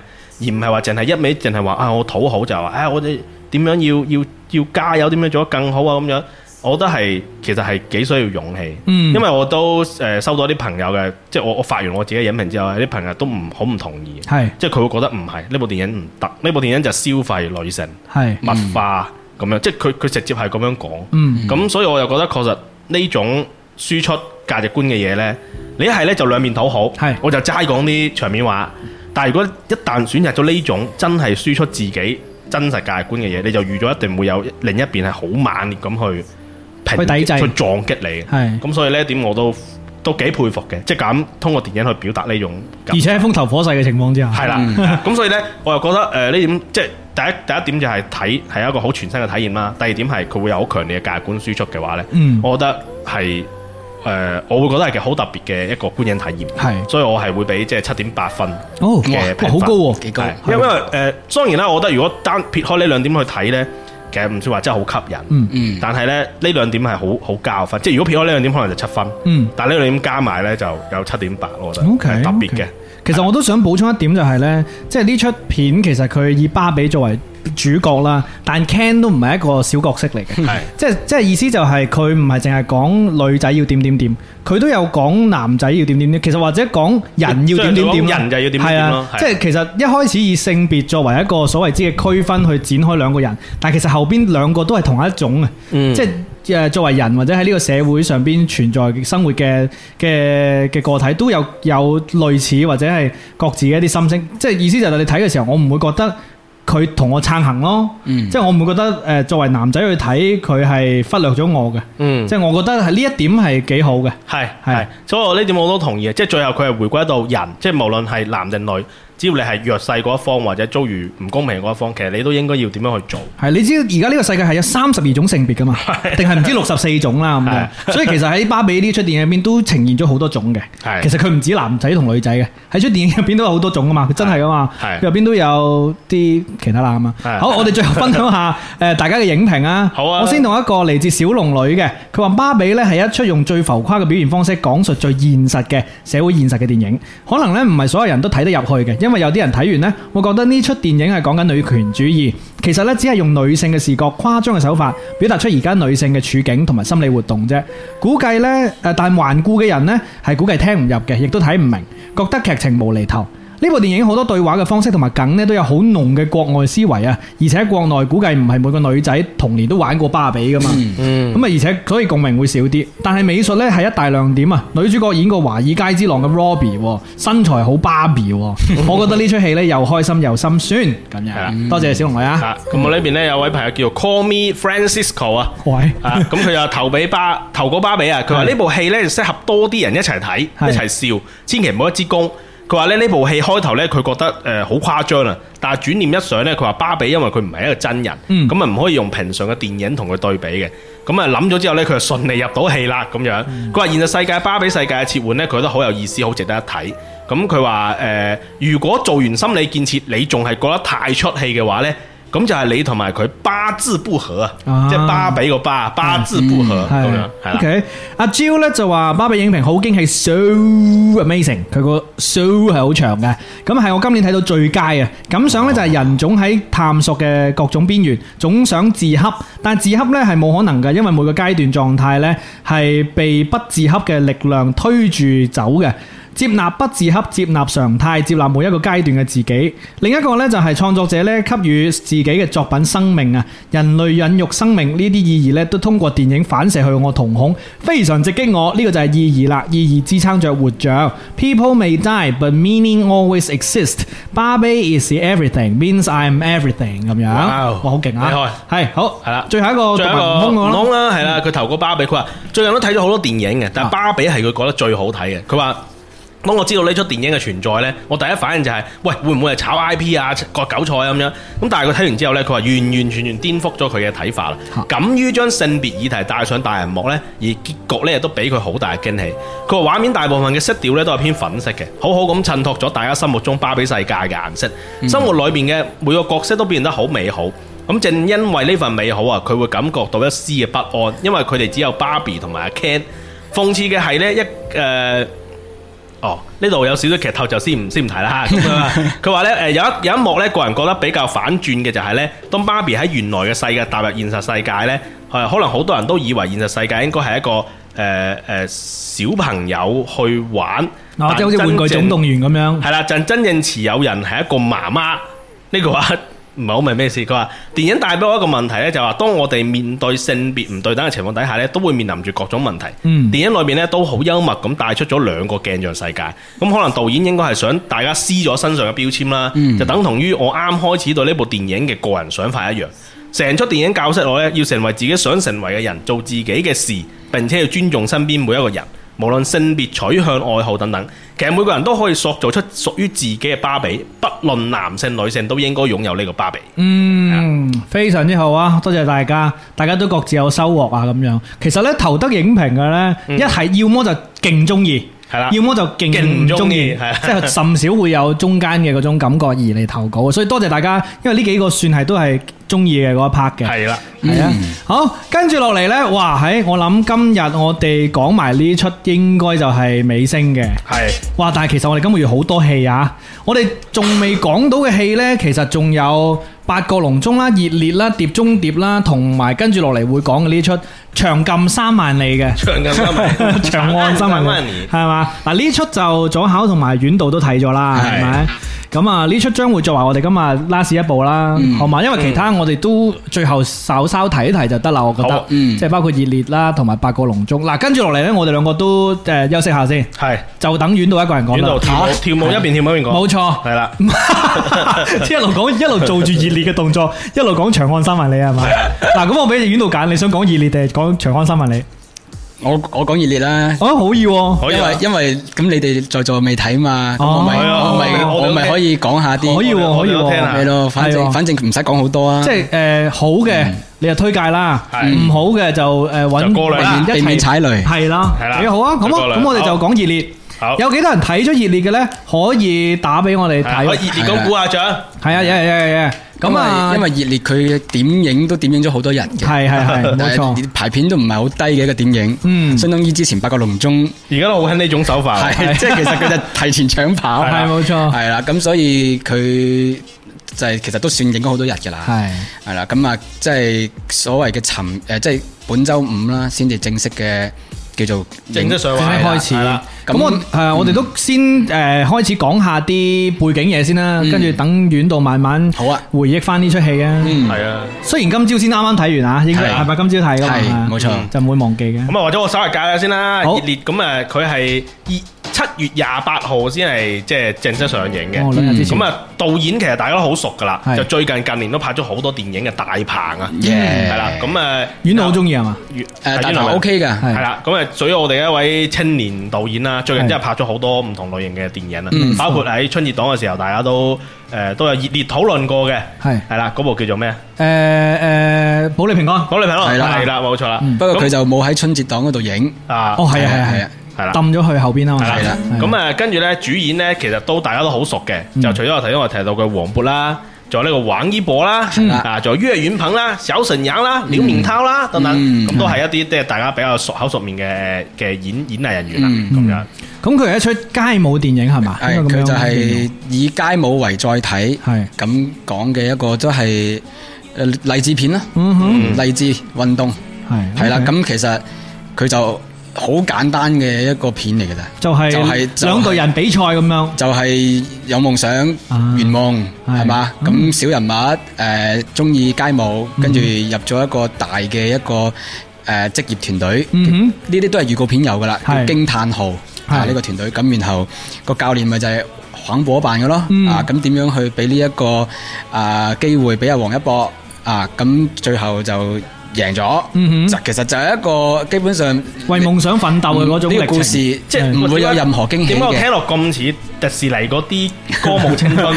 而唔係話淨係一味淨係話啊我討好就話，啊我點點樣要要要加油，點樣做得更好啊咁樣，我覺得係其實係幾需要勇氣，嗯、因為我都誒、呃、收到啲朋友嘅，即係我我發完我自己嘅影評之後，啲朋友都唔好唔同意，係即係佢會覺得唔係呢部電影唔得，呢部電影就係消費女性，係物化。是咁樣，即係佢佢直接係咁樣講。咁、嗯、所以我又覺得確實呢種輸出價值觀嘅嘢呢。你一係呢，就兩面討好，係是我就齋講啲場面話。但係如果一旦選擇咗呢種真係輸出自己真實價值觀嘅嘢，你就預咗一定會有另一邊係好猛烈咁去去抵制、去撞擊你。係咁是，所以呢一點我都，都幾佩服嘅，即係咁通過電影去表達呢種，而且喺風頭火勢嘅情況之下，係啦的。咁 (laughs) 所以呢，我又覺得誒呢點，即、呃、係第一第一點就係睇係一個好全新嘅體驗啦。第二點係佢會有好強烈嘅價值觀輸出嘅話呢，嗯、我覺得係誒、呃，我會覺得係個好特別嘅一個觀影體驗。係、嗯，所以我係會俾即係七點八分嘅評分、哦哦哦、好高喎、啊，幾高。因為誒，當然啦，我覺得如果單撇開呢兩點去睇呢。其實唔算話真係好吸引，嗯但，但係咧呢兩點係好好加分，即係如果撇開呢兩點，可能就七分，嗯，但呢兩點加埋咧就有七點八，我覺得係特別嘅。Okay, okay. 其實我都想補充一點就係、係、咧，嗯、即係呢出片其實佢以芭比作為，主角啦，但 Ken 都唔係一個小角色嚟嘅是，即係即係意思就係佢唔係淨係講女仔要點點點，佢都有講男仔要點點點。其實或者講人要點點點咯，人就要點點點，係、欸、啊，啊即係其實一開始以性別作為一個所謂之嘅區分去展開兩個人，但其實後邊兩個都係同一一種啊，嗯、即係、呃、作為人或者喺呢個社會上邊存在生活嘅嘅嘅個體都有有類似或者係各自嘅一啲心聲，即係意思就係你睇嘅時候，我唔會覺得。佢同我撐行咯，嗯、即係我唔會覺得誒作為男仔去睇佢係忽略咗我嘅。嗯、即係我覺得係呢一點係幾好嘅，係係是是，所以我呢點我都同意，即係最後佢係回歸到人，即係無論係男定女。只要你係弱勢嗰一方，或者遭遇唔公平嗰一方，其實你都應該要點樣去做？係你知而家呢個世界係有三十二種性別㗎嘛？定係唔知六十四種啦咁。 (laughs) 所以其實喺芭比呢出電影入邊都呈現咗好多種嘅。 (laughs) 其實佢唔止男仔同女仔嘅，喺出電影入邊都有好多種㗎嘛，佢真係㗎嘛。入邊的都有啲其他男啊。的好，我哋最後分享下誒大家嘅影評啊。 (laughs) 好啊。我先同一個嚟自小龍女嘅，佢話芭比咧係一出用最浮誇嘅表現方式講述最現實嘅社會現實嘅電影。可能咧唔係所有人都睇得入去嘅，因為有啲人睇完呢，會覺得呢出電影係講緊女權主義，其實呢只係用女性嘅視覺、誇張嘅手法，表達出而家女性嘅處境同埋心理活動啫。估計呢，誒，但頑固嘅人呢，係估計聽唔入嘅，亦都睇唔明，覺得劇情無厘頭。呢部電影好多對話嘅方式同埋梗呢都有好濃嘅國外思維啊！而且國內估計唔係每個女仔童年都玩過芭比噶嘛，咁啊、嗯、而且所以共鳴會少啲。但係美術呢係一大亮點啊！女主角演過華爾街之狼嘅 Robbie，身材好芭比，嗯、我覺得呢出戲呢又開心又心酸。咁樣、嗯、多謝小龍女啊！咁、嗯、我呢邊呢有位朋友叫做 Call Me Francisco 喂啊，喂，咁佢又投俾芭投過芭比啊，佢話呢部戲呢適合多啲人一齊睇的一齊笑，千祈唔好一支公。佢話咧呢部戲開頭呢，佢覺得誒好、呃、誇張啊！但係轉念一想呢，佢話芭比因為佢唔係一個真人，咁啊唔可以用平常嘅電影同佢對比嘅。咁啊諗咗之後呢，佢就順利入到戲啦咁樣。佢話、嗯、現實世界芭比世界嘅切換呢，佢覺得好有意思，好值得一睇。咁佢話誒，如果做完心理建設，你仲係覺得太出戲嘅話呢，咁就係你同埋佢八字不合啊，即係芭比個芭，芭字不合咁樣。OK，阿蕉咧就話芭比影評好驚喜，so amazing，佢個 so 係好長嘅，咁係我今年睇到最佳啊。感想咧就係人總喺探索嘅各種邊緣，總想自洽，但自洽咧係冇可能嘅，因為每個階段狀態咧係被不自洽嘅力量推住走嘅。接納不自洽，接納常態，接納每一個階段嘅自己。另一個咧就係、是、創作者咧給予自己嘅作品生命啊，人類孕育生命呢啲意義咧都通過電影反射去我瞳孔，非常直擊我。呢、這個就係意義啦，意義支撐着活着。People may die, but meaning always exists. Barbie is everything, means I am everything。咁樣好勁啊！係害好係啦，了最後一個文文，最後一個，講啦係啦，佢、嗯、投過芭比，佢話最近都睇咗好多電影嘅，但係芭比係佢覺得最好睇嘅，佢話。當我知道呢出電影嘅存在呢，我第一反應就係：喂，會唔會係炒 IP 啊、割韭菜啊咁樣？咁但係佢睇完之後呢，佢話完完全全顛覆咗佢嘅睇法啦。敢於將性別議題帶上大銀幕呢，而結局呢，亦都俾佢好大嘅驚喜。佢話畫面大部分嘅色調呢，都係偏粉色嘅，好好咁襯托咗大家心目中芭比世界嘅顏色。生活裏面嘅每個角色都變得好美好。咁正因為呢份美好啊，佢會感覺到一絲嘅不安，因為佢哋只有芭比同埋阿 Ken。諷刺嘅係呢。一誒。哦，呢度有少少劇透就先唔先唔提啦嚇。咁啊，佢話 (laughs) 呢，誒有一有一幕呢個人覺得比較反轉嘅就係呢：當芭比喺原來嘅世界踏入現實世界呢，誒可能好多人都以為現實世界應該係一個誒誒、呃呃、小朋友去玩，或者、哦、但 好似玩具總動員咁樣。係啦，真真正持有人係一個媽媽呢、這個啊。唔係好明咩事，佢話電影帶俾我一個問題咧，就話當我哋面對性別唔對等嘅情況底下咧，都會面臨住各種問題。嗯、電影裏面咧都好幽默咁帶出咗兩個鏡像世界。咁可能導演應該係想大家撕咗身上嘅標籤啦，嗯、就等同於我啱開始對呢部電影嘅個人想法一樣。成出電影教識我咧，要成為自己想成為嘅人，做自己嘅事，並且要尊重身邊每一個人，無論性別取向、愛好等等。其實每個人都可以塑造出屬於自己嘅芭比，不論男性女性都應該擁有呢個芭比。嗯，吧非常之好啊！多謝大家，大家都各自有收穫啊！咁樣，其實呢，投得影評嘅呢，嗯、一係要麼就勁中意，係啦吧，要麼就勁唔中意，即係甚少會有中間嘅嗰種感覺而嚟投稿， (laughs) 所以多謝大家，因為呢幾個算係都係。中意嘅嗰一 part 嘅，係啦，係啊，好，跟住落嚟呢，哇，喺我諗今日我哋講埋呢出應該就係尾聲嘅，係是，哇，但係其實我哋今個月好多戲啊，我哋仲未講到嘅戲呢，其實仲有八角籠中啦、熱烈啦、碟中諜啦，同埋跟住落嚟會講嘅呢出。長禁三萬里嘅，長禁三萬里，長安三萬里，係嘛？嗱呢出就左考同埋遠道都睇咗啦，係咪？咁啊呢出將會作為我哋今日 last 一部啦，好嘛？因為其他我哋都最後稍稍提一提就得啦，我覺得，即係包括熱烈啦，同埋八角籠中。嗱跟住落嚟咧，我哋兩個都誒休息下先，係就等遠道一個人講啦，跳舞一邊跳舞一邊講，冇錯，係啦，一路講一路做住熱烈嘅動作，一路講長安三萬里係嘛？嗱咁我俾遠道揀，你想講熱烈定係講？講長安三萬里，你我我講熱烈啦，哦可以，因為因為咁你哋在座未睇嘛，我咪我咪我咪可以講下啲可以可以係咯，反正反正唔使講好多啊，即係誒好嘅你就推介啦，唔好嘅就誒揾過嚟避免踩雷，係啦，你好啊，咁啊咁我哋就講熱烈。有幾多人睇咗熱烈嘅咧？可以打俾我哋睇，熱烈咁鼓下掌。係啊，有有有有。咁啊，因為熱烈佢點影都點影咗好多日嘅。係係係，冇錯。排片都唔係好低嘅一個電影。相當於之前八角籠中，而家都好興呢種手法，即係其實佢就提前搶跑，係冇錯。係啦，咁所以佢就係其實都算影咗好多日噶啦。係係啦，咁啊，即係所謂嘅尋、誒，即係本周五啦，先至正式嘅。叫做正式上位開始啦，咁我誒我哋都先誒開始講下啲背景嘢先啦，跟住等遠度慢慢好啊回憶返呢出戲啊，嗯，係啊，雖然今朝先啱啱睇完嚇，應該係咪今朝睇噶嘛？冇錯，就唔會忘記嘅。咁啊，或者我稍為介紹先啦。好熱烈咁誒，佢係依。七月廿八號先係即係正式上映嘅。咁啊，導演其實大家都好熟噶啦，就最近近年都拍咗好多電影嘅大鵬啊，係啦。咁啊，院好中意係嘛，阮誒大鵬 O K 噶係啦。咁啊，屬於我哋一位青年導演啦。最近真係拍咗好多唔同類型嘅電影啦，包括喺春節檔嘅時候，大家都誒都有熱烈討論過嘅。係係啦，嗰部叫做咩？誒誒，保你平安！保你平安！係啦係啦，冇錯啦。不過佢就冇喺春節檔嗰度影啊。哦，係啊係啊。係啦，抌咗去後邊啊嘛。係啦，咁誒，跟住咧，主演咧，其實都大家都好熟嘅，就除咗我提，我提到佢黃渤啦，仲有呢個王一博啦，啊，仲有岳雲鵬啦、小瀋陽啦、劉敏濤啦等等，咁都係一啲即係大家比較熟口熟面嘅嘅演演藝人員啦。咁樣，咁佢係一出街舞電影係嘛？係，佢就係以街舞為載體，係咁講嘅一個都係誒勵志片啦。嗯哼，勵志運動係係啦。咁其實佢就。好簡單嘅一個片嚟嘅啦，就係兩隊人比賽咁樣，就係有夢想、圓夢係嘛，咁小人物誒中意街舞，跟住入咗一個大嘅一個誒職業團隊，呢啲都係預告片有噶啦，驚嘆號啊呢個團隊，咁然後個教練咪就係黃渤扮嘅咯，啊咁點樣去俾呢一個啊機會俾阿王一博啊，咁最後就，贏咗，就、嗯、哼其實就係一個基本上為夢想奮鬥嘅嗰種、嗯這個、故事，即係是唔對會有任何驚喜，點解我睇落咁似？迪士尼嗰啲歌舞青春，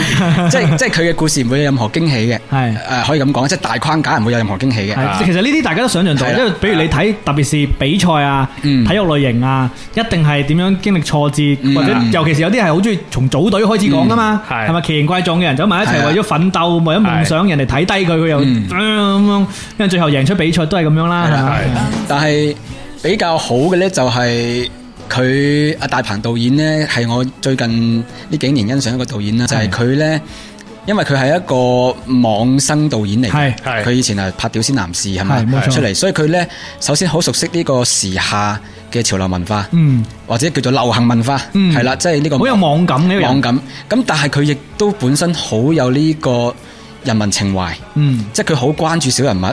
即係即係佢嘅故事唔會有任何驚喜嘅，係誒可以咁講，即係大框架唔會有任何驚喜嘅。即其實呢啲大家都想象到，因為比如你睇，特別是比賽啊，體育類型啊，一定係點樣經歷挫折，或者尤其是有啲係好中意從組隊開始講噶嘛，係咪奇形怪狀嘅人走埋一齊為咗奮鬥，為咗夢想人哋睇低佢，佢又咁樣，最後贏出比賽都係咁樣啦，但係比較好嘅咧就係。佢阿大鵬導演呢，係我最近呢幾年欣賞一個導演啦，就係、是、佢呢，因為佢係一個網生導演嚟，係佢以前係拍屌絲男士係咪出嚟？所以佢呢，首先好熟悉呢個時下嘅潮流文化，嗯，或者叫做流行文化，係啦、嗯，即係呢個好有網感呢個網感，咁但係佢亦都本身好有呢、呢個。人民情懷，嗯，即係佢好關注小人物，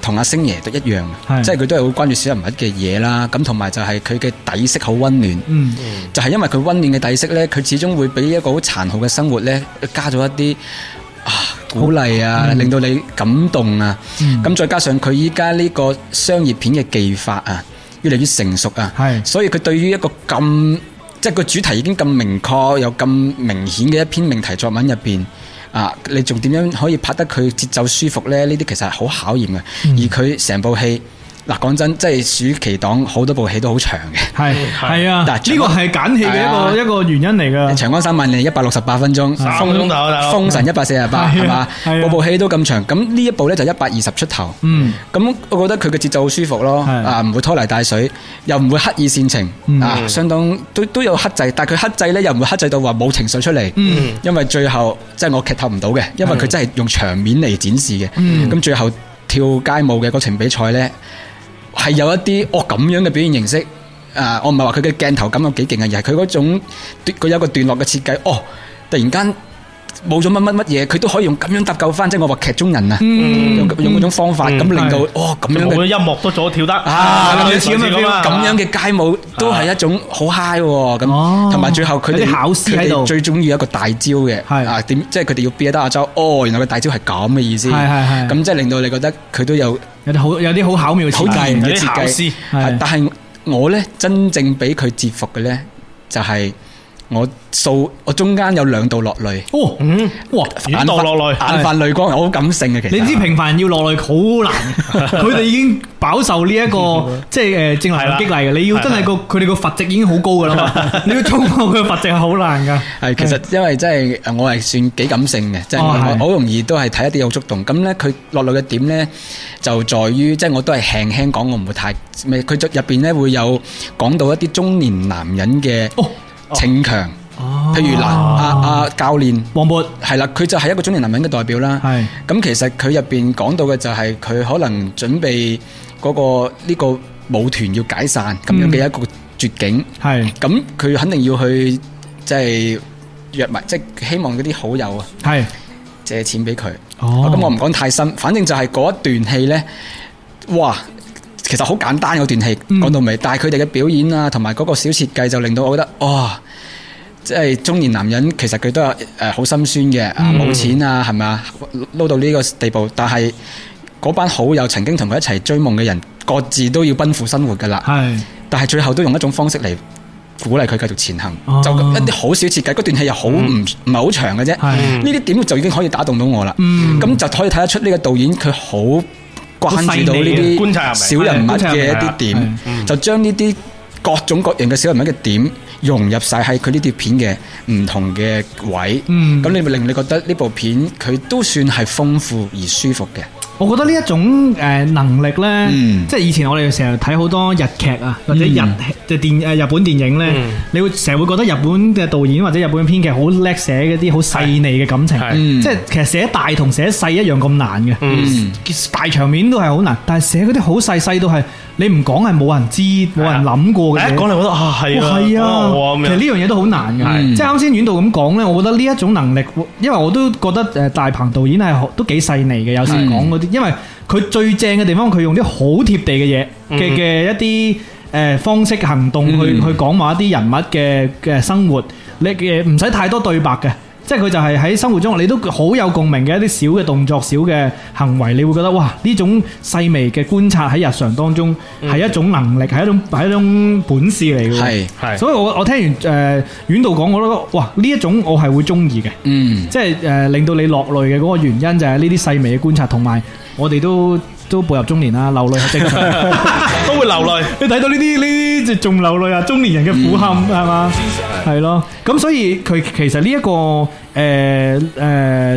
同是阿星爺都一樣，是即係佢都係好關注小人物嘅嘢啦。咁同埋就係佢嘅底色好溫暖，嗯，嗯，嗯就係因為佢溫暖嘅底色呢，佢始終會俾一個好殘酷嘅生活呢，加咗一啲啊鼓勵啊，令到你感動啊。咁、嗯嗯、再加上佢依家呢個商業片嘅技法啊，越嚟越成熟啊，是所以佢對於一個咁即係個主題已經咁明確有咁明顯嘅一篇命題作文入邊。啊！你仲點樣可以拍得佢節奏舒服咧？呢啲其實係好考驗嘅，嗯、而佢成部戲。嗱，講真，即係暑期檔好多部戲都好長嘅，係係啊。嗱，呢個係揀戲嘅一個一個原因嚟㗎。長安三萬里一百六十八分鐘，封神一百四十八，係嘛？部部戲都咁長，咁呢一部咧就一百二十出頭。嗯。咁，我覺得佢嘅節奏好舒服咯，啊，唔會拖泥帶水，又唔會刻意煽情，啊，相當都都有克制，但係佢克制咧又唔會克制到話冇情緒出嚟。因為最後即係我劇透唔到嘅，因為佢真係用場面嚟展示嘅。嗯。咁最後跳街舞嘅嗰場比賽呢。係有一啲哦咁樣嘅表現形式，誒、呃，我唔係話佢嘅鏡頭感有幾勁呀，而係佢嗰種，佢有個段落嘅設計，哦，突然間。冇咗乜乜乜嘢，佢都可以用咁樣搭救翻，即係我話劇中人啊，用嗰種方法，咁令到哦，咁樣嘅音樂都左跳得啊！咁樣嘅街舞都係一種好 high 咁，同埋最後佢哋考試喺度，最中意一個大招嘅，啊點即係佢哋要避得阿周。哦，原來個大招係咁嘅意思，咁即係令到你覺得佢都有有啲好有啲好巧妙，嘅設計師，但係我咧真正俾佢折服嘅咧就係。我數我中間有兩度落淚。哦，嗯，哇，眼泛淚光，好感性嘅其實。你知平凡人要落淚好難，佢哋已經飽受呢一個即係誒正能量激勵嘅。你要真係個佢哋個閥值已經好高噶啦嘛，你要衝破佢個閥值係好難噶係，其實因為真係我係算幾感性嘅，即係我好容易都係睇一啲好觸動。咁咧佢落淚嘅點咧，就在於即係我都係輕輕講，我唔會太咪。佢就入邊咧會有講到一啲中年男人嘅。逞強，譬如嗱阿阿教練黃渤係啦，佢就係一個中年男人嘅代表啦。係咁，其實佢入邊講到嘅就係佢可能準備嗰個呢個舞團要解散咁樣嘅一個絕境。係咁，佢肯定要去即係約埋，即係希望嗰啲好友啊，係借錢俾佢。哦，咁我唔講太深，反正就係嗰一段戲咧，哇！其實好簡單嗰段戲講到尾，但係佢哋嘅表演啊，同埋嗰個小設計就令到我覺得，哇！即係中年男人，其實佢都係好心酸嘅，冇錢啊，係咪啊？撈到呢個地步，但係嗰班好友曾經同佢一齊追夢嘅人，各自都要奔赴生活噶啦。係，但係最後都用一種方式嚟鼓勵佢繼續前行，就一啲好小設計。嗰段戲又好唔唔係好長嘅啫。係，呢啲點就已經可以打動到我啦。嗯，咁就可以睇得出呢個導演佢好。關注到呢啲小人物嘅一啲點，就將呢啲各種各樣嘅小人物嘅點融入晒喺佢呢碟片嘅唔同嘅位。咁、嗯、你咪令你覺得呢部片佢都算係豐富而舒服嘅。我覺得呢一種誒能力呢，即係以前我哋成日睇好多日劇啊，或者日劇日本電影呢，你會成日會覺得日本嘅導演或者日本嘅編劇好叻寫嗰啲好細膩嘅感情，即係其實寫大同寫細一樣咁難嘅，大場面都係好難，但係寫嗰啲好細細到係你唔講係冇人知冇人諗過嘅嘢，講嚟我都覺得啊係啊，其實呢樣嘢都好難嘅，即係啱先遠度咁講呢，我覺得呢一種能力，因為我都覺得大鵬導演係都幾細膩嘅，有時講嗰啲。因為佢最正嘅地方，佢用啲好貼地嘅嘢嘅嘅一啲誒方式行動去、嗯、去講話一啲人物嘅嘅生活，你嘅唔使太多對白嘅。即係佢就係喺生活中，你都好有共鳴嘅一啲小嘅動作、小嘅行為，你會覺得哇！呢種細微嘅觀察喺日常當中係一種能力，係、嗯、一種係一種本事嚟嘅。係係，所以我我聽完誒遠、呃、道講，我都覺得哇呢一種我係會中意嘅。嗯即，即係誒令到你落淚嘅嗰個原因就係呢啲細微嘅觀察，同埋我哋都。都步入中年啦，流淚係正常，都會流淚。你睇到呢啲呢啲，仲流淚啊！中年人嘅苦堪係嘛？係咯，咁所以佢其實呢一個誒誒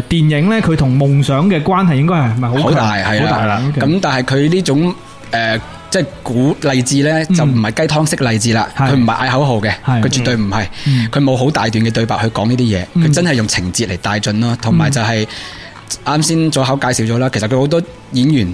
電影咧，佢同夢想嘅關係應該係唔係好大，係好大啦。咁但係佢呢種誒即係古勵志咧，就唔係雞湯式勵志啦，佢唔係嗌口號嘅，佢絕對唔係，佢冇好大段嘅對白去講呢啲嘢，佢真係用情節嚟帶進咯，同埋就係。啱先左口介紹咗啦，其實佢好多演員誒、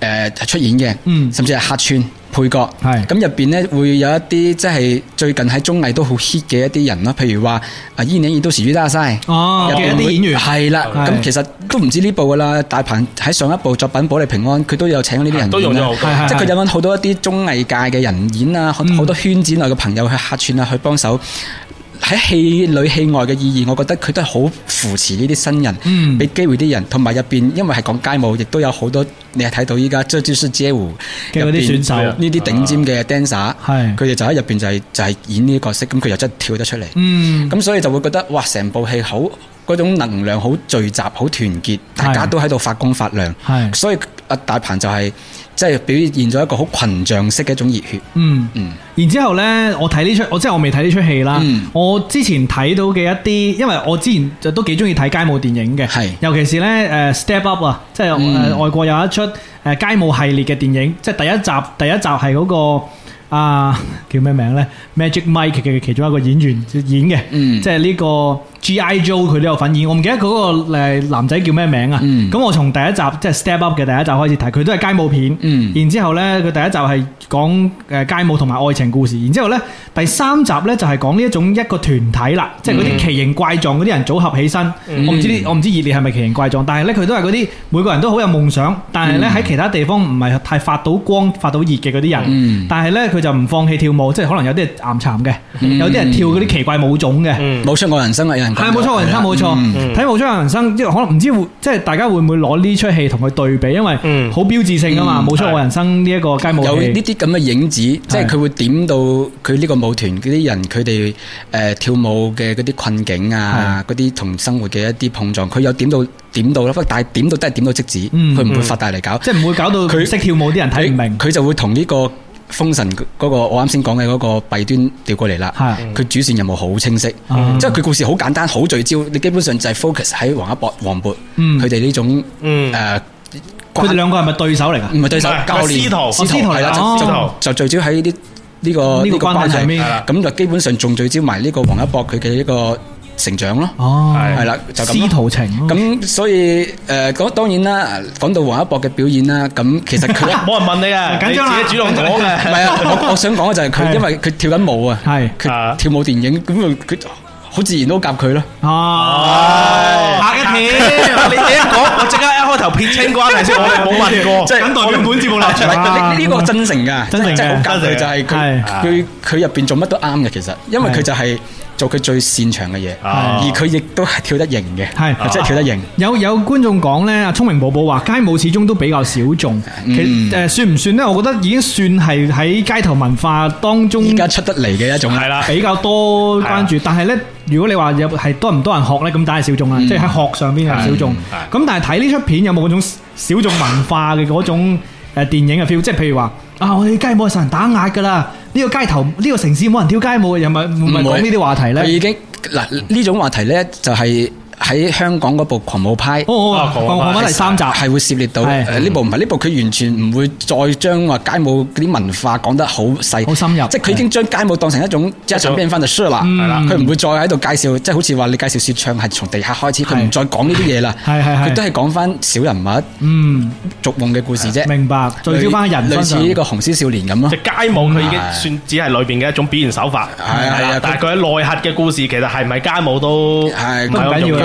呃、出演嘅，甚至係客串配角。係咁入邊咧，面會有一啲即係最近喺綜藝都好 hit 嘅一啲人啦，譬如話、哦、啊伊年伊都時於大晒入邊有啲演員係啦，咁、哦、了是其實都唔止呢部噶啦，大鵬喺上一部作品《保你平安》，佢都有請呢啲人，都用即係佢有好多一啲綜藝界嘅人演啊，好多圈子內嘅朋友去客串啊，去幫手。喺戲裏戲外嘅意義，我覺得佢都係好扶持呢啲新人，俾機、嗯、會啲人。同埋入邊，因為係講街舞，亦都有好多你係睇到依家《這就是街舞》入邊啲選手，呢啲頂尖嘅 dancer，佢哋就喺入邊就係、是、就係、是、演呢啲角色，咁佢又真係跳得出嚟。咁、嗯、所以就會覺得，哇！成部戲好。嗰種能量好聚集、好團結，大家都喺度發光發亮，係所以阿大鵬就係即係表現咗一個好群像式嘅一種熱血。嗯嗯。嗯然之後咧，我睇呢出，我即係我未睇呢出戲啦。嗯、我之前睇到嘅一啲，因為我之前就都幾中意睇街舞電影嘅，係尤其是咧誒 Step Up 啊，即係誒外國有一出誒街舞系列嘅電影，嗯、即係第一集第一集係嗰個啊叫咩名咧？Magic Mike 嘅其中一個演員演嘅，嗯、即係呢個。G.I. Joe 佢都有份演，我唔記得嗰個誒男仔叫咩名啊？咁我從第一集即係 Step Up 嘅第一集開始睇，佢都係街舞片。然之後呢，佢第一集係講誒街舞同埋愛情故事。然之後呢，第三集呢就係講呢一種一個團體啦，即係嗰啲奇形怪狀嗰啲人組合起身。我唔知我唔知熱烈係咪奇形怪狀，但係呢，佢都係嗰啲每個人都好有夢想，但係呢喺其他地方唔係太發到光發到熱嘅嗰啲人。但係呢，佢就唔放棄跳舞，即係可能有啲係岩蠶嘅，有啲人跳嗰啲奇怪舞種嘅。冇出過人生係冇錯，人生冇錯，睇《舞出我人生》即係可能唔知即係大家會唔會攞呢出戲同佢對比，因為好標誌性噶嘛，《舞出我人生》呢一個街舞有呢啲咁嘅影子，即係佢會點到佢呢個舞團嗰啲人，佢哋誒跳舞嘅嗰啲困境啊，嗰啲同生活嘅一啲碰撞，佢有點到點到啦，不過但係點到都係點到即止，佢唔會發大嚟搞，即係唔會搞到佢識跳舞啲人睇唔明，佢就會同呢個。封神嗰個我啱先講嘅嗰個弊端調過嚟啦，佢、啊、主線任務好清晰，嗯、即係佢故事好簡單，好聚焦，你基本上就係 focus 喺王一博、黃渤佢哋呢種誒，佢、呃、哋兩個係咪對手嚟㗎？唔係對手，是教練師徒師徒、哦、司徒就，就，就聚焦喺呢啲呢個呢、啊、個關係咁就、嗯、基本上仲聚焦埋呢個王一博佢嘅一個。成長咯，係啦，師徒情咁，所以誒，講當然啦，講到王一博嘅表演啦，咁其實佢冇人問你啊，緊張啦，自己主動講嘅，唔係啊，我我想講嘅就係佢，因為佢跳緊舞啊，係，跳舞電影咁佢好自然都夾佢咯，啊，下一天你一講我即刻。頭撇青瓜，但係我係冇問過，即係我根本冇諗出嚟。呢呢個真誠㗎，真誠嘅，真係好緊要。就係佢佢佢入邊做乜都啱嘅，其實，因為佢就係做佢最擅長嘅嘢，而佢亦都係跳得型嘅，係即係跳得型。有有觀眾講咧，聰明寶寶話街舞始終都比較小眾，佢誒算唔算咧？我覺得已經算係喺街頭文化當中而家出得嚟嘅一種係啦，比較多關注。但係咧，如果你話有係多唔多人學咧，咁梗係小眾啦，即係喺學上邊係小眾。咁但係睇呢出片。有冇嗰種小眾文化嘅嗰種誒電影嘅 feel？即係譬如話啊，我哋街舞係受人打壓噶啦，呢個街頭，呢個城市冇人跳街舞，嘅會。」有冇唔係講呢啲話題咧？已經嗱呢種話題咧，就係、是。喺香港嗰部狂舞派，哦哦哦，我我第三集，係會涉獵到呢部唔係呢部，佢完全唔會再將話街舞啲文化講得好細，好深入，即係佢已經將街舞當成一種即係一種文化輸入啦，佢唔會再喺度介紹，即係好似話你介紹說唱係從地下開始，佢唔再講呢啲嘢啦，佢都係講翻小人物，逐夢嘅故事啫，明白，聚焦翻人，類似呢個紅獅少年咁咯，即街舞佢已經算只係裏邊嘅一種表現手法，係係，但係佢喺內核嘅故事其實係唔係街舞都係唔緊要。佢唔會人，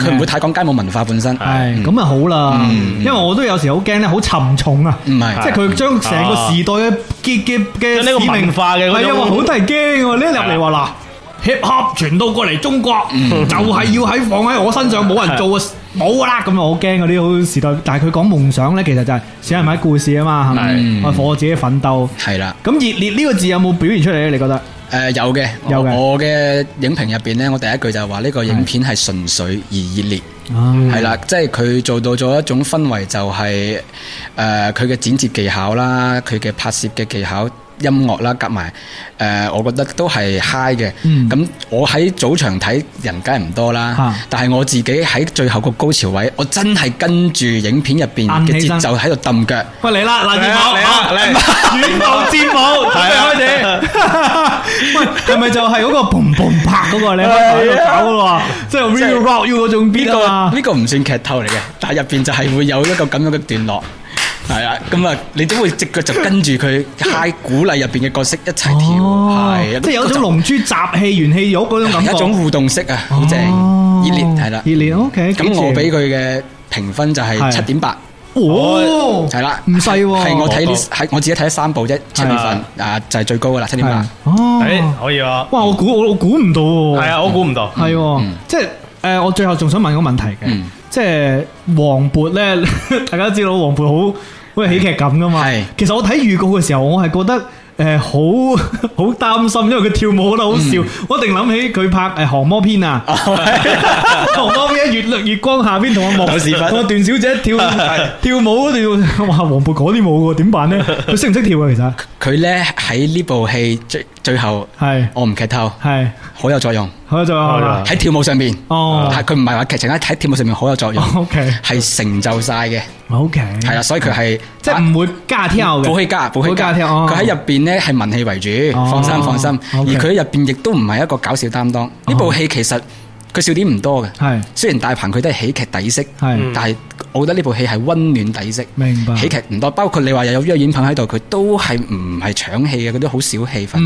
佢唔會太講街舞文化本身。係咁啊，好啦，因為我都有時好驚咧，好沉重啊。唔係，即係佢將成個時代嘅結結嘅呢個使命化嘅。係啊，好得人驚喎！呢一入嚟話嗱，hip hop 傳到過嚟中國，就係要喺放喺我身上，冇人做啊，冇啦咁啊，好驚嗰啲好時代。但係佢講夢想咧，其實就係小人物故事啊嘛，係咪？我靠自己奮鬥，係啦。咁熱烈呢個字有冇表現出嚟咧？你覺得？誒、呃，有嘅，有嘅的。我嘅影評入邊咧，我第一句就話呢個影片係純粹而熱烈，係啦的，即係佢做到咗一種氛圍，就是，就係誒，佢嘅剪接技巧啦，佢嘅拍攝嘅技巧。音樂啦，夾埋，誒，我覺得都係 high 嘅。咁我喺早場睇人梗係唔多啦，但係我自己喺最後個高潮位，我真係跟住影片入邊嘅節奏喺度揼腳。喂，你啦，嗱，熱舞，嚟啦，熱舞，熱舞，熱舞，開始。喂，係咪就係嗰個 boom boom 拍嗰個？你喺度搞嘅喎，即係 real rock you 嗰種 beat 啦。呢個唔算劇透嚟嘅，但係入邊就係會有一個咁樣嘅段落。係啊，咁啊，你都會直覺就跟住佢嗨，鼓勵入邊嘅角色一齊跳，係即係有種龍珠集氣元氣玉嗰種感覺，一種互動式啊，好正熱烈，係啦，熱烈 OK。咁我俾佢嘅評分就係七點八，哦，係啦，唔細喎。係我睇，喺我自己睇咗三部啫，七月份，啊，就係最高噶啦，七點八哦，誒可以啊，哇！我估我我估唔到喎，係啊，我估唔到，係即係誒，我最後仲想問個問題嘅，即係黃渤咧，大家知道黃渤好。因為喜劇咁噶嘛，其實我睇預告嘅時候，我係覺得誒好好擔心，因為佢跳舞得好笑，我一定諗起佢拍誒《降魔篇》，啊，《降魔篇》月亮月光下邊同阿莫，同阿段小姐跳跳舞，跳，哇！黃渤嗰啲舞噶點辦咧？佢識唔識跳啊？其實佢咧喺呢部戲最最後係我唔劇透，係好有作用。喺跳舞上面哦，但係佢唔係話劇情喺喺跳舞上面好有作用，OK 係成就晒嘅，OK 係啦，所以佢係即係唔會加添嘅，補戲加，補戲加，佢喺入邊呢係文戲為主，放心放心，而佢喺入邊亦都唔係一個搞笑擔當，呢部戲其實佢笑點唔多嘅，係雖然大鵬佢都係喜劇底色，但係我覺得呢部戲係溫暖底色，喜劇唔多，包括你話又有于彥鵬喺度，佢都係唔係搶戲嘅，佢都好少戲份。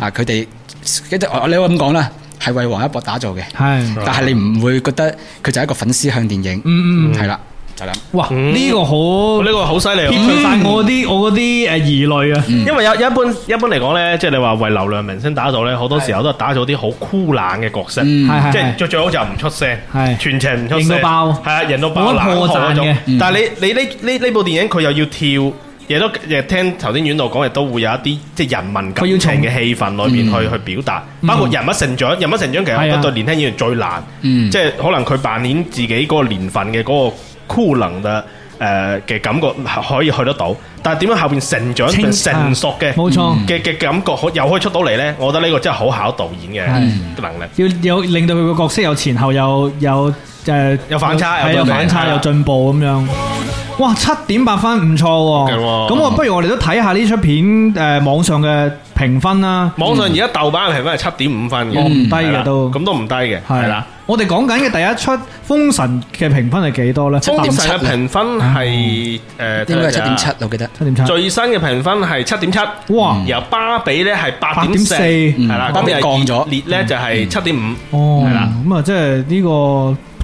啊，佢哋，即你話咁講啦。係為王一博打造嘅，但係你唔會覺得佢就係一個粉絲向電影？嗯嗯，係啦，就咁。哇，呢個好呢個好犀利，撇晒我啲我啲誒疑慮啊！因為有一般一般嚟講咧，即係你話為流量明星打造咧，好多時候都係打造啲好酷冷嘅角色，即係最最好就唔出聲，全程唔出聲，係啊，人都爆，好冷酷嗰種。但係你你呢呢呢部電影佢又要跳。亦都，亦聽頭先阮導講亦都會有一啲即係人文感情嘅戲份裏邊去、嗯、去表達，包括人物成長、嗯、人物成長其實係一對年輕演員最難，嗯、即係可能佢扮演自己個年份嘅嗰個酷能嘅誒嘅感覺可以去得到。但係點樣後邊成長成熟嘅冇錯嘅嘅感覺，可又可以出到嚟咧？我覺得呢個真係好考導演嘅能力，要有令到佢個角色有前後有有誒有反差，係有反差有進步咁樣。哇，七點八分唔錯喎，咁我不如我哋都睇下呢出片誒網上嘅評分啦。網上而家豆瓣評分係七點五分嘅，唔低嘅都。咁都唔低嘅，係啦。我哋講緊嘅第一出《封神》嘅評分係幾多咧？《封神》嘅評分係誒應該係七點七，我記得。最新嘅評分係七點七，哇！由巴比咧係八點四，係啦，降咗。烈咧就係七點五，係啦，咁啊，即係呢個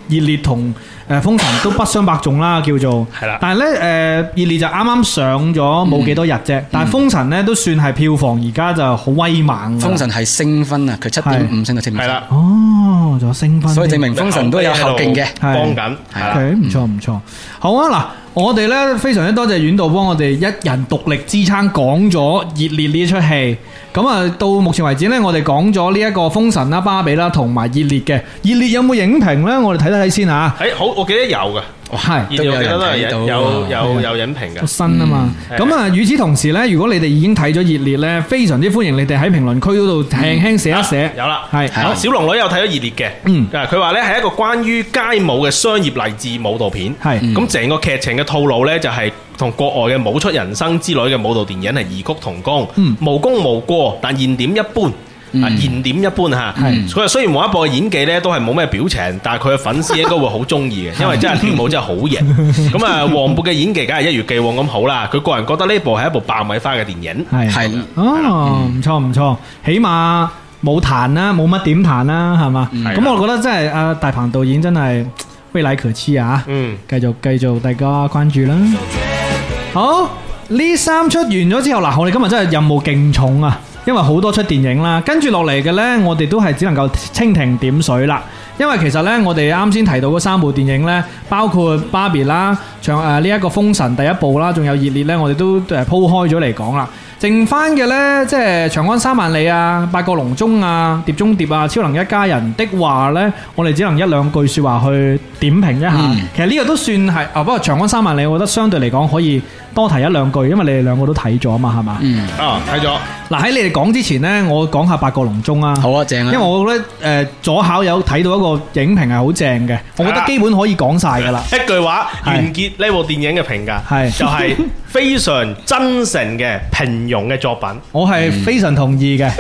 熱烈同誒封神都不相伯仲啦，叫做係啦。但係咧誒熱烈就啱啱上咗冇幾多日啫，但係封神咧都算係票房而家就好威猛。封神係升分啊，佢七點五升到七點五，係啦，哦，仲有升分，所以證明封神都有後勁嘅，幫緊，OK，唔錯唔錯，好啊嗱。我哋咧，非常之多謝遠道幫我哋一人獨力支撐講咗《熱烈》呢出戲。咁啊到目前為止咧，我哋講咗呢一個《封神》啦、《芭比》啦同埋《熱烈》嘅《熱烈》，有冇影評咧？我哋睇睇先吓。誒，好，我記得有㗎。係，都有人都睇到，有有有影評嘅新啊嘛。咁啊，與此同時咧，如果你哋已經睇咗熱烈咧，非常之歡迎你哋喺評論區嗰度輕輕寫一寫。有啦，係，小龍女有睇咗熱烈嘅，嗯，佢話咧係一個關於街舞嘅商業勵志舞蹈片，係。咁成個劇情嘅套路咧，就係同國外嘅《舞出人生》之類嘅舞蹈電影係異曲同工，無功無過，但現點一般。啊，言點一般吓，佢雖然王一博嘅演技咧都係冇咩表情，但係佢嘅粉絲應該會好中意嘅，因為真係跳舞真係好型。咁啊，黃渤嘅演技梗係一如既往咁好啦。佢個人覺得呢部係一部爆米花嘅電影，係係哦，唔錯唔錯，起碼冇彈啦，冇乜點彈啦，係嘛？咁我覺得真係啊，大鵬導演真係非禮可恥啊！嗯，繼續繼續，大家關注啦。好，呢三出完咗之後，嗱，我哋今日真係任務勁重啊！因為好多出電影啦，跟住落嚟嘅呢，我哋都係只能夠蜻蜓點水啦。因為其實呢，我哋啱先提到嗰三部電影呢，包括芭比啦、長誒呢一個《封神》第一部啦，仲有《熱烈》呢，我哋都都係鋪開咗嚟講啦。剩翻嘅呢，即係《長安三萬里》啊，《八角籠中》啊，《碟中諜》啊，《超能一家人》的話呢，我哋只能一兩句說話去點評一下。嗯、其實呢個都算係，啊，不過《長安三萬里》我覺得相對嚟講可以。多提一兩句，因為你哋兩個都睇咗嘛，係嘛？嗯，啊，睇咗。嗱，喺你哋講之前呢，我講下八角籠中啊。好啊，正啊。因為我覺得誒，左考友睇到一個影評係好正嘅，我覺得基本可以講晒噶啦。一句話完結呢部電影嘅評價係就係非常真誠嘅平庸嘅作品，我係非常同意嘅。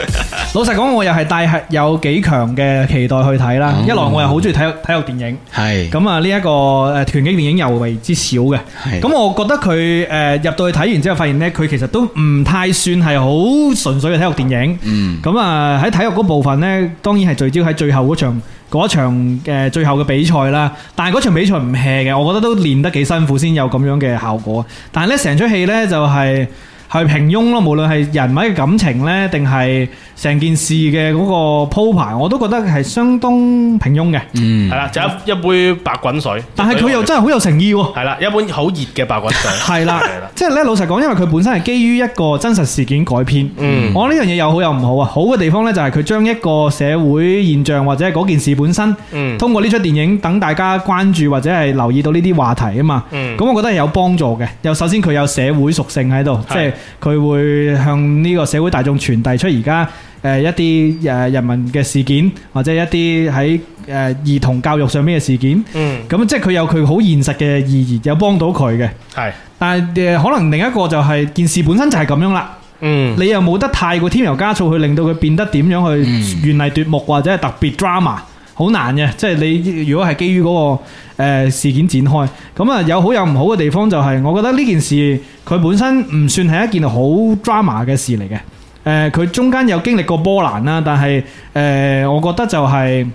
老實講，我又係帶係有幾強嘅期待去睇啦。一來我又好中意睇體育電影，係咁啊。呢一個誒，拳擊電影尤為之少嘅，咁我覺得佢誒。入到去睇完之後，發現呢，佢其實都唔太算係好純粹嘅體育電影。嗯，咁啊，喺體育嗰部分呢，當然係聚焦喺最後嗰場嗰場嘅最後嘅比賽啦。但係嗰場比賽唔 hea 嘅，我覺得都練得幾辛苦先有咁樣嘅效果。但係呢、就是，成齣戲呢就係。係平庸咯，無論係人物嘅感情呢，定係成件事嘅嗰個鋪排，我都覺得係相當平庸嘅。嗯，係啦，就一杯白滾水。但係佢又真係好有誠意喎。係啦，一杯好熱嘅白滾水。係啦，係啦，即係咧，老實講，因為佢本身係基於一個真實事件改編。嗯，我呢樣嘢有好有唔好啊。好嘅地方呢，就係佢將一個社會現象或者嗰件事本身，嗯，通過呢出電影等大家關注或者係留意到呢啲話題啊嘛。嗯，咁我覺得係有幫助嘅。又首先佢有社會屬性喺度，即係。佢會向呢個社會大眾傳遞出而家誒一啲誒人民嘅事件，或者一啲喺誒兒童教育上面嘅事件。嗯，咁即係佢有佢好現實嘅意義，有幫到佢嘅。係，但係誒可能另一個就係件事本身就係咁樣啦。嗯，你又冇得太過添油加醋去令到佢變得點樣去原嚟奪目或者係特別 drama。好難嘅，即係你如果係基於嗰、那個誒、呃、事件展開，咁啊有好有唔好嘅地方就係、呃呃，我覺得呢件事佢本身唔算係一件好 drama 嘅事嚟嘅，誒佢中間有經歷過波瀾啦，但係誒我覺得就係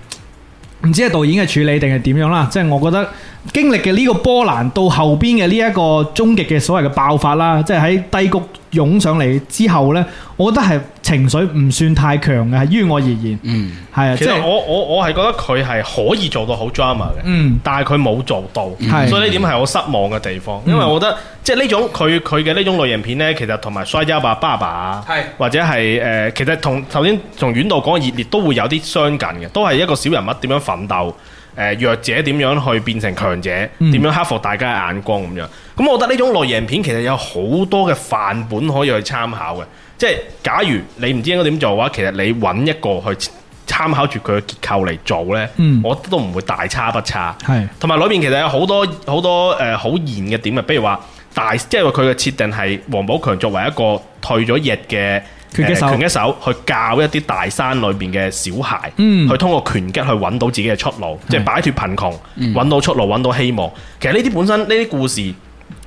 唔知係導演嘅處理定係點樣啦，即係我覺得。經歷嘅呢個波瀾到後邊嘅呢一個終極嘅所謂嘅爆發啦，即係喺低谷湧上嚟之後呢，我覺得係情緒唔算太強嘅，係於我而言，嗯，係啊是，其實、就是、我我我係覺得佢係可以做到好 drama 嘅，嗯，但係佢冇做到，嗯、所以呢點係我失望嘅地方，是嗯、因為我覺得即係呢種佢佢嘅呢種類型片呢，其實同埋 ba, 是《摔跤吧爸爸》啊，或者係誒、呃，其實同頭先同院度講嘅熱烈都會有啲相近嘅，都係一個小人物點樣奮鬥。誒弱者點樣去變成強者？點、嗯、樣克服大家眼光咁、嗯、樣？咁我覺得呢種類型片其實有好多嘅範本可以去參考嘅。即係假如你唔知應該點做嘅話，其實你揾一個去參考住佢嘅結構嚟做呢，嗯、我都唔會大差不差。係同埋裏面其實有好多好多誒好燃嘅點嘅，比如話大，即係佢嘅設定係王寶強作為一個退咗役嘅。拳擊手，拳擊手去教一啲大山裏邊嘅小孩、嗯，去通過拳擊去揾到自己嘅出路，的即係擺脫貧窮，嗯、揾到出路，揾到希望。其實呢啲本身呢啲故事。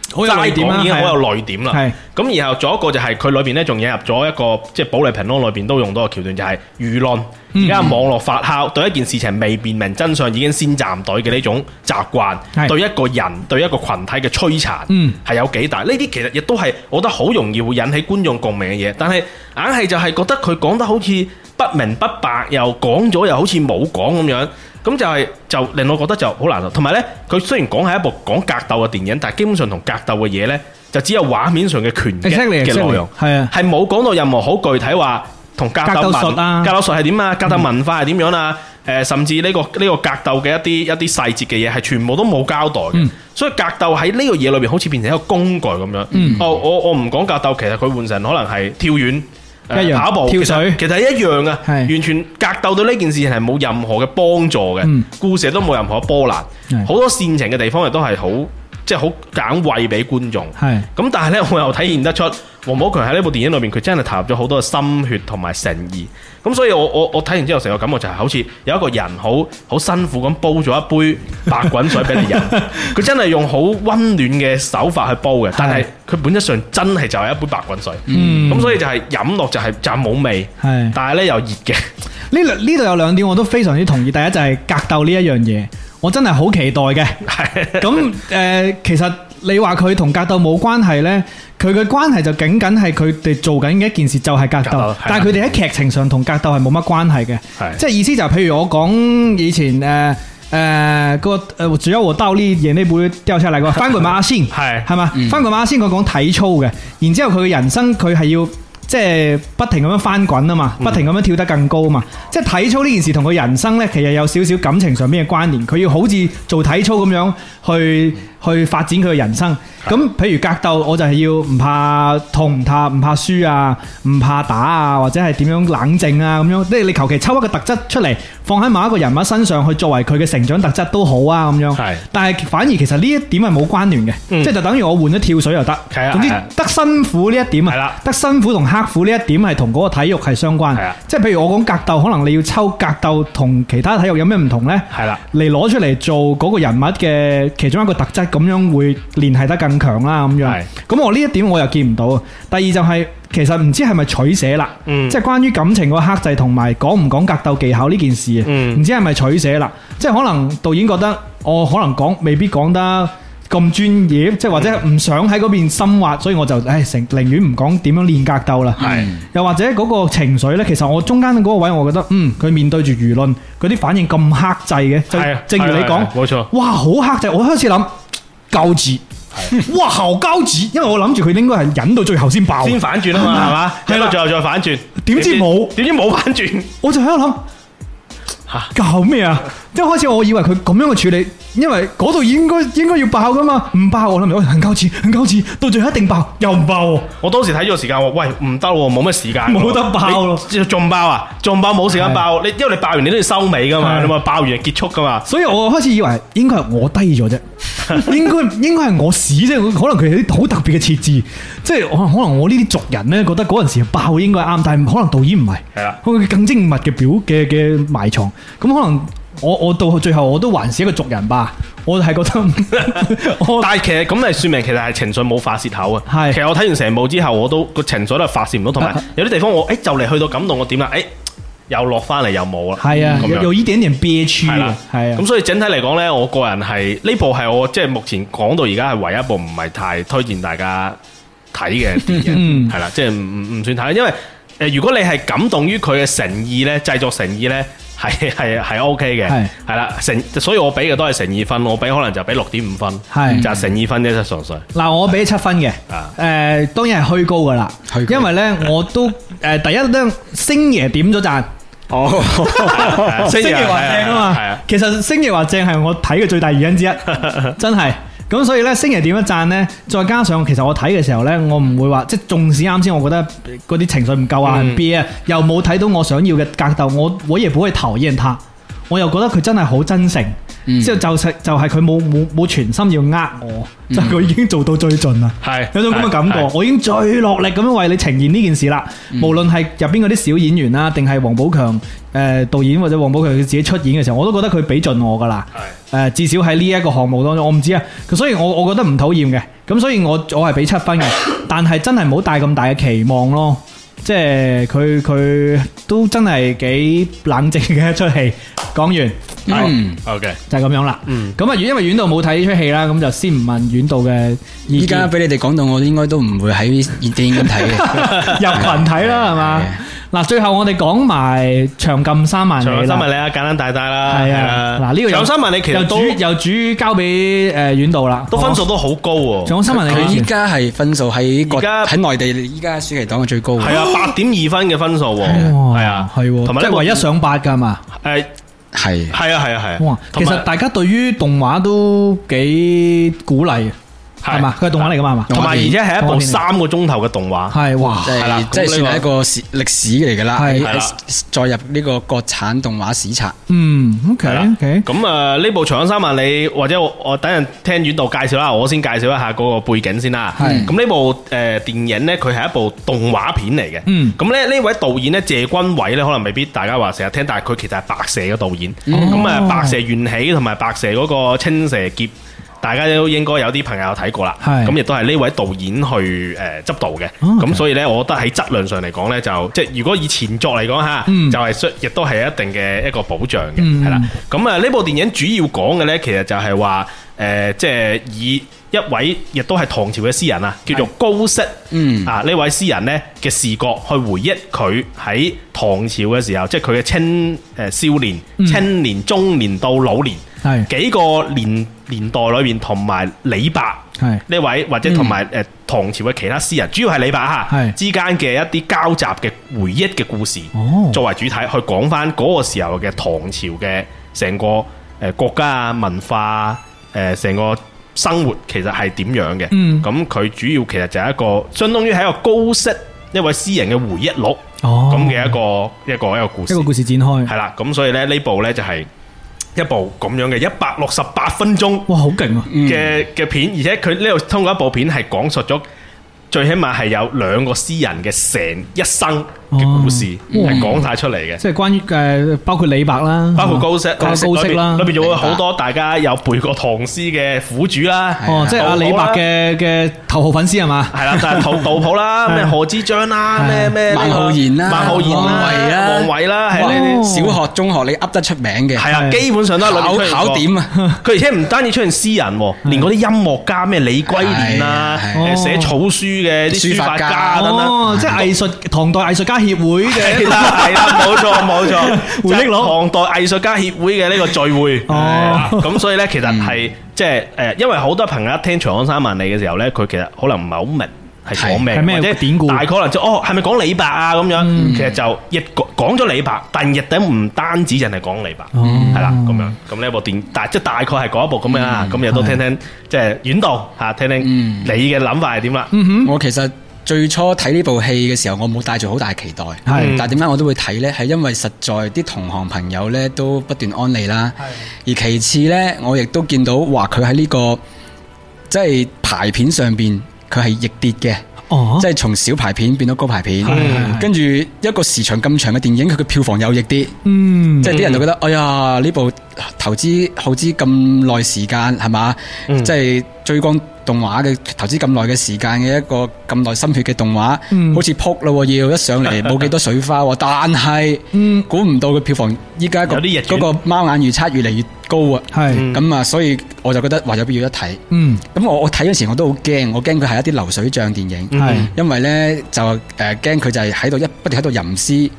齋講、啊、已經好有淚點啦，咁然後仲有一個就係佢裏邊呢，仲引入咗一個即係《就是、保你平安》裏邊都用到嘅橋段就輿，就係輿論而家網絡發酵，嗯、對一件事情未辨明真相已經先站隊嘅呢種習慣，的對一個人對一個群體嘅摧殘，係有幾大？呢啲，嗯、其實亦都係我覺得好容易會引起觀眾共鳴嘅嘢，但係硬係就係覺得佢講得好似。不明不白又講咗又好似冇講咁樣，咁就係就令我覺得就好難咯。同埋咧，佢雖然講係一部講格鬥嘅電影，但係基本上同格鬥嘅嘢咧，就只有畫面上嘅拳嘅內容，係啊，係冇講到任何好具體話同格鬥術啊，格鬥術係點啊，格鬥文化係點樣啊，誒，甚至呢個呢個格鬥嘅一啲一啲細節嘅嘢，係全部都冇交代嘅。所以格鬥喺呢個嘢裏面，好似變成一個工具咁樣。哦，我我我唔講格鬥，其實佢換成可能係跳遠、跑步、跳水，其實係一樣嘅，是完全格鬥對呢件事係冇任何嘅幫助嘅，嗯、故事都冇任何嘅波瀾，好是多煽情嘅地方亦都係好。即係好揀餵俾觀眾，係咁是，但係呢，我又體現得出王寶強喺呢部電影裏面，佢真係投入咗好多嘅心血同埋誠意。咁所以我，我我我睇完之後成個感覺就係好似有一個人好好辛苦咁煲咗一杯白滾水俾你飲，佢 (laughs) 真係用好溫暖嘅手法去煲嘅，是但係佢本質上真係就係一杯白滾水。嗯，咁所以就係飲落就係就冇味，是但係呢又熱嘅。呢呢度有兩點我都非常之同意，第一就係格鬥呢一樣嘢。我真係好期待嘅，咁誒，其實你話佢同格鬥冇關係呢？佢嘅關係就僅僅係佢哋做緊嘅一件事就係、是、格鬥，格鬥但係佢哋喺劇情上同格鬥係冇乜關係嘅，即係意思就係、是，譬如我講以前誒誒個誒朱一華、竇力影呢部掉出嚟個翻滾吧阿信，係係嘛，翻滾、嗯、吧阿信佢講體操嘅，然之後佢嘅人生佢係要。即係不停咁樣翻滾啊嘛，嗯、不停咁樣跳得更高啊嘛，即係、嗯、體操呢件事同佢人生呢，其實有少少感情上面嘅關聯，佢要好似做體操咁樣去。嗯去發展佢嘅人生，咁是的 譬如格鬥，我就係要唔怕痛、唔怕唔怕輸啊、唔怕打啊，或者係點樣冷靜啊咁樣。即係你求其抽一個特質出嚟，放喺某一個人物身上，去作為佢嘅成長特質都好啊咁樣。是的 但係反而其實呢一點係冇關聯嘅，嗯、即係就等於我換咗跳水又得。係、嗯、總之得辛苦呢一點啊，是的 得辛苦同刻苦呢一點係同嗰個體育係相關。即係是的 譬如我講格鬥，可能你要抽格鬥同其他體育有咩唔同呢？係啦，嚟攞出嚟做嗰個人物嘅其中一個特質。咁樣會聯繫得更強啦，咁是樣。咁我呢一點我又見唔到。第二就係、是、其實唔知係咪取捨啦，嗯、即係關於感情個克制同埋講唔講格鬥技巧呢件事，唔、嗯、知係咪取捨啦。即係可能導演覺得我、哦、可能講未必講得咁專業，即係或者唔想喺嗰邊深挖。所以我就唉，成寧願唔講點樣練格鬥啦。是又或者嗰個情緒呢，其實我中間嗰個位，我覺得嗯，佢面對住輿論嗰啲反應咁克制嘅，啊、就正如你講，冇錯、啊，啊啊、錯哇，好克制。我開始諗。膠紙，哇！厚膠紙，因為我諗住佢應該係忍到最後先爆，先反轉啊嘛，係嘛？係咯，最後再反轉，點知冇，點知冇反轉，我就喺度諗吓，搞咩啊？一開始我以為佢咁樣嘅處理。因為嗰度應該應該要爆噶嘛，唔爆我諗住有人交錢，有交錢，到最後一定爆，又唔爆我。我當時睇咗時間，我喂唔得，冇乜時間，冇得爆咯。仲爆啊？仲爆冇時間爆，間爆的你因為你爆完你都要收尾噶嘛，你咪的爆完就結束噶嘛。所以我開始以為應該係我低咗啫， (laughs) 應該應該係我屎啫。可能佢有啲好特別嘅設置，即係可能可能我呢啲族人咧覺得嗰陣時候爆應該啱，但係可能導演唔係，係啊的，佢更精密嘅表嘅嘅埋藏，咁可能。我我到最後我都還是一個俗人吧，我係覺得， (laughs) (laughs) 我 但係其實咁係說明，其實係情緒冇發泄口啊。是的 其實我睇完成部之後，我都個情緒都係發泄唔到，同埋、啊、有啲地方我，誒、欸、就嚟去到感動我點啦，誒、欸、又落翻嚟又冇啦。係啊的，嗯、咁樣有有一點點憋屈。係啦，係啊。咁所以整體嚟講呢，我個人係呢部係我即係、就是、目前講到而家係唯一部唔係太推薦大家睇嘅電影，係啦， (laughs) 即係唔唔算睇，因為誒如果你係感動於佢嘅誠意呢，製作誠意呢。係係係 O K 嘅，係啦成，所以我俾嘅都係成二分，我俾可能就俾六點五分，是就成二分啫，純粹。嗱，我俾七分嘅，誒是、呃，當然係虛高噶啦，高因為咧我都誒、呃、第一咧星爺點咗讚，星爺話正啊嘛，啊啊啊其實星爺話正係我睇嘅最大原因之一，真係。 (laughs) (laughs) 咁所以咧，星爺點樣贊咧？再加上其實我睇嘅時候咧，我唔會話即係縱使啱先我覺得嗰啲情緒唔夠啊，變啊，又冇睇到我想要嘅格鬥，我我也唔會討厭他。我又覺得佢真係好真誠。之後就係就係佢冇冇冇全心要呃我，嗯、就佢已經做到最盡啦。係是有種咁嘅感覺，我已經最落力咁樣為你呈現呢件事啦。是無論係入邊嗰啲小演員啦，定係王寶強誒、呃、導演或者王寶強佢自己出演嘅時候，我都覺得佢俾盡我噶啦。係誒是，至少喺呢一個項目當中，我唔知啊。所以我我覺得唔討厭嘅，咁所以我我係俾七分嘅。 (laughs) 但係真係冇帶咁大嘅期望咯。即係佢佢都真係幾冷靜嘅一出戲。講完。 (laughs) (laughs) 嗯，OK，就咁樣啦。嗯，咁啊，因為遠度冇睇呢出戲啦，咁就先唔問遠度嘅意見。依家俾你哋講到，我應該都唔會喺熱電影咁睇嘅，入群睇啦，係嘛？嗱，最後我哋講埋長安三萬里啦。三萬里啊，簡單大大啦，係啊。嗱，呢個三萬里其實都由主交俾誒遠度啦，都分數都好高。長三萬里，佢依家係分數喺國家喺內地依家暑期檔嘅最高，係啊，八點二分嘅分數，係啊，係，同埋，即係唯一上八噶嘛？誒。係，係啊，係啊，係。哇，其實大家對於動畫都幾鼓勵。係嘛？佢係動畫嚟噶嘛？同埋，而且係一部三個鐘頭嘅動畫。係哇，係啦，即係算係一個史歷史嚟噶啦，係載入呢個國產動畫史冊。嗯，OK，OK。咁啊，呢部《長安三萬里》，或者我等陣聽導演介紹啦，我先介紹一下嗰個背景先啦。係。咁呢部誒電影咧，佢係一部動畫片嚟嘅。咁咧，呢位導演咧，謝君偉咧，可能未必大家話成日聽，但係佢其實係白蛇嘅導演。咁啊，白蛇緣起同埋白蛇嗰個青蛇劫。大家都應該有啲朋友睇過啦，咁亦都係呢位導演去誒執導嘅，咁 Okay. 所以呢，我覺得喺質量上嚟講呢，就即係如果以前作嚟講嚇，嗯、就係亦都係一定嘅一個保障嘅，係啦、嗯。咁啊，呢部電影主要講嘅呢，其實就係話誒，即、呃、係、就是、以一位亦都係唐朝嘅詩人啊，叫做高適、嗯、啊呢位詩人呢嘅視角去回憶佢喺唐朝嘅時候，即係佢嘅青誒少年、青年、中年到老年。嗯係幾個年年代裏面，同埋李白呢位，的或者同埋誒唐朝嘅其他詩人，的主要係李白吓，的之間嘅一啲交集嘅回憶嘅故事，哦、作為主體去講翻嗰個時候嘅唐朝嘅成個誒國家文化誒成個生活，其實係點樣嘅？咁佢、嗯、主要其實就係一個相當於喺一個高適一位詩人嘅回憶錄，哦，咁嘅一個一個的一個故事，一個故事展開，係啦，咁所以咧呢部呢就係、是。一部咁樣嘅一百六十八分鐘，哇，好勁啊嘅嘅片，而且佢呢度通過一部片係講述咗最起碼係有兩個詩人嘅成一生。嘅故事係講晒出嚟嘅，即係關於誒，包括李白啦，包括高適，高適啦，裏邊仲有好多大家有背過唐詩嘅苦主啦，哦，即係阿李白嘅嘅頭號粉絲係嘛，係啦，就係陶杜甫啦，咩賀知章啦，咩咩孟浩然啦，孟浩然啦，係啊，王維啦，哇，小學中學你噏得出名嘅，係啊，基本上都考考點啊，佢而且唔單止出現詩人，連嗰啲音樂家咩李龜年啊，寫草書嘅啲書法家等等，即係藝術唐代藝術家。協會嘅係啦，冇錯冇錯，就係唐代藝術家協會嘅呢個聚會。哦，咁所以咧，其實係即係誒，因為好多朋友一聽《長安三萬里》嘅時候咧，佢其實可能唔係好明係講咩，即係典故，大概可能就哦，係咪講李白啊咁樣？其實就亦講咗李白，但係日頂唔單止就係講李白，係啦咁樣。咁呢一部電，但即係大概係講一部咁樣啦。咁又都聽聽，即係遠道吓聽聽你嘅諗法係點啦？嗯哼，我其實。最初睇呢部戲嘅時候，我冇帶住好大期待，係。是，但係點解我都會睇呢？係因為實在啲同行朋友呢都不斷安利啦，是而其次呢，我亦都見到話佢喺呢個即係排片上邊，佢係逆跌嘅。哦，即係從小排片變到高排片，跟住一個時長咁長嘅電影，佢嘅票房又逆跌，嗯，即係啲人就覺得，嗯、哎呀，呢部投資耗資咁耐時間，係嘛，即係追光。動畫嘅投資咁耐嘅時間嘅一個咁耐心血嘅動畫，嗯、好似撲啦，要一上嚟冇幾多水花， (laughs) 但係，估、嗯、唔到嘅票房依家嗰個貓眼預測越嚟越高啊！咁啊是，所以我就覺得話有必要一睇。咁、嗯、我我睇嗰時我都好驚，我驚佢係一啲流水賬電影，是因為呢就誒驚佢就係喺度一不停喺度吟詩，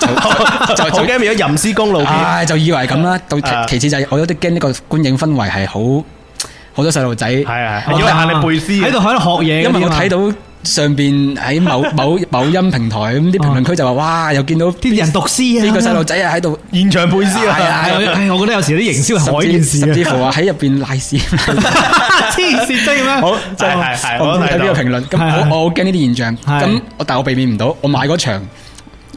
就就驚變咗吟詩公路片，啊、就以為咁啦。到 (laughs) (laughs) 其次就係我有啲驚呢個觀影氛圍係好。好多細路仔，係啊，因為行嚟背詩，喺度喺度學嘢。因為我睇到上邊喺某某某音平台咁啲評論區就話：哇，又見到啲人讀詩啊！呢個細路仔啊喺度現場背詩啊！係啊，係，我覺得有時啲營銷係海線事啊，甚至乎啊喺入邊瀨屎，黐線啫咩？好，係係係，我睇到睇呢個評論咁，我我好驚呢啲現象。咁，但係我避免唔到，我買嗰場，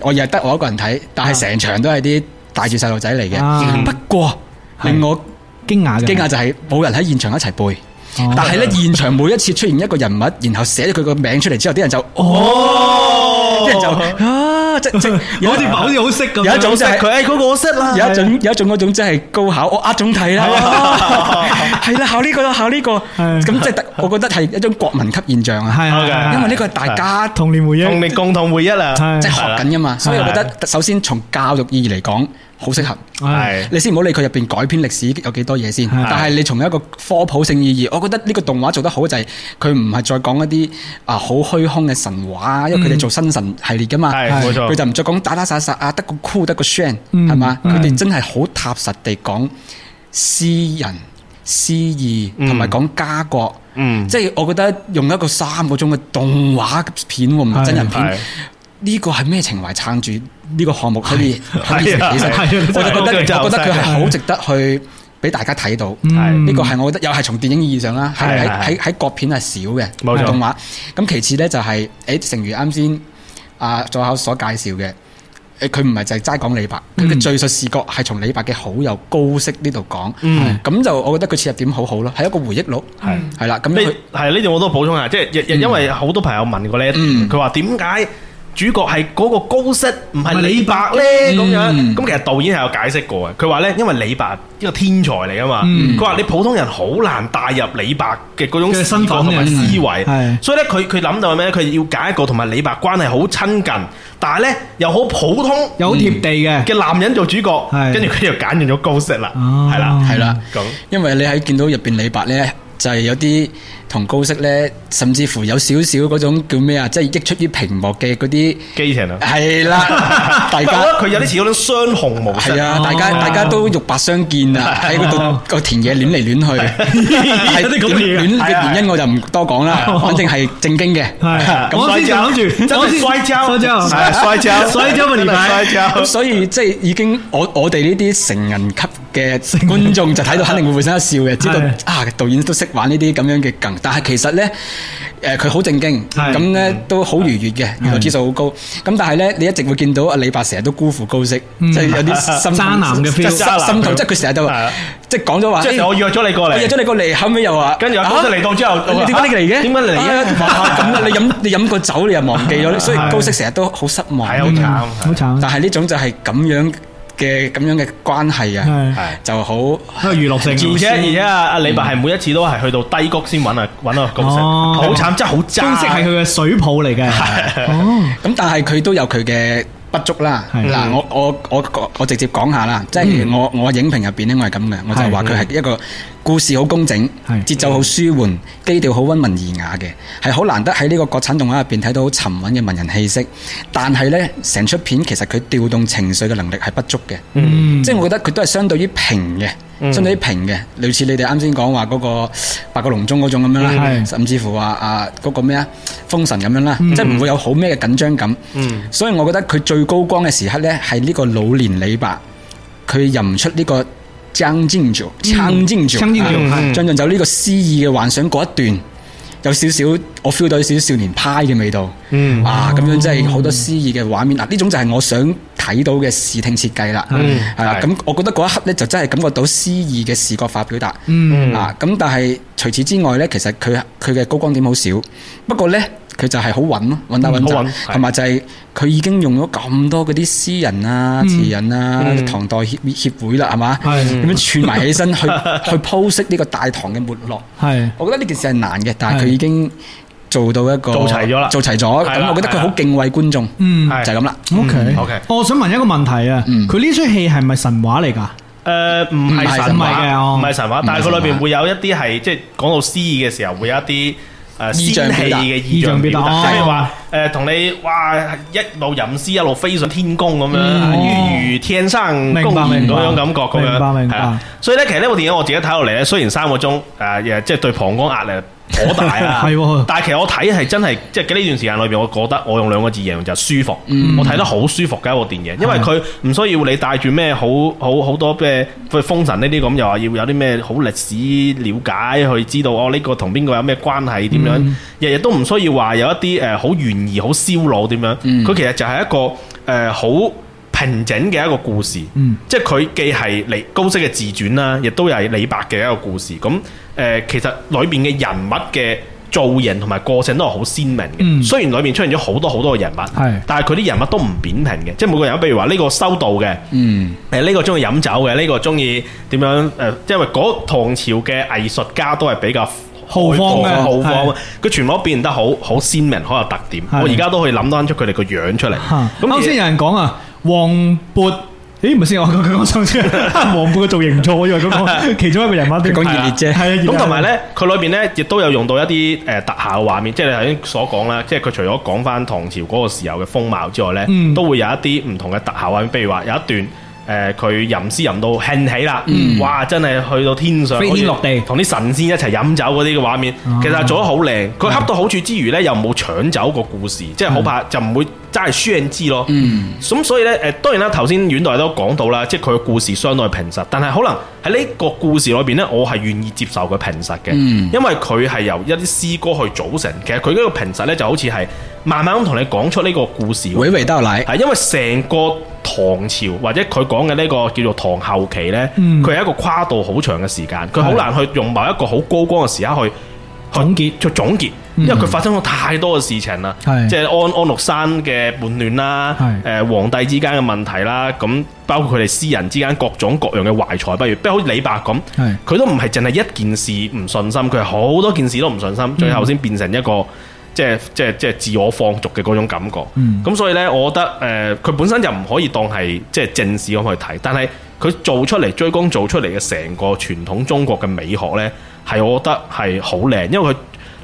我以為得我一個人睇，但係成場都係啲帶住細路仔嚟嘅。不過令我。驚訝嘅，驚訝就係冇人喺現場一齊背，但係咧現場每一次出現一個人物，然後寫咗佢個名出嚟之後，啲人就哦，啲人就啊，即即好似好似好識咁，有一種就係佢誒嗰個我識啦，有一種有一種嗰種即係高考我壓總題啦，係啦考呢個考呢個，咁即係我覺得係一種國民級現象啊，係啊，因為呢個係大家童年回憶，同你共同回憶啦，即係學緊噶嘛，所以我覺得首先從教育意義嚟講。好適合，係是你先唔好理佢入邊改編歷史有幾多嘢先，是但係你從一個科普性意義，我覺得呢個動畫做得好就係佢唔係再講一啲啊好虛空嘅神話，因為佢哋做新神系列噶嘛，佢是是就唔再講打打殺殺啊得個 cool 得個 shine 係嘛，佢哋吧是真係好踏實地講詩人詩意同埋講家國，嗯，即係、嗯、我覺得用一個三個鐘嘅動畫片唔係真人片。呢個係咩情懷撐住呢個項目可以？係，其實我就覺得，就覺得佢係好值得去俾大家睇到。呢個係我覺得又係從電影意義上啦。係係喺國片係少嘅，冇錯動畫。咁其次咧就係誒，誠如啱先啊，左口所介紹嘅誒，佢唔係就係齋講李白，佢嘅敘述視角係從李白嘅好友高適呢度講。嗯，咁就我覺得佢切入點好好咯，係一個回憶錄。係係啦，咁係呢度我都補充下，即係因因為好多朋友問過咧，佢話點解？主角係嗰個高適，唔係李白呢。咁、嗯、樣。咁其實導演係有解釋過嘅。佢話呢，因為李白呢個天才嚟啊嘛。佢話、嗯、你普通人好難帶入李白嘅嗰種思想同埋思維。所以呢，佢佢諗到係咩？佢要揀一個同埋李白關係好親近，但係呢又好普通又好貼地嘅嘅男人做主角。跟住佢就揀咗高適啦，係啦係啦。因為你喺見到入邊李白呢，就係、是、有啲。同高息咧，甚至乎有少少嗰種叫咩啊？即係溢出於屏幕嘅嗰啲基情啊！係啦，大家佢有啲似嗰種雙雄模式。係啊，大家大家都玉白相見啊！喺度個田野亂嚟亂去，係啲咁亂嘅原因，我就唔多講啦。反正係正經嘅，我先諗住，真係摔跤，摔跤，摔跤，摔跤，所以即係已經我我哋呢啲成人級嘅觀眾就睇到，肯定會會心一笑嘅。知道啊？導演都識玩呢啲咁樣嘅梗。但係其實咧，誒佢好正經，咁咧都好愉悅嘅，娛樂指數好高。咁但係咧，你一直會見到阿李白成日都辜負高適，即係有啲心渣男嘅 feel 即係佢成日就即係講咗話，即係我約咗你過嚟，約咗你過嚟，後尾又話，跟住又講到嚟到之後，點解你嚟嘅？點解嚟啊？咁你飲你飲個酒你又忘記咗，所以高適成日都好失望，好慘，好慘。但係呢種就係咁樣。嘅咁樣嘅關係啊，係是就好很，娛樂性。而且而且啊啊！李白係每一次都係去到低谷先揾啊揾啊高適，好慘，真係好渣。高適係佢嘅水泡嚟嘅。咁的、哦嗯、但係佢都有佢嘅不足的、嗯、啦。嗱，我我我我直接講下啦。即、就、係、是、我我影評入邊咧，我係咁嘅，我就話佢係一個。的故事好工整，是節奏好舒緩，嗯、基調好溫文而雅嘅，係好難得喺呢個國產動畫入邊睇到好沉穩嘅文人氣息。但係呢，成出片其實佢調動情緒嘅能力係不足嘅，嗯、即係我覺得佢都係相對於平嘅，嗯、相對於平嘅，類似你哋啱先講話嗰個八角籠中嗰種咁樣啦，嗯、甚至乎話啊嗰、嗰個咩啊封神咁樣啦，嗯、即係唔會有好咩嘅緊張感。嗯、所以我覺得佢最高光嘅時刻呢，係呢個老年李白，佢吟出呢、呢個。將進酒，將進酒，將進酒，將進酒就呢個詩意嘅幻想嗰一段，有少少我 feel 到少少少年派嘅味道，嗯、啊，咁樣真係好多詩意嘅畫面嗱，呢、啊、種就係我想睇到嘅視聽設計啦，係啦，咁我覺得嗰一刻咧就真係感覺到詩意嘅視覺化表達，嗯、啊，咁但係除此之外咧，其實佢佢嘅高光點好少，不過咧。佢就係好穩咯，穩得穩紮，同埋就係佢已經用咗咁多嗰啲詩人啊、詞人啊、唐代協協會啦，係嘛？咁樣串埋起身去去剖析呢個大唐嘅沒落。係，我覺得呢件事係難嘅，但係佢已經做到一個做齊咗啦，做齊咗。咁我覺得佢好敬畏觀眾。嗯，就係咁啦。OK，OK。我想問一個問題啊，佢呢出戲係咪神話嚟噶？誒，唔係神話，唔係神話，但係佢裏邊會有一啲係即係講到詩意嘅時候，會有一啲。誒，啊、仙氣嘅意象表達，意象表達，即係話，誒、呃，同你，哇，一路吟詩，一路飛上天宮咁樣，玉、嗯、如，如天生，嗰種感覺咁樣，係啊，啊。所以咧，其實呢部電影我自己睇落嚟咧，雖然三個鐘，誒、啊，即係對膀胱壓力。好大啊！ (laughs) 但係其實我睇係真係，即係呢段時間裏邊，我覺得我用兩個字形容就係舒服。嗯、我睇得好舒服嘅一個電影，因為佢唔需要你帶住咩好好好多咩去封神呢啲咁，又話要有啲咩好歷史了解去知道哦呢、這個同邊個有咩關係點樣，日日、嗯、都唔需要話有一啲誒好懸疑、好燒腦點樣。佢、嗯、其實就係一個誒好、呃、平整嘅一個故事。嗯、即係佢既係嚟高適嘅自傳啦，亦都係李白嘅一個故事。咁。誒，其實裏邊嘅人物嘅造型同埋個性都係好鮮明嘅。雖然裏面出現咗好多好多嘅人物，但係佢啲人物都唔扁平嘅，即係每個人，比如話呢個修道嘅，誒呢個中意飲酒嘅，呢個中意點樣誒，因為嗰唐朝嘅藝術家都係比較豪放嘅，豪放佢全部都變得好好鮮明，好有特點。我而家都可以諗翻出佢哋個樣出嚟。咁啱先有人講啊，王勃。咦，唔係先，我講佢講先，王菲嘅造型唔錯，因為佢 (laughs) 其中一位人物，佢講熱烈啫，啊。咁同埋咧，佢，啊啊、裏邊咧亦都有用到一啲誒、呃、特效嘅畫面，即係你頭先所講啦。即係佢除咗講翻唐朝嗰個時候嘅風貌之外咧，嗯、都會有一啲唔同嘅特效畫面，比如話有一段誒，佢吟詩吟到興起啦，嗯、哇，真係去到天上飛天落地，同啲、嗯、神仙一齊飲酒嗰啲嘅畫面，嗯、其實做得好靚。佢恰到好處之餘咧，又冇搶走個故事，嗯、即係好怕就唔會。真係書人知咯，咁、嗯、所以咧，誒當然啦，頭先阮代都講到啦，即係佢嘅故事相當平實，但係可能喺呢個故事裏邊咧，我係願意接受佢平實嘅，嗯、因為佢係由一啲詩歌去組成，其實佢呢個平實咧就好似係慢慢咁同你講出呢個故事娓娓道來，係因為成個唐朝或者佢講嘅呢個叫做唐後期咧，佢係、嗯、一個跨度好長嘅時間，佢好難去用某一個好高光嘅時刻去。總結就總結，因為佢發生咗太多嘅事情啦，即係安安祿山嘅叛亂啦，誒皇帝之間嘅問題啦，咁包括佢哋私人之間各種各樣嘅懷才不遇，即如好似李白咁，佢都唔係淨係一件事唔信心，佢係好多件事都唔信心，最後先變成一個即係即係即係自我放逐嘅嗰種感覺。咁所以呢，我覺得誒，佢本身就唔可以當係即係正史咁去睇，但係佢做出嚟追光做出嚟嘅成個傳統中國嘅美學呢。係，我覺得係好靚，因為佢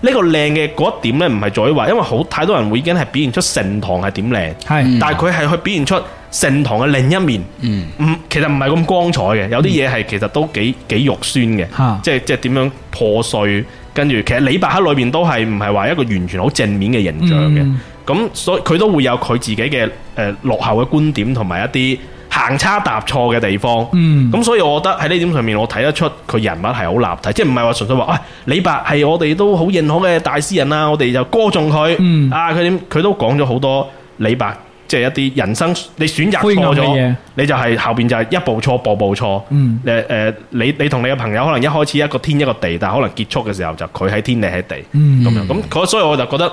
呢個靚嘅嗰一點呢，唔係在於話，因為好太多人會已經係表現出盛唐係點靚，係的，但係佢係去表現出盛唐嘅另一面，嗯，唔其實唔係咁光彩嘅，有啲嘢係其實都幾幾肉酸嘅、嗯，即係即係點樣破碎，跟住其實李白喺裏面都係唔係話一個完全好正面嘅形象嘅，咁、嗯、所以佢都會有佢自己嘅誒、呃、落後嘅觀點同埋一啲，行差踏錯嘅地方，咁、嗯、所以我覺得喺呢點上面，我睇得出佢人物係好立體，即係唔係話純粹話，哎李白係我哋都好認可嘅大詩人啦，我哋就歌頌佢，嗯、啊佢點佢都講咗好多李白，即係一啲人生你選擇錯咗，你就係後邊就係一步錯步步錯，誒誒、嗯、你、呃、你同你嘅朋友可能一開始一個天一個地，但係可能結束嘅時候就佢喺天你喺地，咁樣咁，所以我就覺得。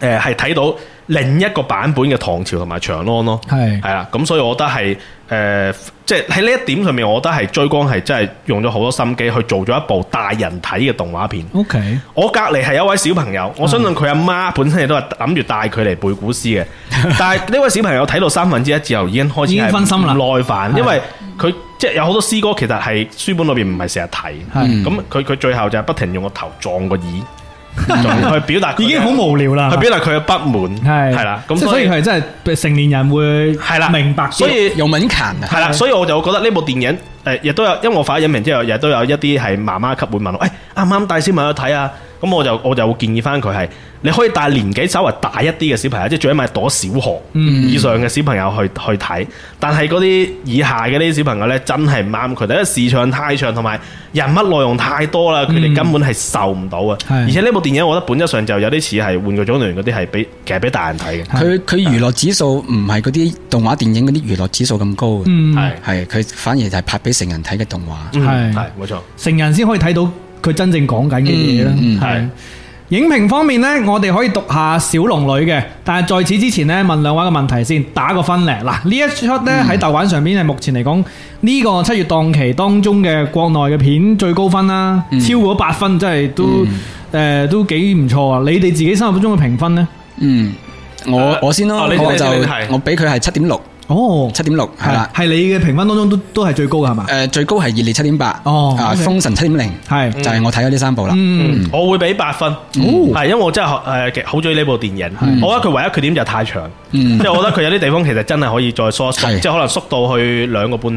誒，係睇到另一個版本嘅唐朝同埋長安咯係係啦，咁所以我覺得係誒，即係喺呢一點上面，我覺得係追光係真係用咗好多心機去做咗一部大人睇嘅動畫片。OK，我隔籬係一位小朋友，我相信佢阿媽本身亦都係諗住帶佢嚟背古詩嘅，但係呢位小朋友睇到三分之一之後已經開始分心啦，唔耐煩，因為佢即係有好多詩歌，其實係書本裏邊唔係成日睇，咁佢佢最後就係不停用個頭撞個椅。去表達佢已經好無聊，啦去表達佢嘅不滿係係啦，咁佢所以係真係成年人會係啦明白，所以，所以有門檻係啦，所以我就覺得呢部電影誒，亦都有，因為我發咗影評之後，亦都有一啲係媽媽級會問我，誒，啱啱帶小朋友睇啊。媽媽咁我就我就會建議翻佢係你可以帶年紀稍微大一啲嘅小朋友，即係最起碼讀小學以上嘅小朋友去去睇。但係嗰啲以下嘅呢啲小朋友呢，真係唔啱佢，因為時長太長，同埋人物內容太多啦，佢哋根本係受唔到啊！嗯、而且呢部電影，我覺得本質上就有啲似係《玩具種類玩具總動員》嗰啲，係俾其實俾大人睇嘅。佢佢是是娛樂指數唔係嗰啲動畫電影嗰啲娛樂指數咁高嘅，係係佢反而就係拍俾成人睇嘅動畫，係係冇錯，成人先可以睇到。佢真正講緊嘅嘢啦，係、嗯嗯、影評方面呢，我哋可以讀下《小龍女》嘅。但係在此之前呢，問兩位嘅問題先，打個分咧。嗱，呢一出呢，喺、嗯、豆瓣上邊係目前嚟講呢個七月檔期當中嘅國內嘅片最高分啦、啊，嗯、超過八分，真係都誒、嗯呃、都幾唔錯啊！你哋自己心目中嘅評分呢？嗯，我我先咯，呃、我話就、啊、我俾佢係七點六。啊哦，七點六係啦，係你嘅評分當中都都係最高嘅係嘛？誒，最高係熱烈七點八，哦，封神七點零，係就係我睇咗呢三部啦。嗯，我會俾八分，係因為我真係誒好中意呢部電影，我覺得佢唯一缺點就太長，即係我覺得佢有啲地方其實真係可以再縮縮，即係可能縮到去兩個半，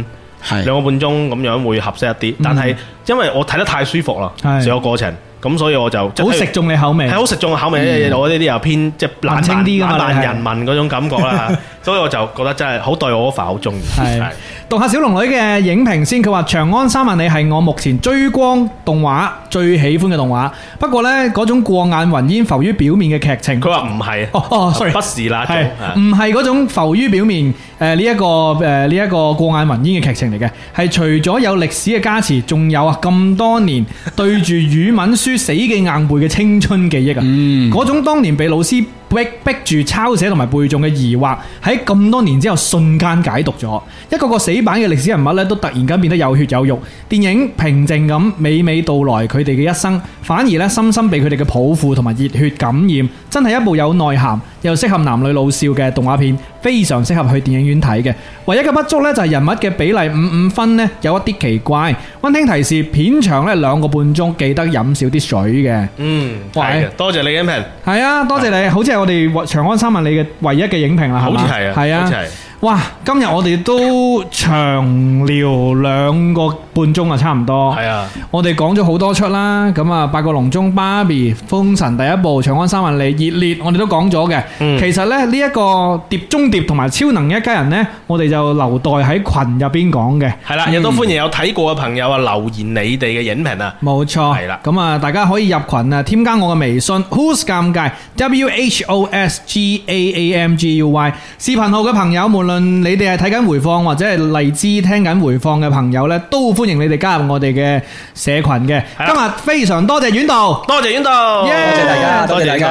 兩個半鐘咁樣會合適一啲。但係因為我睇得太舒服啦，成個過程。咁所以我就好食重嘅口味，係好食重嘅口味。我呢啲又偏即係係難聽啲嘅難難人民嗰種感覺啦， (laughs) 所以我就覺得真係好對我份好中意。是讀下小龍女嘅影評先，佢話《長安三萬里》係我目前追光動畫最喜歡嘅動畫。不過呢，嗰種過眼雲煙浮於表面嘅劇情，佢話唔係哦哦，sorry，不是啦，係唔係嗰種浮於表面誒呢一個誒呢一個過眼雲煙嘅劇情嚟嘅？係除咗有歷史嘅加持，仲有啊咁多年對住語文書死記硬背嘅青春記憶啊！嗯，嗰種當年被老師。逼住抄寫同埋背誦嘅疑惑，喺咁多年之後瞬間解讀咗，一個個死板嘅歷史人物咧，都突然間變得有血有肉。電影平靜咁娓娓道來佢哋嘅一生，反而咧，深深被佢哋嘅抱負同埋熱血感染，真係一部有內涵又適合男女老少嘅動畫片，非常適合去電影院睇嘅。唯一嘅不足呢，就係人物嘅比例五五分呢，有一啲奇怪。溫馨提示：片長呢兩個半鐘，記得飲少啲水嘅。嗯，喂多謝你，Amber。係啊，多謝你，的好似係我哋長安三萬里嘅唯一嘅影評啦，係嘛？好似係啊，係啊的。哇！今日我哋都長聊兩個半鐘啊，差唔多。係啊，我哋講咗好多出啦。咁啊，八角籠中、芭比、封神第一部、長安三萬里、熱烈，我哋都講咗嘅。嗯，其實咧呢一個碟中諜同埋超能一家人咧，我哋就留待喺群入邊講嘅。係啦，亦都歡迎有睇過嘅朋友啊留言你哋嘅影評啊。冇錯。係啦，咁啊大家可以入群啊，添加我嘅微信，Who’s 尷尬？W H O S G A A M G U Y。視頻號嘅朋友們。無論你哋係睇緊回放或者係荔枝聽緊回放嘅朋友呢，都歡迎你哋加入我哋嘅社群嘅。今日非常多謝遠道，多謝遠道，多謝大家，多謝大家。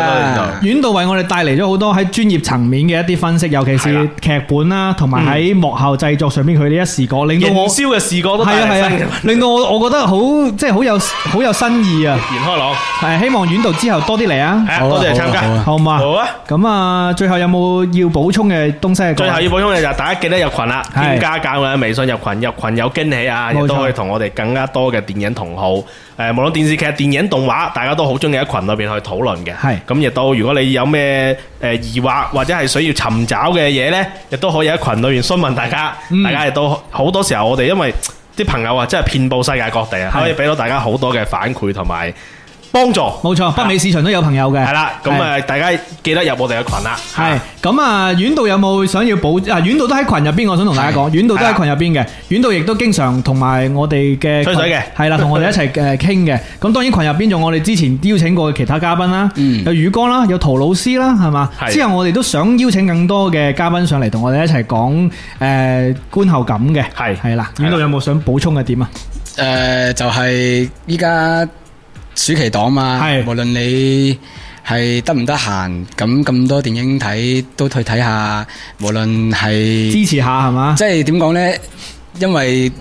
遠道為我哋帶嚟咗好多喺專業層面嘅一啲分析，尤其是劇本啦，同埋喺幕後製作上邊佢呢一視角，令到我燒嘅視角都係啊係啊，令到我我覺得好即係好有好有新意啊！健康朗，係希望遠道之後多啲嚟啊！多謝參加，好唔好啊！咁啊，最後有冇要補充嘅東西？最咁就大家記得入群啦，添加我嘅微信入群，入群有驚喜啊！亦都可以同我哋更加多嘅電影同好，誒，無論電視劇、電影、動畫，大家都好中意喺群裏邊去討論嘅。係咁，亦都如果你有咩誒疑惑，或者係需要尋找嘅嘢呢，亦都可以喺群裏邊詢問大家。大家亦都好多時候，我哋因為啲朋友啊，真係遍佈世界各地啊，可以俾到大家好多嘅反饋同埋。幫助冇錯，北美市場都有朋友嘅係啦。咁誒，大家記得入我哋嘅群啦。係咁啊，遠度有冇想要補啊？遠道都喺群入邊。我想同大家講，遠度都喺群入邊嘅。遠度亦都經常同埋我哋嘅吹水嘅係啦，同我哋一齊誒傾嘅。咁當然群入邊仲有我哋之前邀請過其他嘉賓啦，有宇哥啦，有陶老師啦，係嘛。之後我哋都想邀請更多嘅嘉賓上嚟同我哋一齊講誒觀後感嘅。係係啦，遠道有冇想補充嘅點啊？誒，就係依家。暑期檔嘛、啊是，無論你係得唔得閒，咁咁多電影睇都去睇下，無論係支持下係嘛？即係點講呢？因為。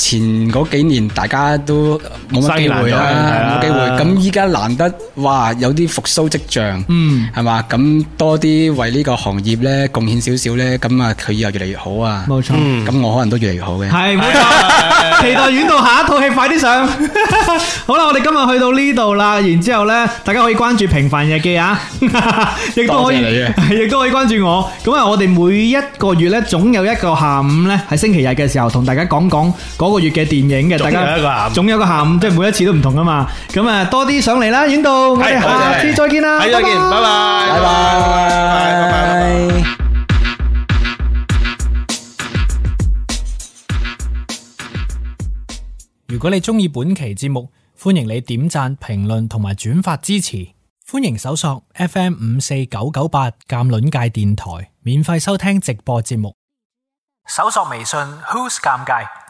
前嗰幾年大家都冇乜機會啊，冇機會。咁依家難得，哇，有啲復甦跡象，嗯，係嘛？咁多啲為呢個行業咧貢獻少少咧，咁啊，佢以後越嚟越好啊，冇錯。咁我可能都越嚟越好嘅。係冇錯，期待遠到下一套戲快啲上。好啦，我哋今日去到呢度啦，然之後咧，大家可以關注平凡日記啊，亦都可以，亦都可以關注我。咁啊，我哋每一個月咧，總有一個下午咧，喺星期日嘅時候同大家講講講。個月嘅電影嘅，大家總有個下午，即係每一次都唔同啊嘛。咁啊，多啲上嚟啦，演導，我哋下次再見啦，再見，拜拜，拜拜，拜拜。如果你中意本期節目，歡迎你點讚、評論同埋轉發支持。歡迎搜索 FM 五四九九八《鑑論界電台》，免費收聽直播節目。搜索微信 Who's e 尷尬。